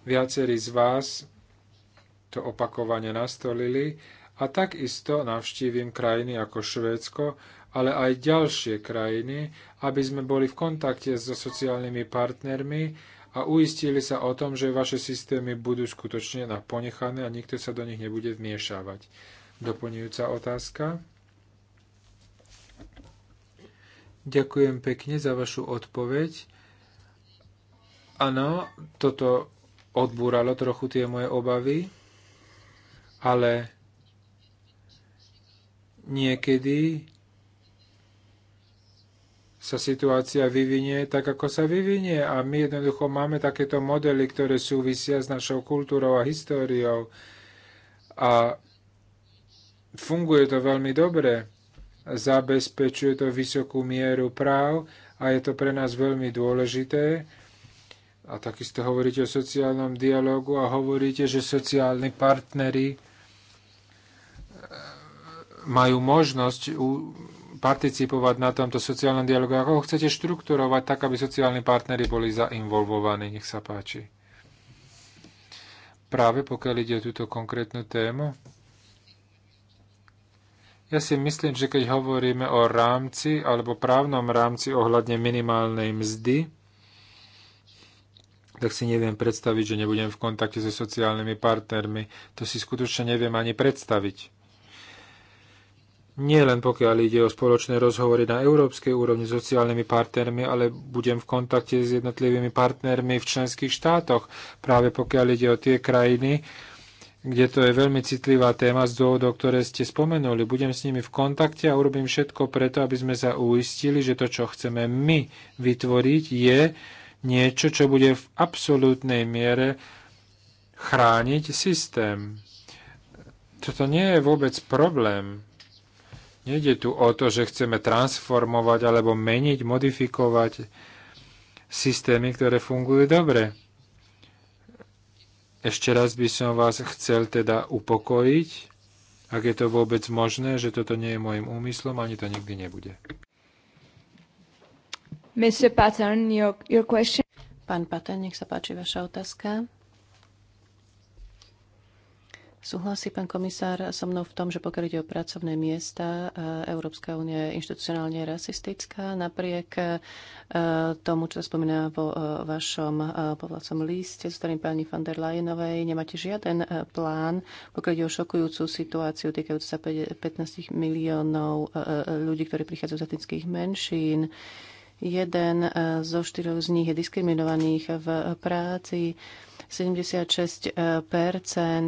Viacerí z vás to opakovane nastolili a takisto navštívim krajiny ako Švédsko, ale aj ďalšie krajiny, aby sme boli v kontakte so sociálnymi partnermi a uistili sa o tom, že vaše systémy budú skutočne ponechané a nikto sa do nich nebude vmiešavať. Doplňujúca otázka. Ďakujem pekne za vašu odpoveď. Áno, toto odbúralo trochu tie moje obavy, ale niekedy sa situácia vyvinie tak, ako sa vyvinie. A my jednoducho máme takéto modely, ktoré súvisia s našou kultúrou a históriou. A funguje to veľmi dobre. Zabezpečuje to vysokú mieru práv a je to pre nás veľmi dôležité. A takisto hovoríte o sociálnom dialogu a hovoríte, že sociálni partnery e, majú možnosť participovať na tomto sociálnom dialogu? Ako ho chcete štrukturovať tak, aby sociálni partnery boli zainvolvovaní? Nech sa páči. Práve pokiaľ ide o túto konkrétnu tému. Ja si myslím, že keď hovoríme o rámci alebo právnom rámci ohľadne minimálnej mzdy, tak si neviem predstaviť, že nebudem v kontakte so sociálnymi partnermi. To si skutočne neviem ani predstaviť nie len pokiaľ ide o spoločné rozhovory na európskej úrovni s sociálnymi partnermi, ale budem v kontakte s jednotlivými partnermi v členských štátoch, práve pokiaľ ide o tie krajiny, kde to je veľmi citlivá téma z dôvodov, ktoré ste spomenuli. Budem s nimi v kontakte a urobím všetko preto, aby sme sa uistili, že to, čo chceme my vytvoriť, je niečo, čo bude v absolútnej miere chrániť systém. Toto nie je vôbec problém Nejde tu o to, že chceme transformovať alebo meniť, modifikovať systémy, ktoré fungujú dobre. Ešte raz by som vás chcel teda upokojiť, ak je to vôbec možné, že toto nie je môjim úmyslom, ani to nikdy nebude. Mr. Patton, your, your question. Pán Patton, nech sa páči vaša otázka. Súhlasí pán komisár so mnou v tom, že pokiaľ ide o pracovné miesta, e, Európska únia je inštitucionálne rasistická, napriek e, tomu, čo spomína vo e, vašom povlacom liste, s ktorým pani van der Leyenovej, nemáte žiaden plán, pokiaľ ide o šokujúcu situáciu týkajúcu sa 15 miliónov ľudí, ktorí prichádzajú z etnických menšín. Jeden zo štyroch z nich je diskriminovaných v práci. 76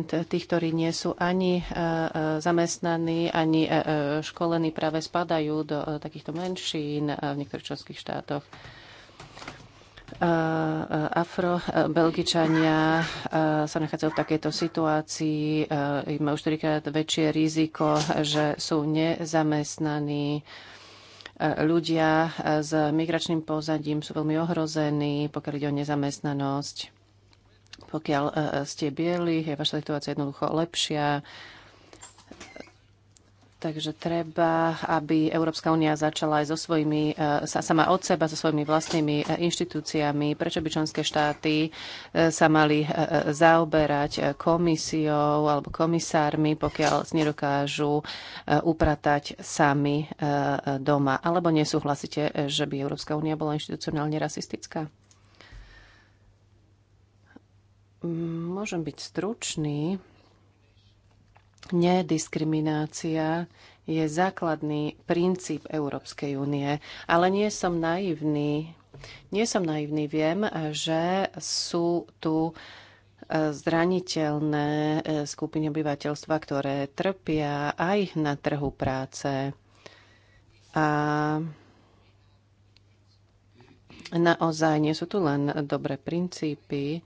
tých, ktorí nie sú ani e, e, zamestnaní, ani e, školení, práve spadajú do takýchto menšín v niektorých členských štátoch. Afro-Belgičania sa nachádzajú v takejto situácii, majú trikrát väčšie riziko, že sú nezamestnaní. Ľudia s migračným pozadím sú veľmi ohrození, pokiaľ ide o nezamestnanosť. Pokiaľ e, e, ste bieli, je vaša situácia jednoducho lepšia. Takže treba, aby Európska únia začala aj so svojimi, e, sama od seba, so svojimi vlastnými inštitúciami. Prečo by členské štáty sa mali zaoberať komisiou alebo komisármi, pokiaľ nedokážu upratať sami doma? Alebo nesúhlasíte, že by Európska únia bola inštitucionálne rasistická? Môžem byť stručný. Nediskriminácia je základný princíp Európskej únie, ale nie som naivný. Nie som naivný, viem, že sú tu e, zraniteľné e, skupiny obyvateľstva, ktoré trpia aj na trhu práce. A naozaj nie sú tu len dobré princípy,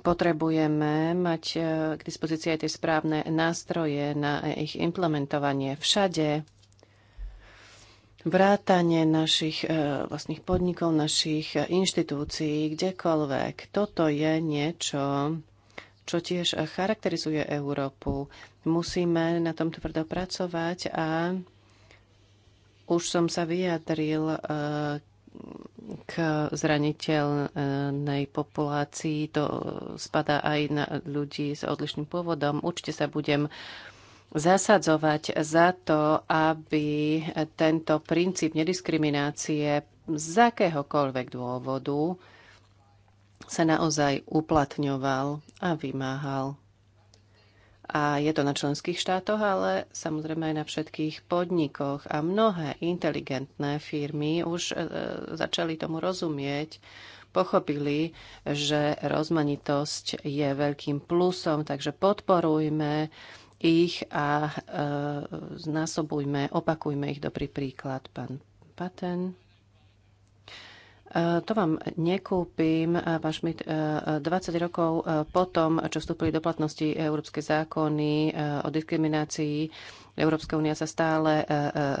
potrebujeme mať e, k dispozícii aj tie správne nástroje na ich implementovanie všade, vrátanie našich e, vlastných podnikov, našich e, inštitúcií, kdekoľvek. Toto je niečo, čo tiež charakterizuje Európu. Musíme na tom tvrdo pracovať a už som sa vyjadril k zraniteľnej populácii. To spadá aj na ľudí s odlišným pôvodom. Určite sa budem zasadzovať za to, aby tento princíp nediskriminácie z akéhokoľvek dôvodu sa naozaj uplatňoval a vymáhal a je to na členských štátoch, ale samozrejme aj na všetkých podnikoch. A mnohé inteligentné firmy už e, začali tomu rozumieť, pochopili, že rozmanitosť je veľkým plusom, takže podporujme ich a e, znásobujme, opakujme ich. Dobrý príklad, pán Paten. E, to vám nekúpim, e, pán Šmit. 20 e, rokov potom, čo vstúpili do platnosti európske zákony o diskriminácii, Európska únia sa stále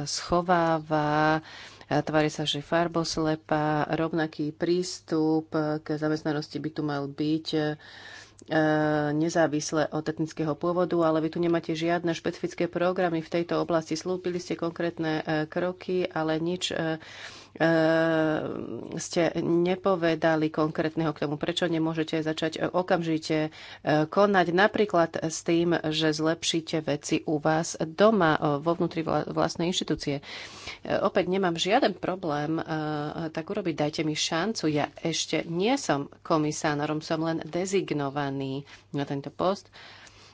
schováva, tvári sa, že farboslepa, rovnaký prístup k zamestnanosti by tu mal byť nezávisle od etnického pôvodu, ale vy tu nemáte žiadne špecifické programy v tejto oblasti. Slúpili ste konkrétne kroky, ale nič Ehm, ste nepovedali konkrétneho k tomu, prečo nemôžete začať e, okamžite e, konať napríklad s tým, že zlepšíte veci u vás doma, e, vo vnútri vlastnej inštitúcie. Opäť nemám žiaden problém tak urobiť, dajte mi šancu. Ja ešte nie som komisánorom, som len dezignovaný na tento post.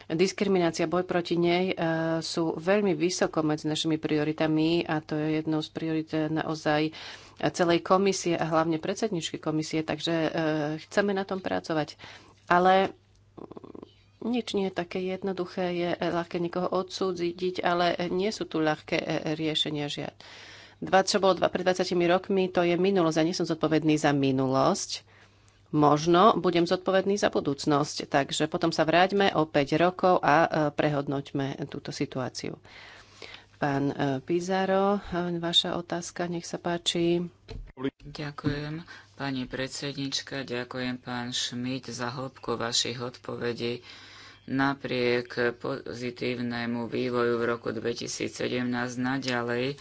Diskriminácia, boj proti nej e, sú veľmi vysoko medzi našimi prioritami a to je jednou z priorit e, naozaj celej komisie a hlavne predsedničky komisie, takže e, chceme na tom pracovať. Ale nič nie je také jednoduché, je ľahké niekoho odsúdiť, ale nie sú tu ľahké riešenia žiad. Dva, čo bolo dva, pred 20 rokmi, to je minulosť. Ja nie som zodpovedný za minulosť, možno budem zodpovedný za budúcnosť. Takže potom sa vráťme o 5 rokov a e, prehodnoťme túto situáciu. Pán e, Pizarro, e, vaša otázka, nech sa páči. Ďakujem, pani predsednička, ďakujem, pán Šmit, za hĺbku vašich odpovedí. Napriek pozitívnemu vývoju v roku 2017 naďalej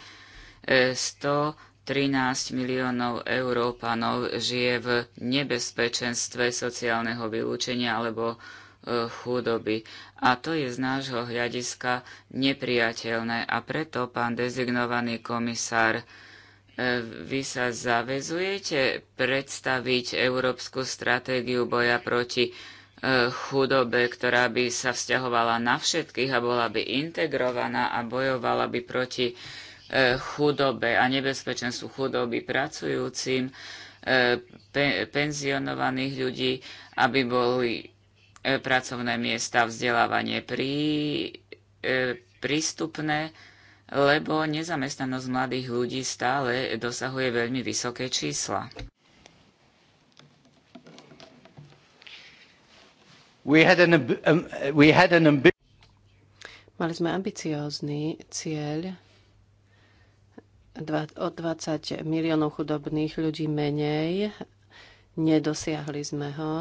100 13 miliónov Európanov žije v nebezpečenstve sociálneho vylúčenia alebo e, chudoby. A to je z nášho hľadiska nepriateľné. A preto, pán dezignovaný komisár, e, vy sa zavezujete predstaviť európsku stratégiu boja proti e, chudobe, ktorá by sa vzťahovala na všetkých a bola by integrovaná a bojovala by proti E, chudobe a nebezpečenstvu chudoby pracujúcim, e, penzionovaných ľudí, aby boli e, pracovné miesta, vzdelávanie prí, prístupné, lebo nezamestnanosť mladých ľudí stále dosahuje veľmi vysoké čísla. Um, Mali sme ambiciózny cieľ o 20 miliónov chudobných ľudí menej. Nedosiahli sme ho.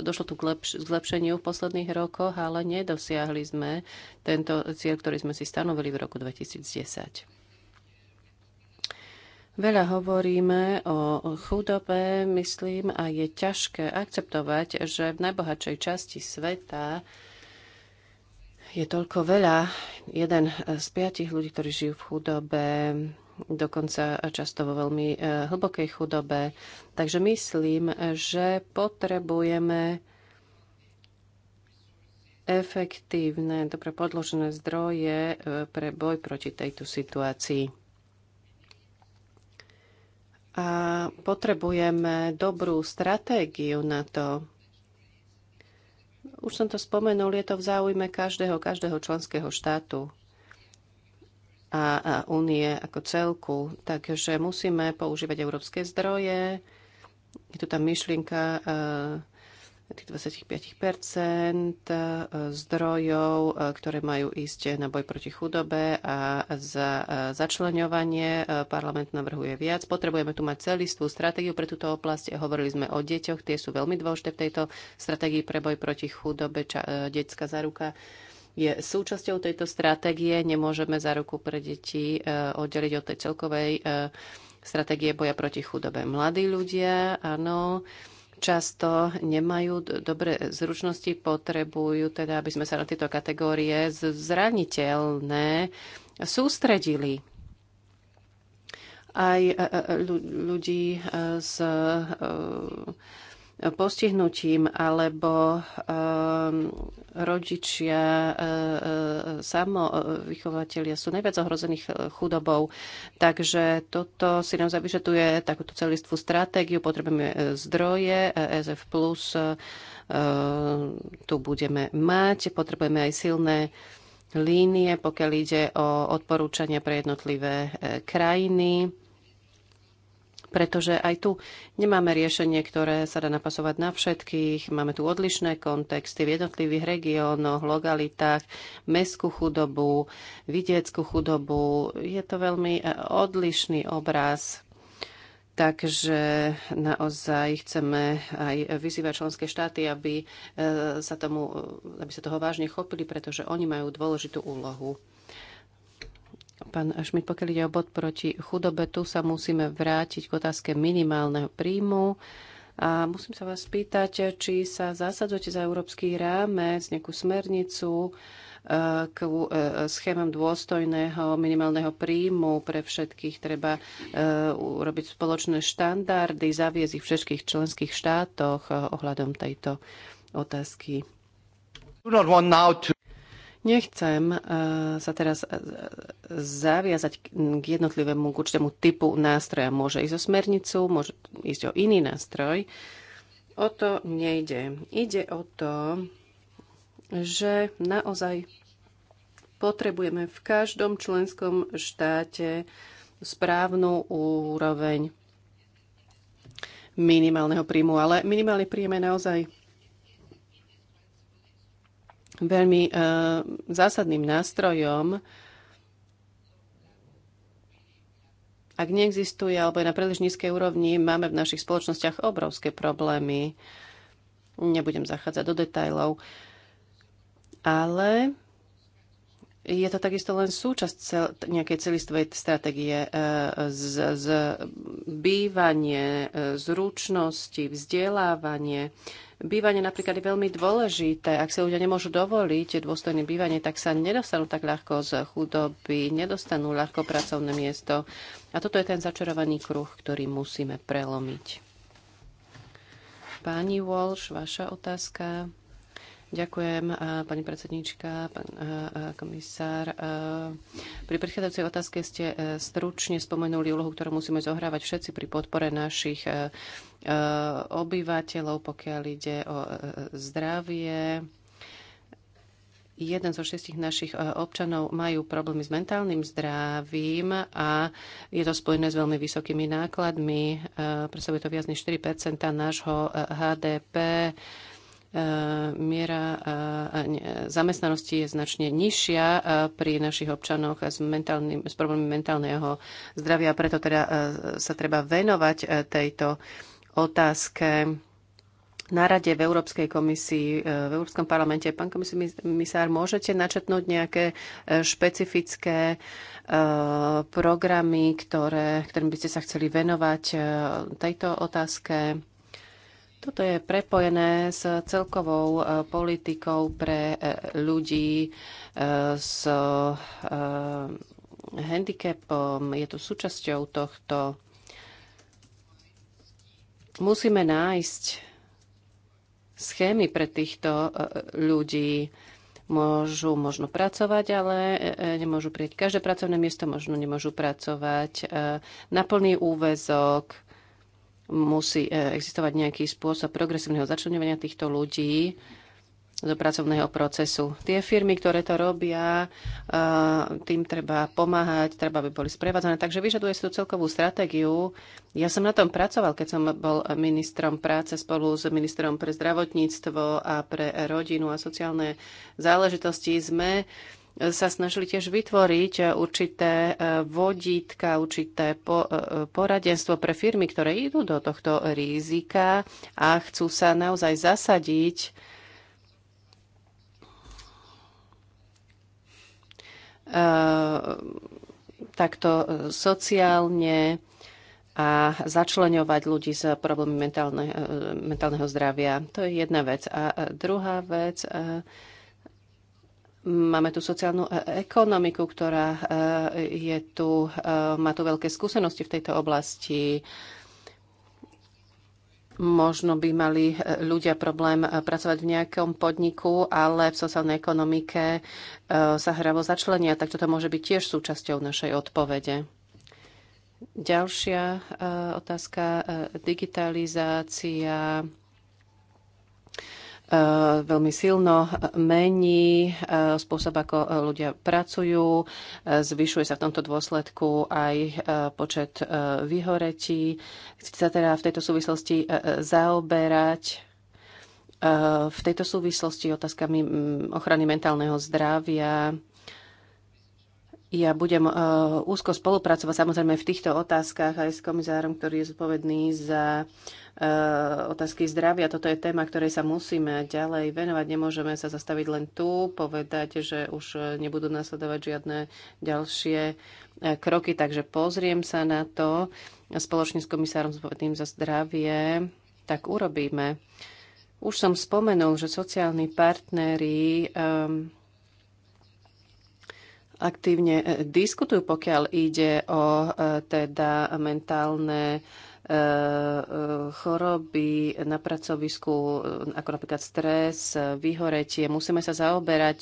Došlo tu k zlepšeniu v posledných rokoch, ale nedosiahli sme tento cieľ, ktorý sme si stanovili v roku 2010. Veľa hovoríme o chudobe, myslím, a je ťažké akceptovať, že v najbohatšej časti sveta je toľko veľa. Jeden e, z piatich ľudí, ktorí žijú v chudobe, dokonca často vo veľmi e, hlbokej chudobe. Takže myslím, že potrebujeme efektívne, dobre podložené zdroje e, pre boj proti tejto situácii. A potrebujeme dobrú stratégiu na to, už som to spomenul, je to v záujme každého, každého členského štátu a, únie ako celku. Takže musíme používať európske zdroje. Je tu tá myšlienka eh, tých 25 e, zdrojov, e, ktoré majú ísť na boj proti chudobe a za e, začlenovanie. Parlament navrhuje viac. Potrebujeme tu mať celistvú stratégiu pre túto oblasť. Hovorili sme o deťoch, tie sú veľmi dôležité v tejto stratégii pre boj proti chudobe, ča, detská záruka je súčasťou tejto stratégie. Nemôžeme za ruku pre deti oddeliť od tej celkovej stratégie boja proti chudobe. Mladí ľudia, áno, často nemajú dobre zručnosti, potrebujú teda, aby sme sa na tieto kategórie zraniteľné sústredili aj e, e, e, ľudí z postihnutím alebo ehm, rodičia, ehm, e, samovychovateľia sú najviac ohrozených e, chudobou. Takže toto si nám zavyžaduje takúto celistvú stratégiu. Potrebujeme e, zdroje, ESF+, tu budeme mať. Potrebujeme aj silné línie, pokiaľ ide o odporúčania pre jednotlivé krajiny pretože aj tu nemáme riešenie, ktoré sa dá napasovať na všetkých. Máme tu odlišné kontexty v jednotlivých regiónoch, lokalitách, mestskú chudobu, vidieckú chudobu. Je to veľmi e, odlišný obraz. Takže naozaj chceme aj vyzývať členské štáty, aby e, sa, tomu, e, aby sa toho vážne chopili, pretože oni majú dôležitú úlohu. Pán Šmit, pokiaľ ide o bod proti chudobe, tu sa musíme vrátiť k otázke minimálneho príjmu. A musím sa vás spýtať, či sa zasadzujete za európsky rámec, nejakú smernicu e, k e, schémam dôstojného minimálneho príjmu pre všetkých. Treba e, urobiť spoločné štandardy, zaviesť ich v všetkých členských štátoch ohľadom tejto otázky. Do Nechcem e, sa teraz e, zaviazať k jednotlivému, k určitému typu nástroja. Môže ísť o smernicu, môže ísť o iný nástroj. O to nejde. Ide o to, že naozaj potrebujeme v každom členskom štáte správnu úroveň minimálneho príjmu. Ale minimálny príjem je naozaj veľmi e, zásadným nástrojom, ak neexistuje alebo je na príliš nízkej úrovni, máme v našich spoločnostiach obrovské problémy. Nebudem zachádzať do detajlov. Ale je to takisto len súčasť cel, nejakej celistvej stratégie. E, z, z bývanie, e, zručnosti, vzdelávanie. Bývanie napríklad je veľmi dôležité. Ak si ľudia nemôžu dovoliť dôstojné bývanie, tak sa nedostanú tak ľahko z chudoby, nedostanú ľahko pracovné miesto. A toto je ten začarovaný kruh, ktorý musíme prelomiť. Pani Walsh, vaša otázka. Ďakujem, pani predsednička, pán komisár. Pri predchádzajúcej otázke ste e, stručne spomenuli úlohu, ktorú musíme zohrávať všetci pri podpore našich e, Eh, obyvateľov, pokiaľ ide o eh, zdravie. Jeden zo šestich našich eh, občanov majú problémy s mentálnym zdravím a je to spojené s veľmi vysokými nákladmi. Predstavuje to viac než 4 nášho HDP miera zamestnanosti je značne nižšia pri našich občanoch s, mentálnym, s problémy mentálneho zdravia, preto teda sa treba venovať tejto otázke na rade v Európskej komisii, e, v Európskom parlamente. Pán komisár, môžete načetnúť nejaké e, špecifické e, programy, ktoré, ktorým by ste sa chceli venovať tejto otázke? Toto je prepojené s celkovou politikou pre ľudí s handicapom. Je to súčasťou tohto Musíme nájsť schémy pre týchto e, e, ľudí. Môžu možno pracovať, ale e, nemôžu prieť každé pracovné miesto, možno nemôžu pracovať na plný úvezok. Musí existovať nejaký spôsob progresívneho začlenovania týchto ľudí do pracovného procesu. Tie firmy, ktoré to robia, e, tým treba pomáhať, treba, aby boli sprevádzané. Takže vyžaduje si tú celkovú stratégiu. Ja som na tom pracoval, keď som bol ministrom práce spolu s ministrom pre zdravotníctvo a pre rodinu a sociálne záležitosti. Sme sa snažili tiež vytvoriť určité e, vodítka, určité e, poradenstvo pre firmy, ktoré idú do tohto rizika a chcú sa naozaj zasadiť E, takto sociálne a začleňovať ľudí s problémy mentálne, e, mentálneho zdravia. To je jedna vec. A e, druhá vec, Máme tu sociálnu ekonomiku, ktorá je tu, má tu veľké skúsenosti v tejto oblasti. Možno by mali e, ľudia problém e, pracovať v nejakom podniku, ale v sociálnej ekonomike e, sa hravo začlenia, tak toto môže byť tiež súčasťou našej odpovede. Ďalšia otázka, digitalizácia Eh, veľmi silno mení eh, spôsob, ako eh, ľudia pracujú. Zvyšuje sa v tomto dôsledku aj počet vyhoretí. Chcete sa teda v tejto súvislosti zaoberať v tejto súvislosti otázkami mm, ochrany mentálneho zdravia ja budem eh, úzko spolupracovať samozrejme v týchto otázkach aj s komisárom, ktorý je zodpovedný za eh, otázky zdravia. Toto je téma, ktorej sa musíme ďalej venovať. Nemôžeme sa zastaviť len tu, povedať, že už nebudú nasledovať žiadne ďalšie eh, kroky. Takže pozriem sa na to spoločne s komisárom zodpovedným za zdravie. Tak urobíme. Už som spomenul, že sociálni partnery um, ehm, aktívne e, diskutujú, pokiaľ ide o e, teda mentálne e, choroby na pracovisku, ako napríklad stres, vyhoretie. Musíme sa zaoberať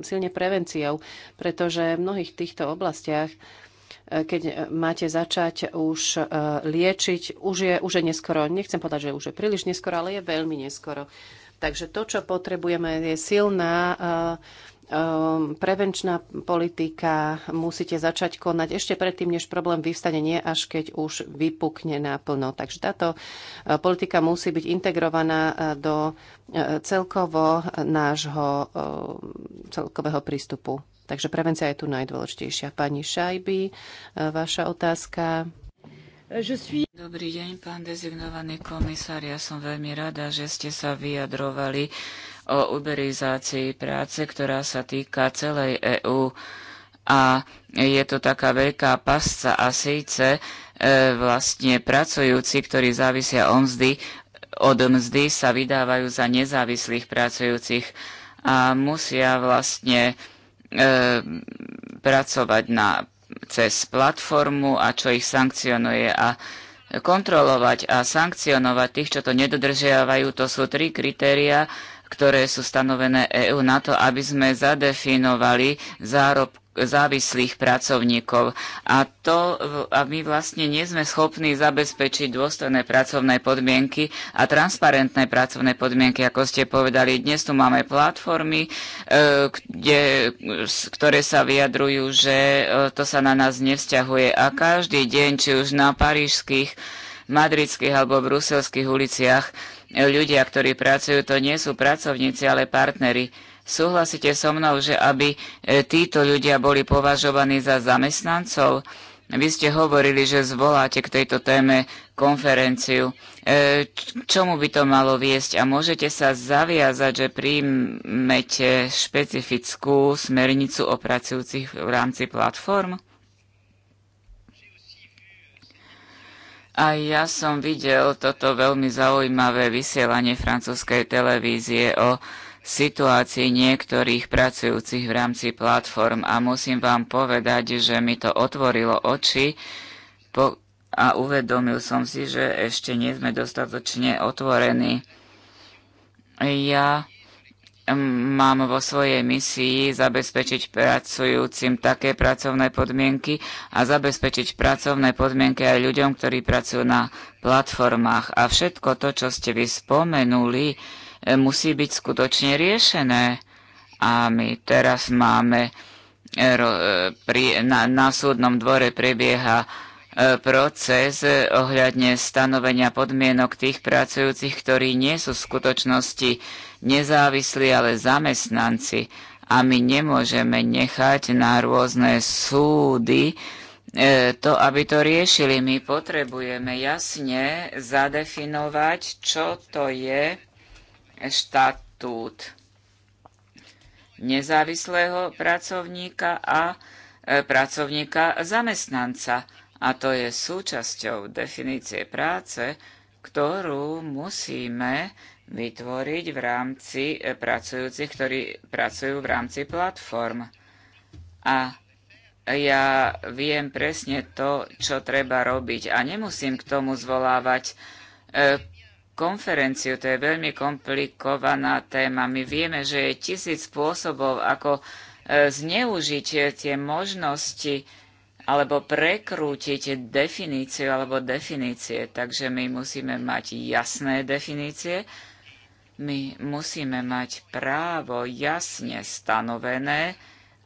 silne prevenciou, pretože v mnohých týchto oblastiach keď máte začať už liečiť, už je, už je neskoro. Nechcem povedať, že už je príliš neskoro, ale je veľmi neskoro. Takže to, čo potrebujeme, je silná uh, Ehm, prevenčná politika, musíte začať konať ešte predtým, než problém vyvstane, nie až keď už vypukne naplno. Takže táto e, politika musí byť integrovaná e, do e, celkovo nášho celkového prístupu. Takže prevencia je tu najdôležitejšia. Pani Šajby, vaša otázka. Dobrý deň, pán dezignovaný komisár. Ja som veľmi rada, že ste sa vyjadrovali o uberizácii práce, ktorá sa týka celej EÚ. A je to taká veľká pasca a síce e, vlastne pracujúci, ktorí závisia o mzdy, od mzdy sa vydávajú za nezávislých pracujúcich a musia vlastne e, pracovať na, cez platformu a čo ich sankcionuje a kontrolovať a sankcionovať tých, čo to nedodržiavajú, to sú tri kritéria, ktoré sú stanovené EÚ na to, aby sme zadefinovali zárob závislých pracovníkov. A, to, a my vlastne nie sme schopní zabezpečiť dôstojné pracovné podmienky a transparentné pracovné podmienky. Ako ste povedali, dnes tu máme platformy, e, kde, ktoré sa vyjadrujú, že e, to sa na nás nevzťahuje. A každý deň, či už na parížských, madridských alebo bruselských uliciach, ľudia, ktorí pracujú, to nie sú pracovníci, ale partnery. Súhlasíte so mnou, že aby e, títo ľudia boli považovaní za zamestnancov? Vy ste hovorili, že zvoláte k tejto téme konferenciu. E, čomu by to malo viesť? A môžete sa zaviazať, že príjmete špecifickú smernicu o pracujúcich v rámci platform? A ja som videl toto veľmi zaujímavé vysielanie francúzskej televízie o situácii niektorých pracujúcich v rámci platform a musím vám povedať, že mi to otvorilo oči a uvedomil som si, že ešte nie sme dostatočne otvorení. Ja mám vo svojej misii zabezpečiť pracujúcim také pracovné podmienky a zabezpečiť pracovné podmienky aj ľuďom, ktorí pracujú na platformách. A všetko to, čo ste vy spomenuli, musí byť skutočne riešené. A my teraz máme e, e, na, na súdnom dvore prebieha e, proces ohľadne stanovenia podmienok tých pracujúcich, ktorí nie sú v skutočnosti nezávislí, ale zamestnanci. A my nemôžeme nechať na rôzne súdy e, to, aby to riešili. My potrebujeme jasne zadefinovať, čo to je štatút nezávislého pracovníka a e, pracovníka zamestnanca. A to je súčasťou definície práce, ktorú musíme vytvoriť v rámci e, pracujúcich, ktorí pracujú v rámci platform. A ja viem presne to, čo treba robiť a nemusím k tomu zvolávať e, konferenciu. To je veľmi komplikovaná téma. My vieme, že je tisíc spôsobov, ako e, zneužiť tie možnosti alebo prekrútiť definíciu alebo definície. Takže my musíme mať jasné definície, my musíme mať právo jasne stanovené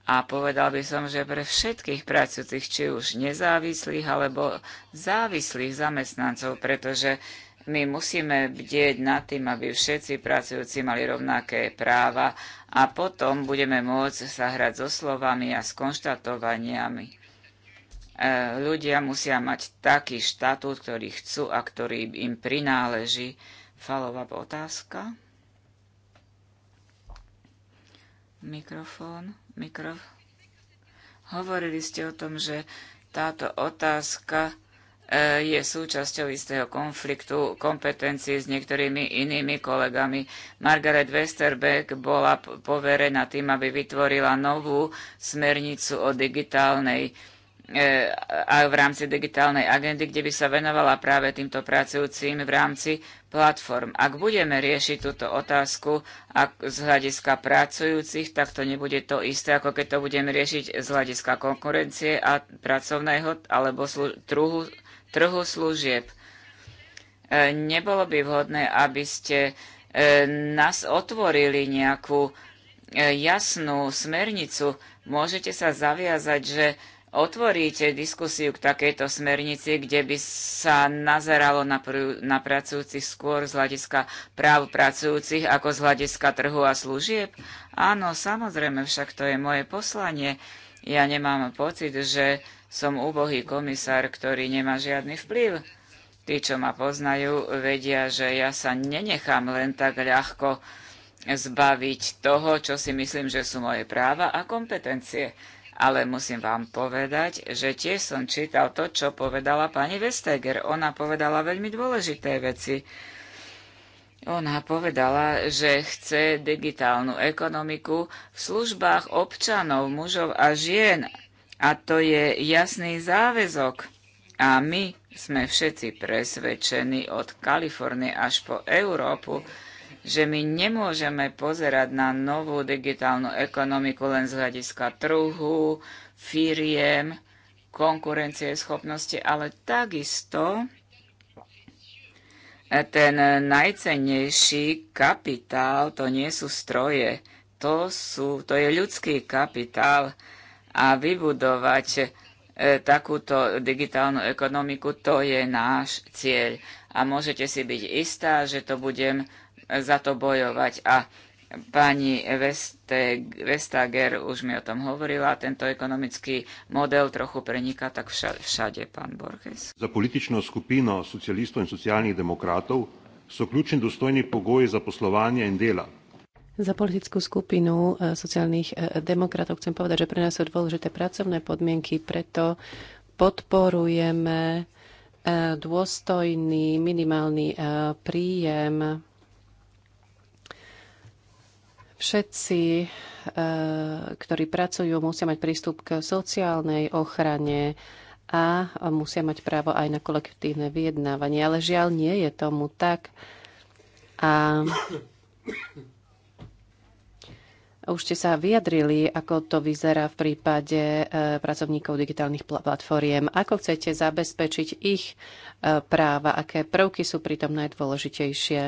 a povedal by som, že pre všetkých pracujúcich, či už nezávislých alebo závislých zamestnancov, pretože my musíme bdieť nad tým, aby všetci pracujúci mali rovnaké práva a potom budeme môcť sa hrať so slovami a s konštatovaniami. E, ľudia musia mať taký štatút, ktorý chcú a ktorý im prináleží. Falová otázka. Mikrofón, mikrof. Hovorili ste o tom, že táto otázka e, je súčasťou istého konfliktu kompetencií s niektorými inými kolegami. Margaret Westerbeck bola poverená tým, aby vytvorila novú smernicu o digitálnej e, a v rámci digitálnej agendy, kde by sa venovala práve týmto pracujúcim v rámci platform. Ak budeme riešiť túto otázku ak z hľadiska pracujúcich, tak to nebude to isté, ako keď to budeme riešiť z hľadiska konkurencie a pracovného alebo slu- trhu, trhu služieb. E, nebolo by vhodné, aby ste e, nás otvorili nejakú e, jasnú smernicu. Môžete sa zaviazať, že otvoríte diskusiu k takejto smernici, kde by sa nazeralo na, pr- na pracujúcich skôr z hľadiska práv pracujúcich ako z hľadiska trhu a služieb? Áno, samozrejme, však to je moje poslanie. Ja nemám pocit, že som úbohý komisár, ktorý nemá žiadny vplyv. Tí, čo ma poznajú, vedia, že ja sa nenechám len tak ľahko zbaviť toho, čo si myslím, že sú moje práva a kompetencie. Ale musím vám povedať, že tiež som čítal to, čo povedala pani Vestager. Ona povedala veľmi dôležité veci. Ona povedala, že chce digitálnu ekonomiku v službách občanov, mužov a žien. A to je jasný záväzok. A my sme všetci presvedčení od Kalifornie až po Európu, že my nemôžeme pozerať na novú digitálnu ekonomiku len z hľadiska trhu, firiem, konkurencie schopnosti, ale takisto ten najcennejší kapitál, to nie sú stroje, to, sú, to je ľudský kapitál a vybudovať e, takúto digitálnu ekonomiku, to je náš cieľ. A môžete si byť istá, že to budem za to bojovať. A pani Vestager už mi o tom hovorila, tento ekonomický model trochu preniká tak všade, pán Borges. Za političnú skupinu socialistov in sociálnych demokratov sú kľúčne dostojní pogoje za poslovanie in dela. Za politickú skupinu eh, sociálnych eh, demokratov chcem povedať, že pre nás sú dôležité pracovné podmienky, preto podporujeme eh, dôstojný minimálny príjem Všetci, e, ktorí pracujú, musia mať prístup k sociálnej ochrane a musia mať právo aj na kolektívne vyjednávanie. Ale žiaľ, nie je tomu tak. A už ste sa vyjadrili, ako to vyzerá v prípade e, pracovníkov digitálnych platformiem. Ako chcete zabezpečiť ich e, práva? Aké prvky sú pritom najdôležitejšie?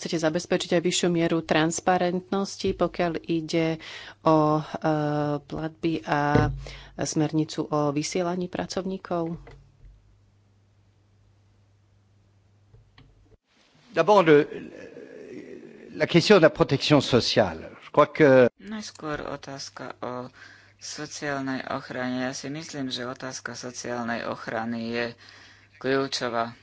chcete zabezpečiť aj vyššiu mieru transparentnosti, pokiaľ ide o e, platby a smernicu o vysielaní pracovníkov? D'abord, la question de la protection sociale. Je crois que... Najskôr otázka o sociálnej ochrane. Ja si myslím, že otázka sociálnej ochrany je kľúčová.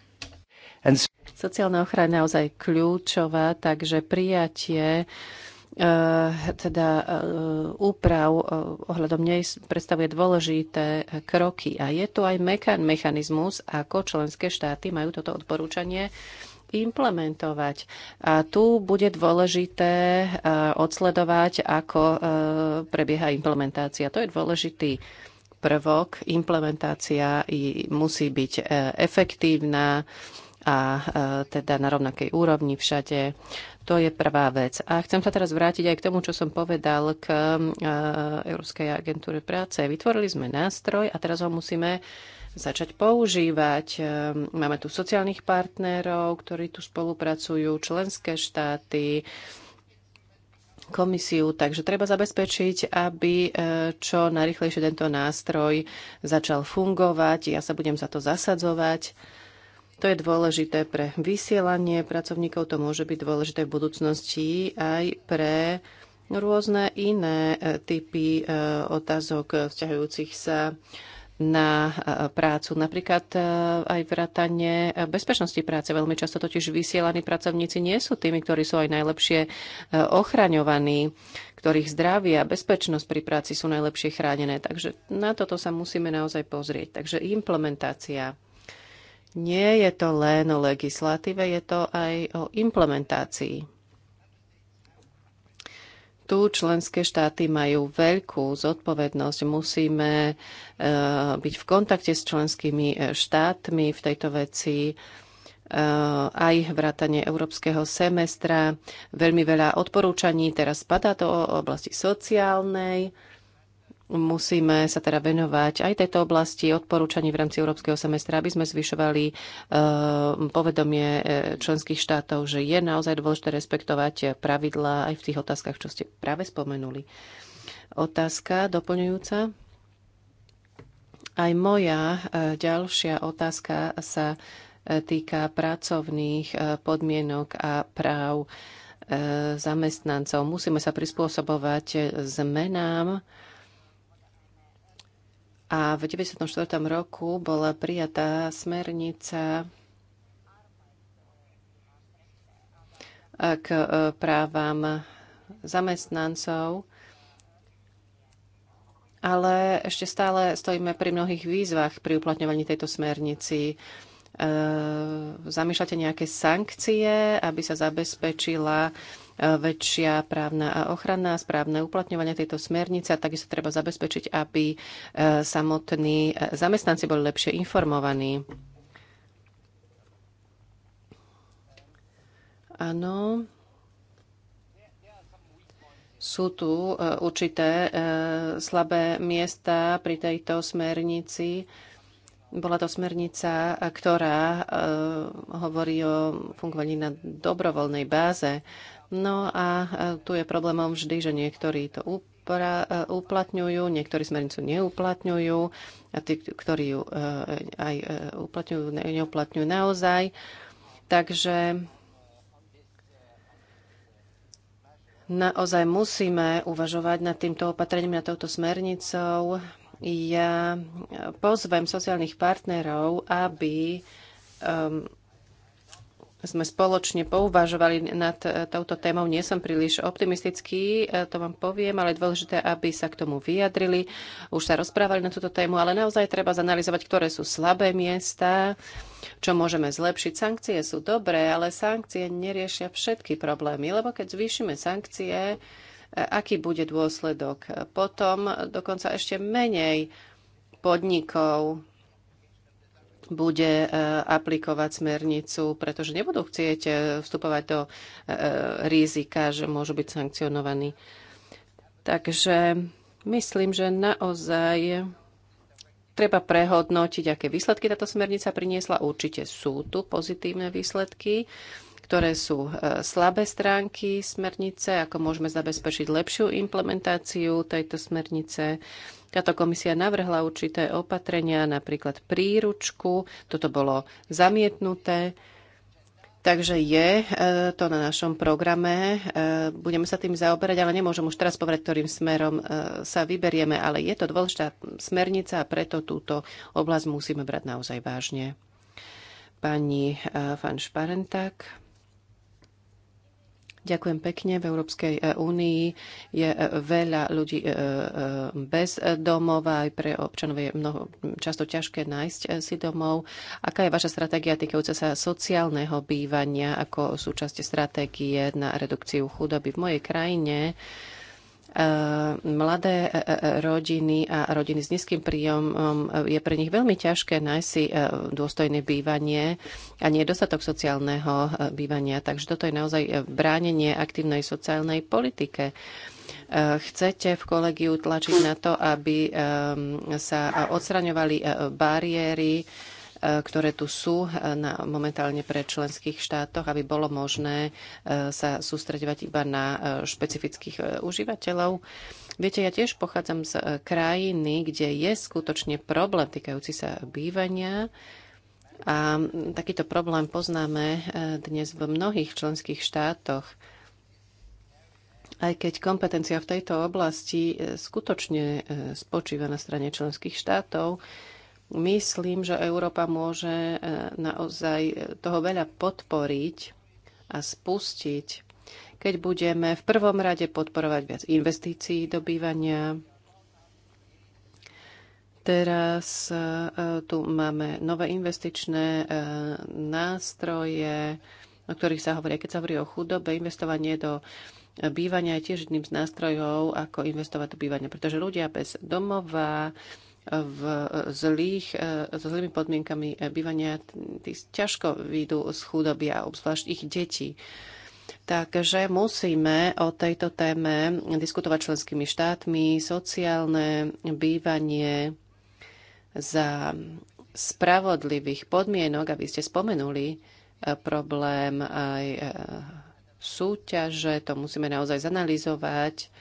And so... Sociálna ochrana je naozaj kľúčová, takže prijatie eh, teda eh, úprav eh, ohľadom nej predstavuje dôležité kroky. A je tu aj mechanizmus, ako členské štáty majú toto odporúčanie implementovať. A tu bude dôležité odsledovať, ako prebieha implementácia. To je dôležitý prvok. Implementácia musí byť efektívna, a e, teda na rovnakej úrovni všade. To je prvá vec. A chcem sa teraz vrátiť aj k tomu, čo som povedal k e, Európskej agentúre práce. Vytvorili sme nástroj a teraz ho musíme začať používať. E, máme tu sociálnych partnerov, ktorí tu spolupracujú, členské štáty, komisiu, takže treba zabezpečiť, aby čo najrychlejšie tento nástroj začal fungovať. Ja sa budem za to zasadzovať to je dôležité pre vysielanie pracovníkov, to môže byť dôležité v budúcnosti aj pre rôzne iné e, typy e, otázok vzťahujúcich sa na e, prácu. Napríklad aj vrátanie bezpečnosti práce. Veľmi často totiž vysielaní pracovníci nie sú tými, ktorí sú aj najlepšie ochraňovaní, ktorých zdravie a bezpečnosť pri práci sú najlepšie chránené. Takže na toto sa musíme naozaj pozrieť. Takže implementácia nie je to len o legislatíve, je to aj o implementácii. Tu členské štáty majú veľkú zodpovednosť. Musíme eh, byť v kontakte s členskými eh, štátmi v tejto veci eh, aj vrátanie európskeho semestra. Veľmi veľa odporúčaní teraz spadá do oblasti sociálnej Musíme sa teda venovať aj tejto oblasti odporúčaní v rámci Európskeho semestra, aby sme zvyšovali e, povedomie e, členských štátov, že je naozaj dôležité respektovať pravidlá aj v tých otázkach, čo ste práve spomenuli. Otázka doplňujúca. Aj moja e, ďalšia otázka sa týka pracovných podmienok a práv zamestnancov. Musíme sa prispôsobovať zmenám a v 94. roku bola prijatá smernica eh, k eh, právam zamestnancov, ale ešte stále stojíme pri mnohých výzvach pri uplatňovaní tejto smernici. Eh, zamýšľate nejaké sankcie, aby sa zabezpečila väčšia právna a ochrana, správne uplatňovanie tejto smernice a takisto treba zabezpečiť, aby e, samotní e, zamestnanci boli lepšie informovaní. Áno. Sú tu e, určité slabé miesta pri tejto smernici. Bola to smernica, ktorá hovorí o fungovaní na dobrovoľnej báze. No a e, tu je problémom vždy, že niektorí to upra- e, uplatňujú, niektorí smernicu neuplatňujú a tí, ktorí ju e, aj uplatňujú, neuplatňujú naozaj. Takže naozaj musíme uvažovať nad týmto opatrením, nad touto smernicou. Ja pozvem sociálnych partnerov, aby um, sme spoločne pouvažovali nad e, touto témou. Nie som príliš optimistický, e, to vám poviem, ale je dôležité, aby sa k tomu vyjadrili. Už sa rozprávali na túto tému, ale naozaj treba zanalizovať, ktoré sú slabé miesta, čo môžeme zlepšiť. Sankcie sú dobré, ale sankcie neriešia všetky problémy, lebo keď zvýšime sankcie, e, aký bude dôsledok? Potom dokonca ešte menej podnikov bude e, aplikovať smernicu, pretože nebudú chcieť e, vstupovať do e, rizika, že môžu byť sankcionovaní. Takže myslím, že naozaj treba prehodnotiť, aké výsledky táto smernica priniesla. Určite sú tu pozitívne výsledky ktoré sú slabé stránky smernice, ako môžeme zabezpečiť lepšiu implementáciu tejto smernice, táto komisia navrhla určité opatrenia, napríklad príručku. Toto bolo zamietnuté. Takže je e, to na našom programe. E, budeme sa tým zaoberať, ale nemôžem už teraz povedať, ktorým smerom e, sa vyberieme, ale je to dôležitá smernica a preto túto oblasť musíme brať naozaj vážne. Pani Van Šparentak. Ďakujem pekne. V Európskej e, únii je e, veľa ľudí e, bez domova, aj pre občanov je mnoho, často ťažké nájsť si domov. Aká je vaša stratégia týkajúca sa sociálneho bývania ako súčasť stratégie na redukciu chudoby? V mojej krajine Ehm, mladé e, e, e, rodiny a rodiny s nízkym príjomom ehm, je pre nich veľmi ťažké nájsť si dôstojné bývanie a nedostatok sociálneho bývania. Takže toto je naozaj bránenie aktívnej sociálnej politike chcete v kolegiu tlačiť na to, aby ehm, sa odstraňovali bariéry E, ktoré tu sú e, na, momentálne pre členských štátoch, aby bolo možné e, sa sústredovať iba na špecifických užívateľov. Viete, ja tiež pochádzam z krajiny, kde je skutočne problém týkajúci sa bývania. A takýto problém poznáme dnes v mnohých členských štátoch. Aj keď kompetencia v tejto oblasti skutočne spočíva na strane členských štátov, Myslím, že Európa môže e, naozaj e, toho veľa podporiť a spustiť, keď budeme v prvom rade podporovať viac investícií do bývania. Teraz e, tu máme nové investičné nástroje, o ktorých sa hovorí, keď sa hovorí o chudobe, investovanie do bývania je tiež jedným z nástrojov, ako investovať do bývania, pretože ľudia bez domova v zlých, e, so zlými podmienkami e, bývania, tí ťažko výjdu z chudoby a obzvlášť ich detí. Takže musíme o tejto téme diskutovať členskými štátmi, sociálne bývanie za spravodlivých podmienok, aby ste spomenuli e, problém aj súťaže, to musíme naozaj zanalizovať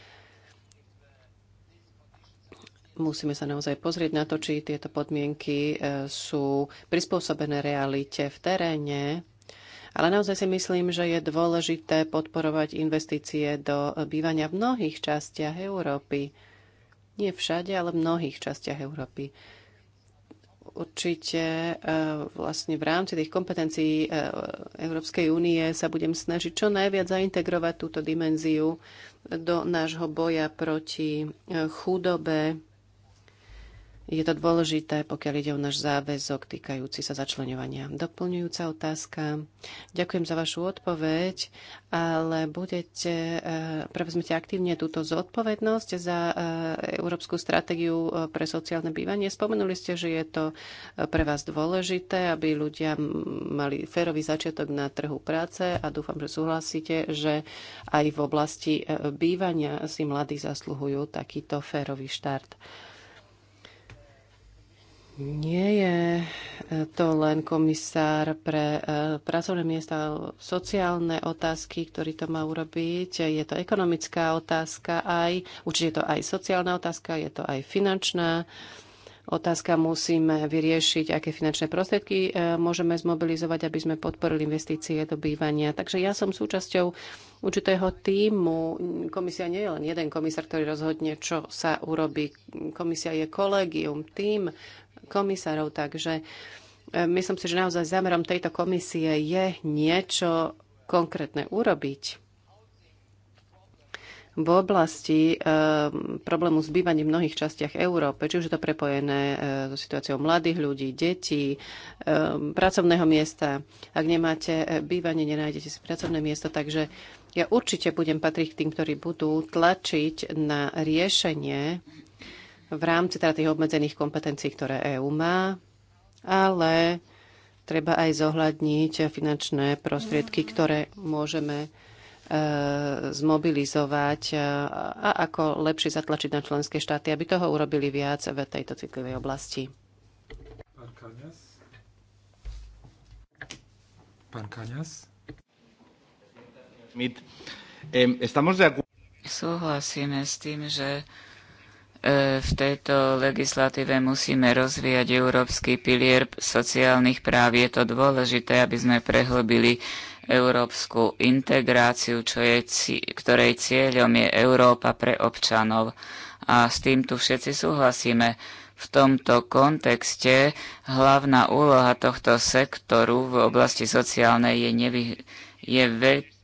musíme sa naozaj pozrieť na to, či tieto podmienky e, sú prispôsobené realite v teréne. Ale naozaj si myslím, že je dôležité podporovať investície do bývania v mnohých častiach Európy. Nie všade, ale v mnohých častiach Európy. Určite e, vlastne v rámci tých kompetencií e, Európskej únie sa budem snažiť čo najviac zaintegrovať túto dimenziu do nášho boja proti chudobe, je to dôležité, pokiaľ ide o náš záväzok týkajúci sa začlenovania. Doplňujúca otázka. Ďakujem za vašu odpoveď, ale budete, eh, prevezmete aktívne túto zodpovednosť za eh, Európsku stratégiu eh, pre sociálne bývanie. Spomenuli ste, že je to pre vás dôležité, aby ľudia mali férový začiatok na trhu práce a dúfam, že súhlasíte, že aj v oblasti bývania si mladí zasluhujú takýto férový štart. Nie je e, to len komisár pre e, pracovné miesta, sociálne otázky, ktorý to má urobiť. Je to ekonomická otázka aj, určite je to aj sociálna otázka, je to aj finančná otázka. Musíme vyriešiť, aké finančné prostriedky e, môžeme zmobilizovať, aby sme podporili investície do bývania. Takže ja som súčasťou určitého týmu. Komisia nie je len jeden komisár, ktorý rozhodne, čo sa urobí. Komisia je kolegium, tým komisárov. Takže e, myslím si, že naozaj zámerom tejto komisie je niečo konkrétne urobiť v oblasti e, problému s bývaním v mnohých častiach Európy, či už je to prepojené e, so situáciou mladých ľudí, detí, e, pracovného miesta. Ak nemáte e, bývanie, nenájdete si pracovné miesto, takže ja určite budem patriť k tým, ktorí budú tlačiť na riešenie v rámci teda tých obmedzených kompetencií, ktoré EÚ má, ale treba aj zohľadniť finančné prostriedky, ktoré môžeme e, zmobilizovať e, a ako lepšie zatlačiť na členské štáty, aby toho urobili viac v tejto citlivej oblasti. Pán Kaňas. Pán Kaňas. Súhlasíme s tým, že E, v tejto legislatíve musíme rozvíjať európsky pilier sociálnych práv. Je to dôležité, aby sme prehlbili európsku integráciu, čo je, ktorej cieľom je Európa pre občanov. A s tým tu všetci súhlasíme. V tomto kontexte hlavná úloha tohto sektoru v oblasti sociálnej je, nevy, je veľká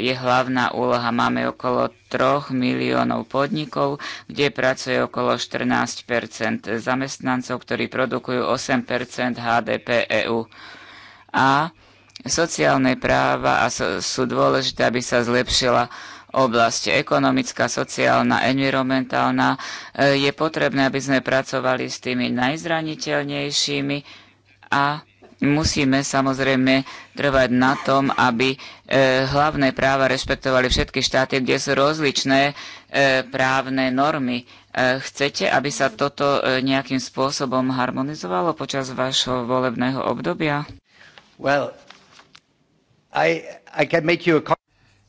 je hlavná úloha. Máme okolo 3 miliónov podnikov, kde pracuje okolo 14 zamestnancov, ktorí produkujú 8 HDP EU. A sociálne práva sú dôležité, aby sa zlepšila oblasť ekonomická, sociálna, environmentálna. E, je potrebné, aby sme pracovali s tými najzraniteľnejšími a musíme samozrejme trvať na tom, aby e, hlavné práva rešpektovali všetky štáty, kde sú rozličné e, právne normy. E, chcete, aby sa toto e, nejakým spôsobom harmonizovalo počas vašho volebného obdobia? Well, I, I can make you a...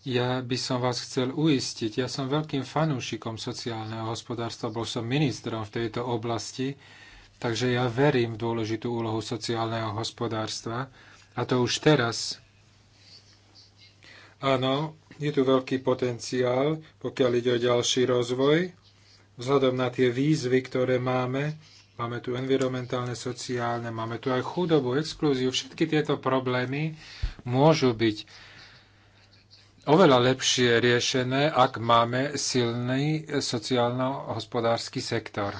Ja by som vás chcel uistiť, ja som veľkým fanúšikom sociálneho hospodárstva, bol som ministrom v tejto oblasti Takže ja verím v dôležitú úlohu sociálneho hospodárstva a to už teraz. Áno, je tu veľký potenciál, pokiaľ ide o ďalší rozvoj. Vzhľadom na tie výzvy, ktoré máme, máme tu environmentálne, sociálne, máme tu aj chudobu, exklúziu, všetky tieto problémy môžu byť oveľa lepšie riešené, ak máme silný sociálno-hospodársky sektor.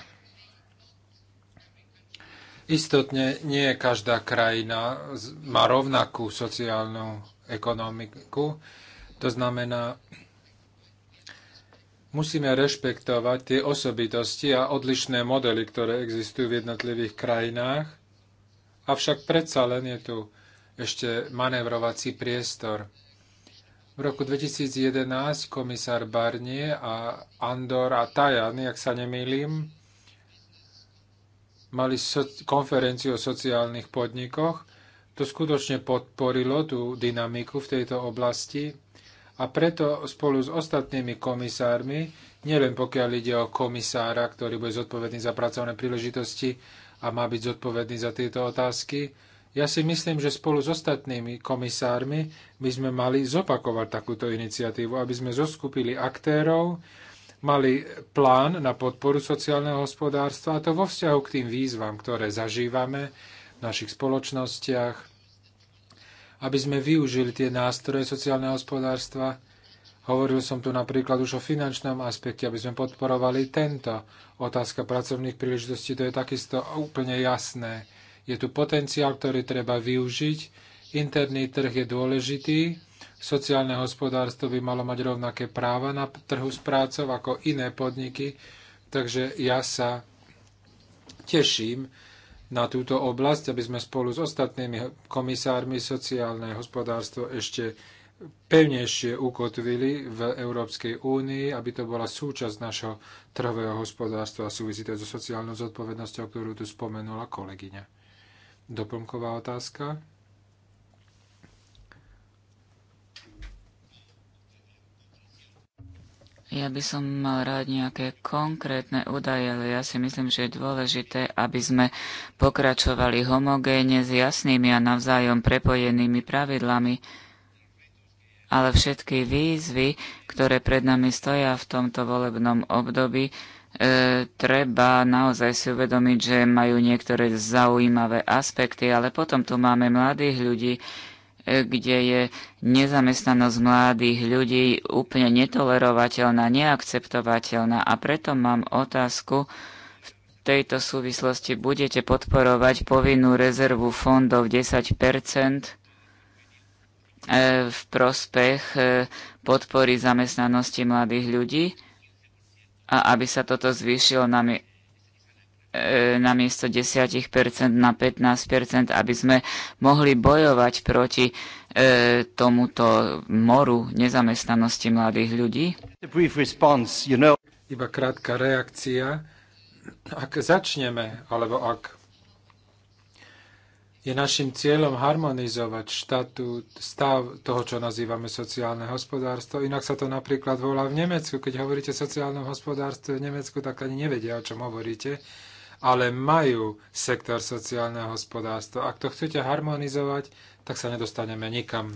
Istotne nie každá krajina má rovnakú sociálnu ekonomiku. To znamená, musíme rešpektovať tie osobitosti a odlišné modely, ktoré existujú v jednotlivých krajinách. Avšak predsa len je tu ešte manevrovací priestor. V roku 2011 komisár Barnier a Andor a Tajan, ak sa nemýlim, mali so- konferenciu o sociálnych podnikoch. To skutočne podporilo tú dynamiku v tejto oblasti a preto spolu s ostatnými komisármi, nielen pokiaľ ide o komisára, ktorý bude zodpovedný za pracovné príležitosti a má byť zodpovedný za tieto otázky, ja si myslím, že spolu s ostatnými komisármi by sme mali zopakovať takúto iniciatívu, aby sme zoskupili aktérov, mali plán na podporu sociálneho hospodárstva, a to vo vzťahu k tým výzvam, ktoré zažívame v našich spoločnostiach, aby sme využili tie nástroje sociálneho hospodárstva. Hovoril som tu napríklad už o finančnom aspekte, aby sme podporovali tento. Otázka pracovných príležitostí, to je takisto úplne jasné. Je tu potenciál, ktorý treba využiť. Interný trh je dôležitý, sociálne hospodárstvo by malo mať rovnaké práva na trhu s prácou ako iné podniky, takže ja sa teším na túto oblasť, aby sme spolu s ostatnými komisármi sociálne hospodárstvo ešte pevnejšie ukotvili v Európskej únii, aby to bola súčasť našho trhového hospodárstva a súvisí to so sociálnou zodpovednosťou, ktorú tu spomenula kolegyňa. Doplnková otázka. Ja by som mal rád nejaké konkrétne údaje, ale ja si myslím, že je dôležité, aby sme pokračovali homogéne s jasnými a navzájom prepojenými pravidlami. Ale všetky výzvy, ktoré pred nami stoja v tomto volebnom období, e, treba naozaj si uvedomiť, že majú niektoré zaujímavé aspekty, ale potom tu máme mladých ľudí, kde je nezamestnanosť mladých ľudí úplne netolerovateľná, neakceptovateľná. A preto mám otázku, v tejto súvislosti budete podporovať povinnú rezervu fondov 10 e, v prospech e, podpory zamestnanosti mladých ľudí a aby sa toto zvýšilo na E, na miesto 10% na 15%, aby sme mohli bojovať proti e, tomuto moru nezamestnanosti mladých ľudí? Iba krátka reakcia. Ak začneme, alebo ak je našim cieľom harmonizovať štatút, stav toho, čo nazývame sociálne hospodárstvo. Inak sa to napríklad volá v Nemecku. Keď hovoríte o sociálnom hospodárstve v Nemecku, tak ani nevedia, o čom hovoríte ale majú sektor sociálneho hospodárstva. Ak to chcete harmonizovať, tak sa nedostaneme nikam.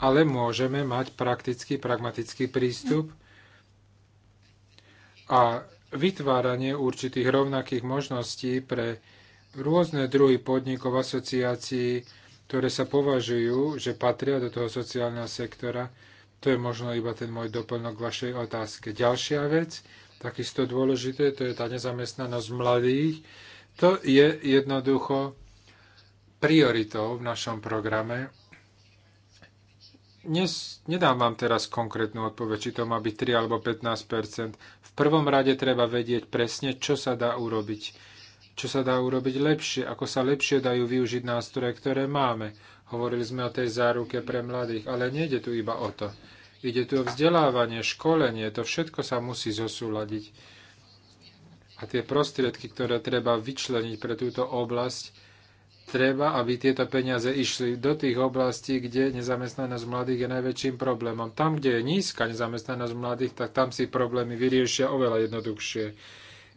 Ale môžeme mať praktický, pragmatický prístup a vytváranie určitých rovnakých možností pre rôzne druhy podnikov, asociácií, ktoré sa považujú, že patria do toho sociálneho sektora. To je možno iba ten môj doplnok k vašej otázke. Ďalšia vec, takisto dôležité, to je tá nezamestnanosť mladých. To je jednoducho prioritou v našom programe. Dnes nedám vám teraz konkrétnu odpoveď, či to má byť 3 alebo 15 V prvom rade treba vedieť presne, čo sa dá urobiť. Čo sa dá urobiť lepšie, ako sa lepšie dajú využiť nástroje, ktoré máme. Hovorili sme o tej záruke pre mladých, ale nejde tu iba o to. Ide tu o vzdelávanie, školenie, to všetko sa musí zosúľadiť. A tie prostriedky, ktoré treba vyčleniť pre túto oblasť, treba, aby tieto peniaze išli do tých oblastí, kde nezamestnanosť mladých je najväčším problémom. Tam, kde je nízka nezamestnanosť mladých, tak tam si problémy vyriešia oveľa jednoduchšie.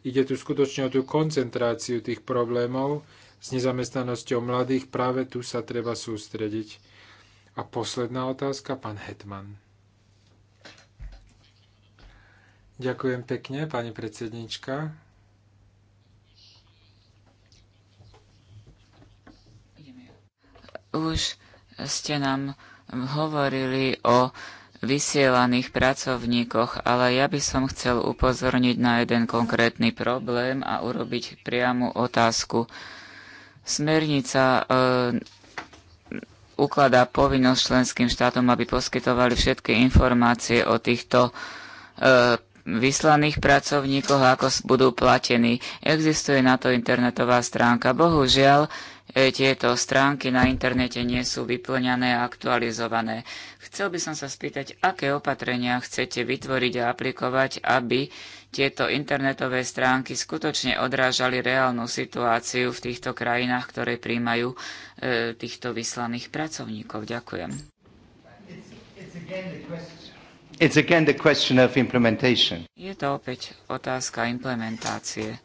Ide tu skutočne o tú koncentráciu tých problémov s nezamestnanosťou mladých, práve tu sa treba sústrediť. A posledná otázka, pán Hetman. Ďakujem pekne, pani predsednička. Už ste nám hovorili o vysielaných pracovníkoch, ale ja by som chcel upozorniť na jeden konkrétny problém a urobiť priamu otázku. Smernica e, ukladá povinnosť členským štátom, aby poskytovali všetky informácie o týchto e, vyslaných pracovníkoch ako budú platení. Existuje na to internetová stránka. Bohužiaľ, e, tieto stránky na internete nie sú vyplňané a aktualizované. Chcel by som sa spýtať, aké opatrenia chcete vytvoriť a aplikovať, aby tieto internetové stránky skutočne odrážali reálnu situáciu v týchto krajinách, ktoré príjmajú e, týchto vyslaných pracovníkov. Ďakujem. It's, it's It's again the question of implementation. Je to opäť otázka implementácie.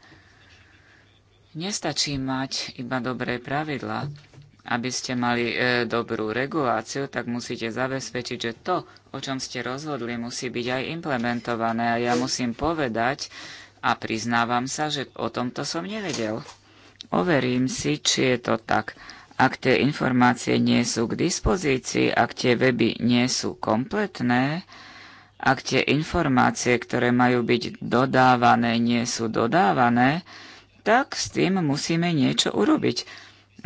Nestačí mať iba dobré pravidlá. Aby ste mali e, dobrú reguláciu, tak musíte zabezpečiť, že to, o čom ste rozhodli, musí byť aj implementované. A ja musím povedať a priznávam sa, že o tomto som nevedel. Overím si, či je to tak. Ak tie informácie nie sú k dispozícii, ak tie weby nie sú kompletné, ak tie informácie, ktoré majú byť dodávané, nie sú dodávané, tak s tým musíme niečo urobiť.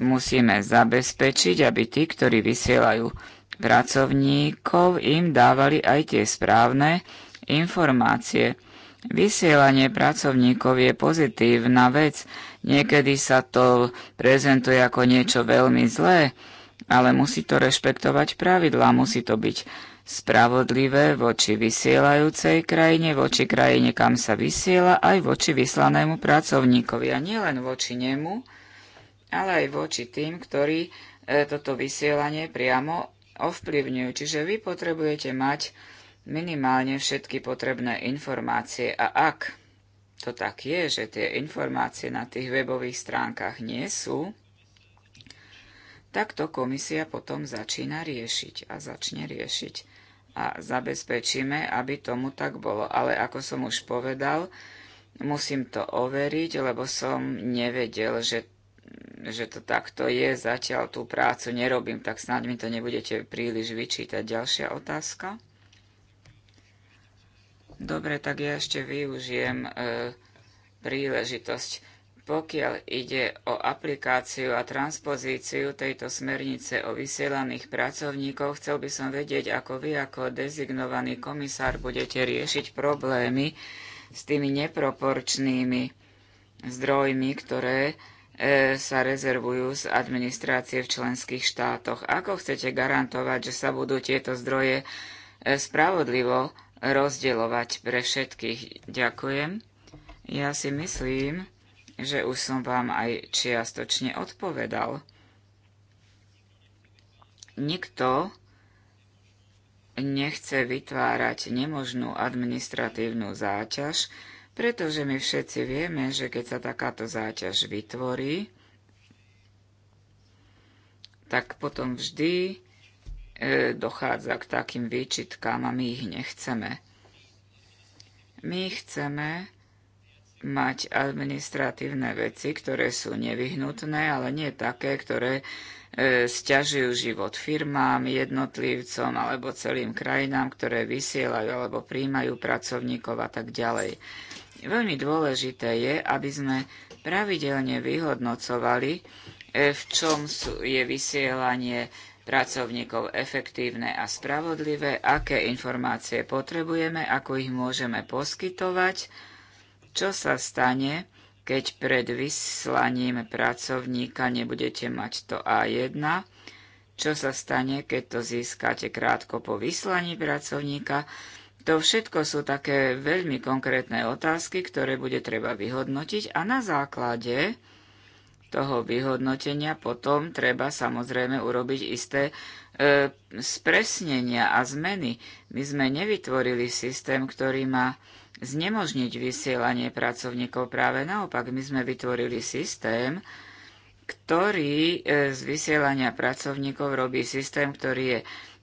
Musíme zabezpečiť, aby tí, ktorí vysielajú pracovníkov, im dávali aj tie správne informácie. Vysielanie pracovníkov je pozitívna vec. Niekedy sa to prezentuje ako niečo veľmi zlé, ale musí to rešpektovať pravidlá, musí to byť spravodlivé voči vysielajúcej krajine, voči krajine, kam sa vysiela, aj voči vyslanému pracovníkovi. A nielen voči nemu, ale aj voči tým, ktorí e, toto vysielanie priamo ovplyvňujú. Čiže vy potrebujete mať minimálne všetky potrebné informácie. A ak to tak je, že tie informácie na tých webových stránkach nie sú, tak to komisia potom začína riešiť a začne riešiť a zabezpečíme, aby tomu tak bolo. Ale ako som už povedal, musím to overiť, lebo som nevedel, že, že to takto je. Zatiaľ tú prácu nerobím, tak snáď mi to nebudete príliš vyčítať. Ďalšia otázka? Dobre, tak ja ešte využijem e, príležitosť. Pokiaľ ide o aplikáciu a transpozíciu tejto smernice o vysielaných pracovníkov, chcel by som vedieť, ako vy ako dezignovaný komisár budete riešiť problémy s tými neproporčnými zdrojmi, ktoré e, sa rezervujú z administrácie v členských štátoch. Ako chcete garantovať, že sa budú tieto zdroje e, spravodlivo rozdeľovať pre všetkých? Ďakujem. Ja si myslím, že už som vám aj čiastočne odpovedal. Nikto nechce vytvárať nemožnú administratívnu záťaž, pretože my všetci vieme, že keď sa takáto záťaž vytvorí, tak potom vždy e, dochádza k takým výčitkám a my ich nechceme. My chceme mať administratívne veci, ktoré sú nevyhnutné, ale nie také, ktoré e, sťažujú stiažujú život firmám, jednotlivcom alebo celým krajinám, ktoré vysielajú alebo príjmajú pracovníkov a tak ďalej. Veľmi dôležité je, aby sme pravidelne vyhodnocovali, e, v čom je vysielanie pracovníkov efektívne a spravodlivé, aké informácie potrebujeme, ako ich môžeme poskytovať, čo sa stane, keď pred vyslaním pracovníka nebudete mať to A1? Čo sa stane, keď to získate krátko po vyslaní pracovníka? To všetko sú také veľmi konkrétne otázky, ktoré bude treba vyhodnotiť a na základe toho vyhodnotenia potom treba samozrejme urobiť isté e, spresnenia a zmeny. My sme nevytvorili systém, ktorý má znemožniť vysielanie pracovníkov. Práve naopak, my sme vytvorili systém, ktorý e, z vysielania pracovníkov robí systém, ktorý je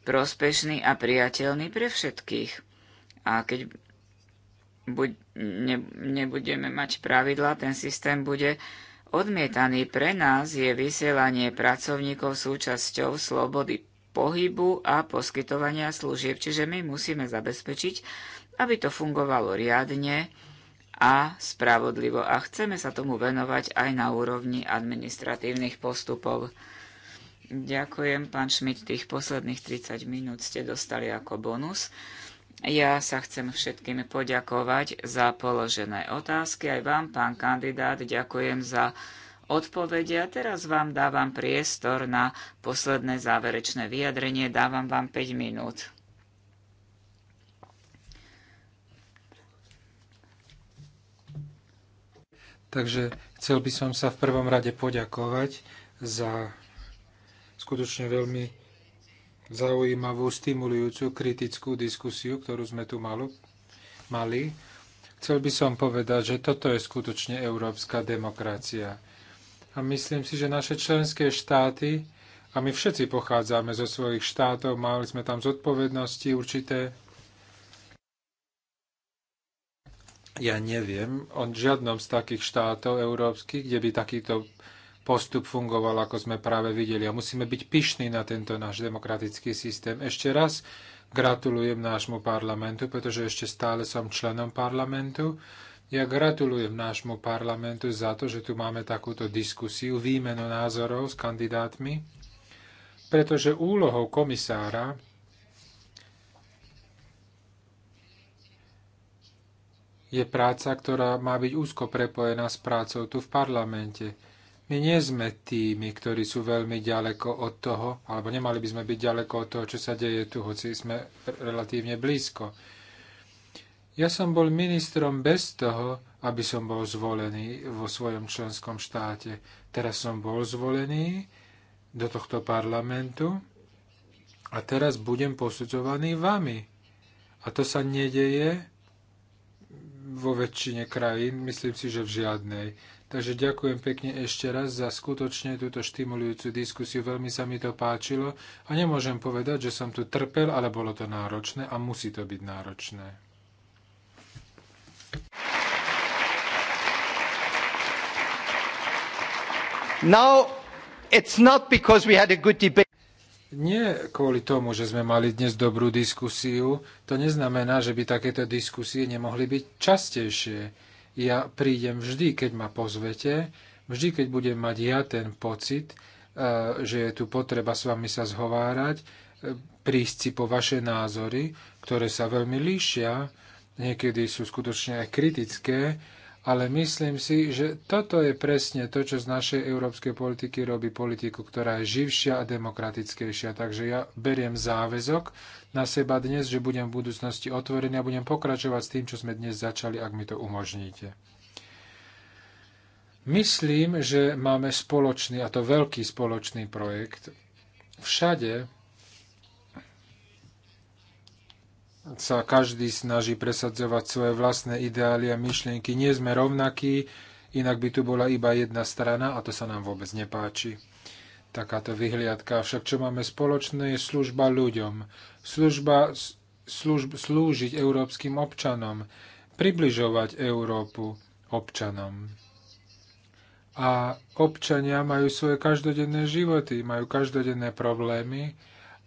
prospešný a priateľný pre všetkých. A keď buď, ne, nebudeme mať pravidla, ten systém bude odmietaný. Pre nás je vysielanie pracovníkov súčasťou slobody pohybu a poskytovania služieb, čiže my musíme zabezpečiť, aby to fungovalo riadne a spravodlivo. A chceme sa tomu venovať aj na úrovni administratívnych postupov. Ďakujem, pán Šmit, tých posledných 30 minút ste dostali ako bonus. Ja sa chcem všetkým poďakovať za položené otázky. Aj vám, pán kandidát, ďakujem za odpovede. A teraz vám dávam priestor na posledné záverečné vyjadrenie. Dávam vám 5 minút. Takže chcel by som sa v prvom rade poďakovať za skutočne veľmi zaujímavú, stimulujúcu, kritickú diskusiu, ktorú sme tu mali. Chcel by som povedať, že toto je skutočne európska demokracia. A myslím si, že naše členské štáty, a my všetci pochádzame zo svojich štátov, mali sme tam zodpovednosti určité, ja neviem o žiadnom z takých štátov európskych, kde by takýto postup fungoval, ako sme práve videli. A musíme byť pyšní na tento náš demokratický systém. Ešte raz gratulujem nášmu parlamentu, pretože ešte stále som členom parlamentu. Ja gratulujem nášmu parlamentu za to, že tu máme takúto diskusiu, výmenu názorov s kandidátmi, pretože úlohou komisára je práca, ktorá má byť úzko prepojená s prácou tu v parlamente. My nie sme tými, ktorí sú veľmi ďaleko od toho, alebo nemali by sme byť ďaleko od toho, čo sa deje tu, hoci sme relatívne blízko. Ja som bol ministrom bez toho, aby som bol zvolený vo svojom členskom štáte. Teraz som bol zvolený do tohto parlamentu a teraz budem posudzovaný vami. A to sa nedeje vo väčšine krajín, myslím si, že v žiadnej. Takže ďakujem pekne ešte raz za skutočne túto štimulujúcu diskusiu. Veľmi sa mi to páčilo a nemôžem povedať, že som tu trpel, ale bolo to náročné a musí to byť náročné. Now, it's not because we had a good debate nie kvôli tomu, že sme mali dnes dobrú diskusiu, to neznamená, že by takéto diskusie nemohli byť častejšie. Ja prídem vždy, keď ma pozvete, vždy, keď budem mať ja ten pocit, e, že je tu potreba s vami sa zhovárať, e, prísť si po vaše názory, ktoré sa veľmi líšia, niekedy sú skutočne aj kritické, ale myslím si, že toto je presne to, čo z našej európskej politiky robí politiku, ktorá je živšia a demokratickejšia. Takže ja beriem záväzok na seba dnes, že budem v budúcnosti otvorený a budem pokračovať s tým, čo sme dnes začali, ak mi to umožníte. Myslím, že máme spoločný, a to veľký spoločný projekt. Všade sa každý snaží presadzovať svoje vlastné ideály a myšlienky. Nie sme rovnakí, inak by tu bola iba jedna strana a to sa nám vôbec nepáči. Takáto vyhliadka. Však čo máme spoločné je služba ľuďom. Služba služb, slúžiť európskym občanom, približovať Európu občanom. A občania majú svoje každodenné životy, majú každodenné problémy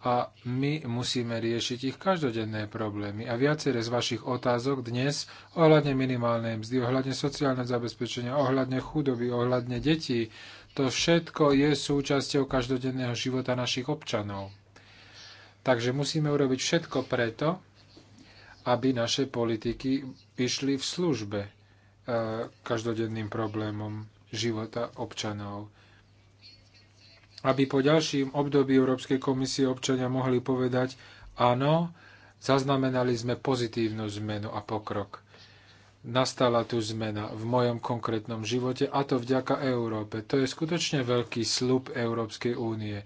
a my musíme riešiť ich každodenné problémy. A viaceré z vašich otázok dnes ohľadne minimálnej mzdy, ohľadne sociálne zabezpečenia, ohľadne chudoby, ohľadne detí, to všetko je súčasťou každodenného života našich občanov. Takže musíme urobiť všetko preto, aby naše politiky išli v službe e, každodenným problémom života občanov aby po ďalším období Európskej komisie občania mohli povedať áno, zaznamenali sme pozitívnu zmenu a pokrok. Nastala tu zmena v mojom konkrétnom živote a to vďaka Európe. To je skutočne veľký slub Európskej únie.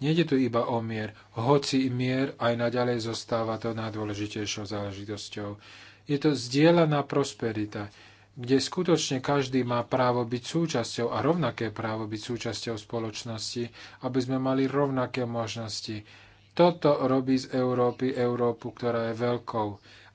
Nejde tu iba o mier, hoci mier aj naďalej zostáva to najdôležitejšou záležitosťou. Je to zdieľaná prosperita kde skutočne každý má právo byť súčasťou a rovnaké právo byť súčasťou spoločnosti, aby sme mali rovnaké možnosti. Toto robí z Európy Európu, ktorá je veľkou.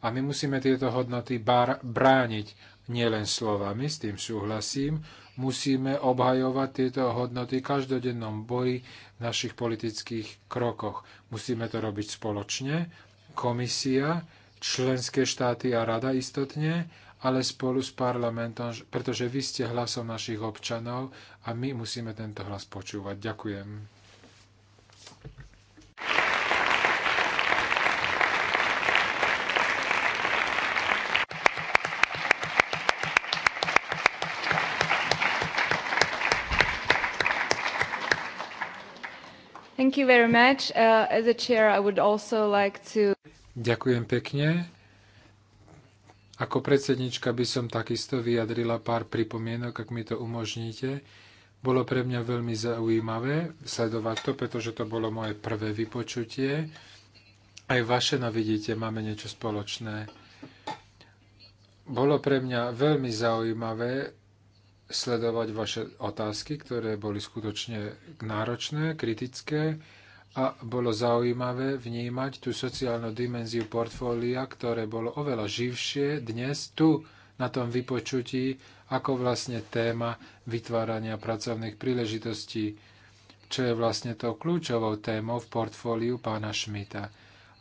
A my musíme tieto hodnoty bar- brániť nielen slovami, s tým súhlasím, musíme obhajovať tieto hodnoty v každodennom boji v našich politických krokoch. Musíme to robiť spoločne, komisia, členské štáty a rada istotne, ale spolu s parlamentom, pretože vy ste hlasom našich občanov a my musíme tento hlas počúvať. Ďakujem. Thank you very much. Uh, as a chair, I would also like to... Ďakujem pekne. Ako predsednička by som takisto vyjadrila pár pripomienok, ak mi to umožníte. Bolo pre mňa veľmi zaujímavé sledovať to, pretože to bolo moje prvé vypočutie. Aj vaše, no vidíte, máme niečo spoločné. Bolo pre mňa veľmi zaujímavé sledovať vaše otázky, ktoré boli skutočne náročné, kritické a bolo zaujímavé vnímať tú sociálnu dimenziu portfólia, ktoré bolo oveľa živšie dnes tu na tom vypočutí, ako vlastne téma vytvárania pracovných príležitostí, čo je vlastne to kľúčovou témou v portfóliu pána Šmita.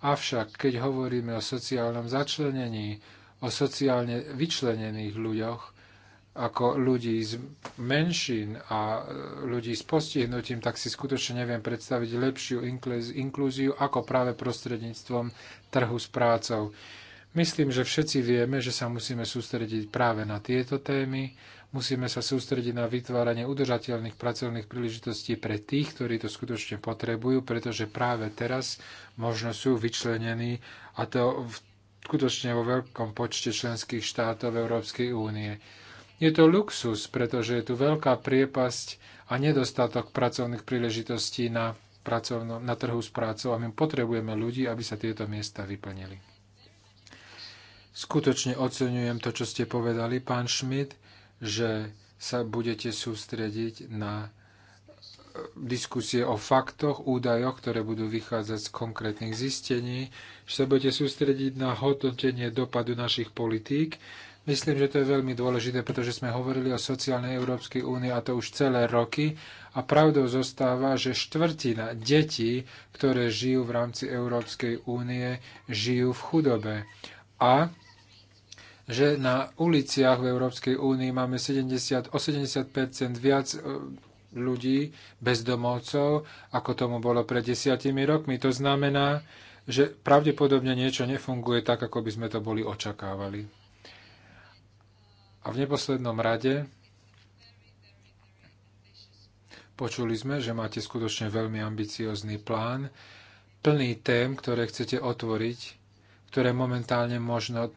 Avšak, keď hovoríme o sociálnom začlenení, o sociálne vyčlenených ľuďoch, ako ľudí z menšín a e, ľudí s postihnutím, tak si skutočne neviem predstaviť lepšiu inklúziu ako práve prostredníctvom trhu s prácou. Myslím, že všetci vieme, že sa musíme sústrediť práve na tieto témy. Musíme sa sústrediť na vytváranie udržateľných pracovných príležitostí pre tých, ktorí to skutočne potrebujú, pretože práve teraz možno sú vyčlenení a to v, skutočne vo veľkom počte členských štátov Európskej únie. Je to luxus, pretože je tu veľká priepasť a nedostatok pracovných príležitostí na, pracovno, na trhu s prácou a my potrebujeme ľudí, aby sa tieto miesta vyplnili. Skutočne oceňujem to, čo ste povedali, pán Schmidt, že sa budete sústrediť na e, diskusie o faktoch, údajoch, ktoré budú vychádzať z konkrétnych zistení, že sa budete sústrediť na hodnotenie dopadu našich politík Myslím, že to je veľmi dôležité, pretože sme hovorili o sociálnej Európskej únii a to už celé roky a pravdou zostáva, že štvrtina detí, ktoré žijú v rámci Európskej únie, žijú v chudobe. A že na uliciach v Európskej únii máme 70, o 75 viac e, ľudí, bezdomovcov, ako tomu bolo pred desiatimi rokmi. To znamená, že pravdepodobne niečo nefunguje tak, ako by sme to boli očakávali. A v neposlednom rade počuli sme, že máte skutočne veľmi ambiciózny plán, plný tém, ktoré chcete otvoriť, ktoré momentálne možno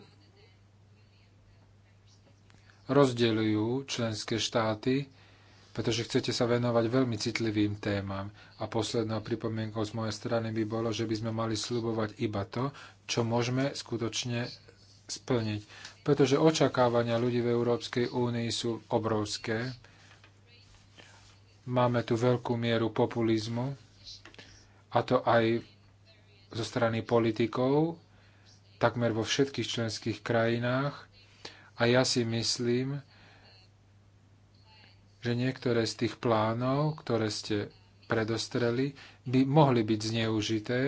rozdeľujú členské štáty, pretože chcete sa venovať veľmi citlivým témam. A poslednou pripomienkou z mojej strany by bolo, že by sme mali slubovať iba to, čo môžeme skutočne splniť pretože očakávania ľudí v Európskej únii sú obrovské. Máme tu veľkú mieru populizmu, a to aj zo strany politikov, takmer vo všetkých členských krajinách. A ja si myslím, že niektoré z tých plánov, ktoré ste predostreli, by mohli byť zneužité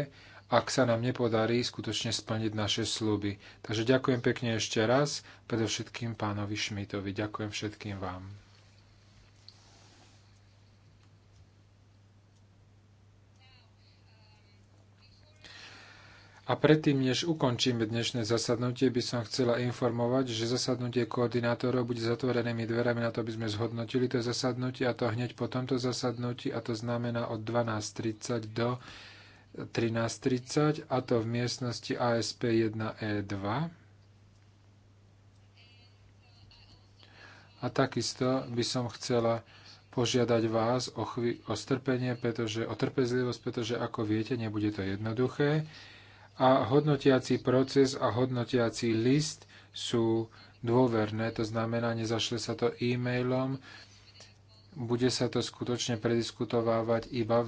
ak sa nám nepodarí skutočne splniť naše sluby. Takže ďakujem pekne ešte raz, predovšetkým pánovi Šmitovi. Ďakujem všetkým vám. A predtým, než ukončíme dnešné zasadnutie, by som chcela informovať, že zasadnutie koordinátorov bude zatvorenými dverami na to, aby sme zhodnotili to zasadnutie a to hneď po tomto zasadnutí a to znamená od 12.30 do 13.30 a to v miestnosti ASP 1E2. E a takisto by som chcela požiadať vás o, chvi- o strpenie, pretože, o trpezlivosť, pretože ako viete, nebude to jednoduché. A hodnotiaci proces a hodnotiaci list sú dôverné, to znamená, nezašle sa to e-mailom, bude sa to skutočne prediskutovávať iba v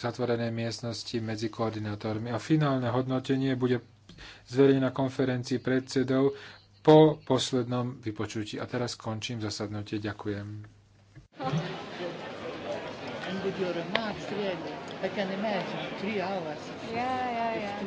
zatvorenej miestnosti medzi koordinátormi. A finálne hodnotenie bude zverejnené na konferencii predsedov po poslednom vypočutí. A teraz končím zasadnutie. Ďakujem.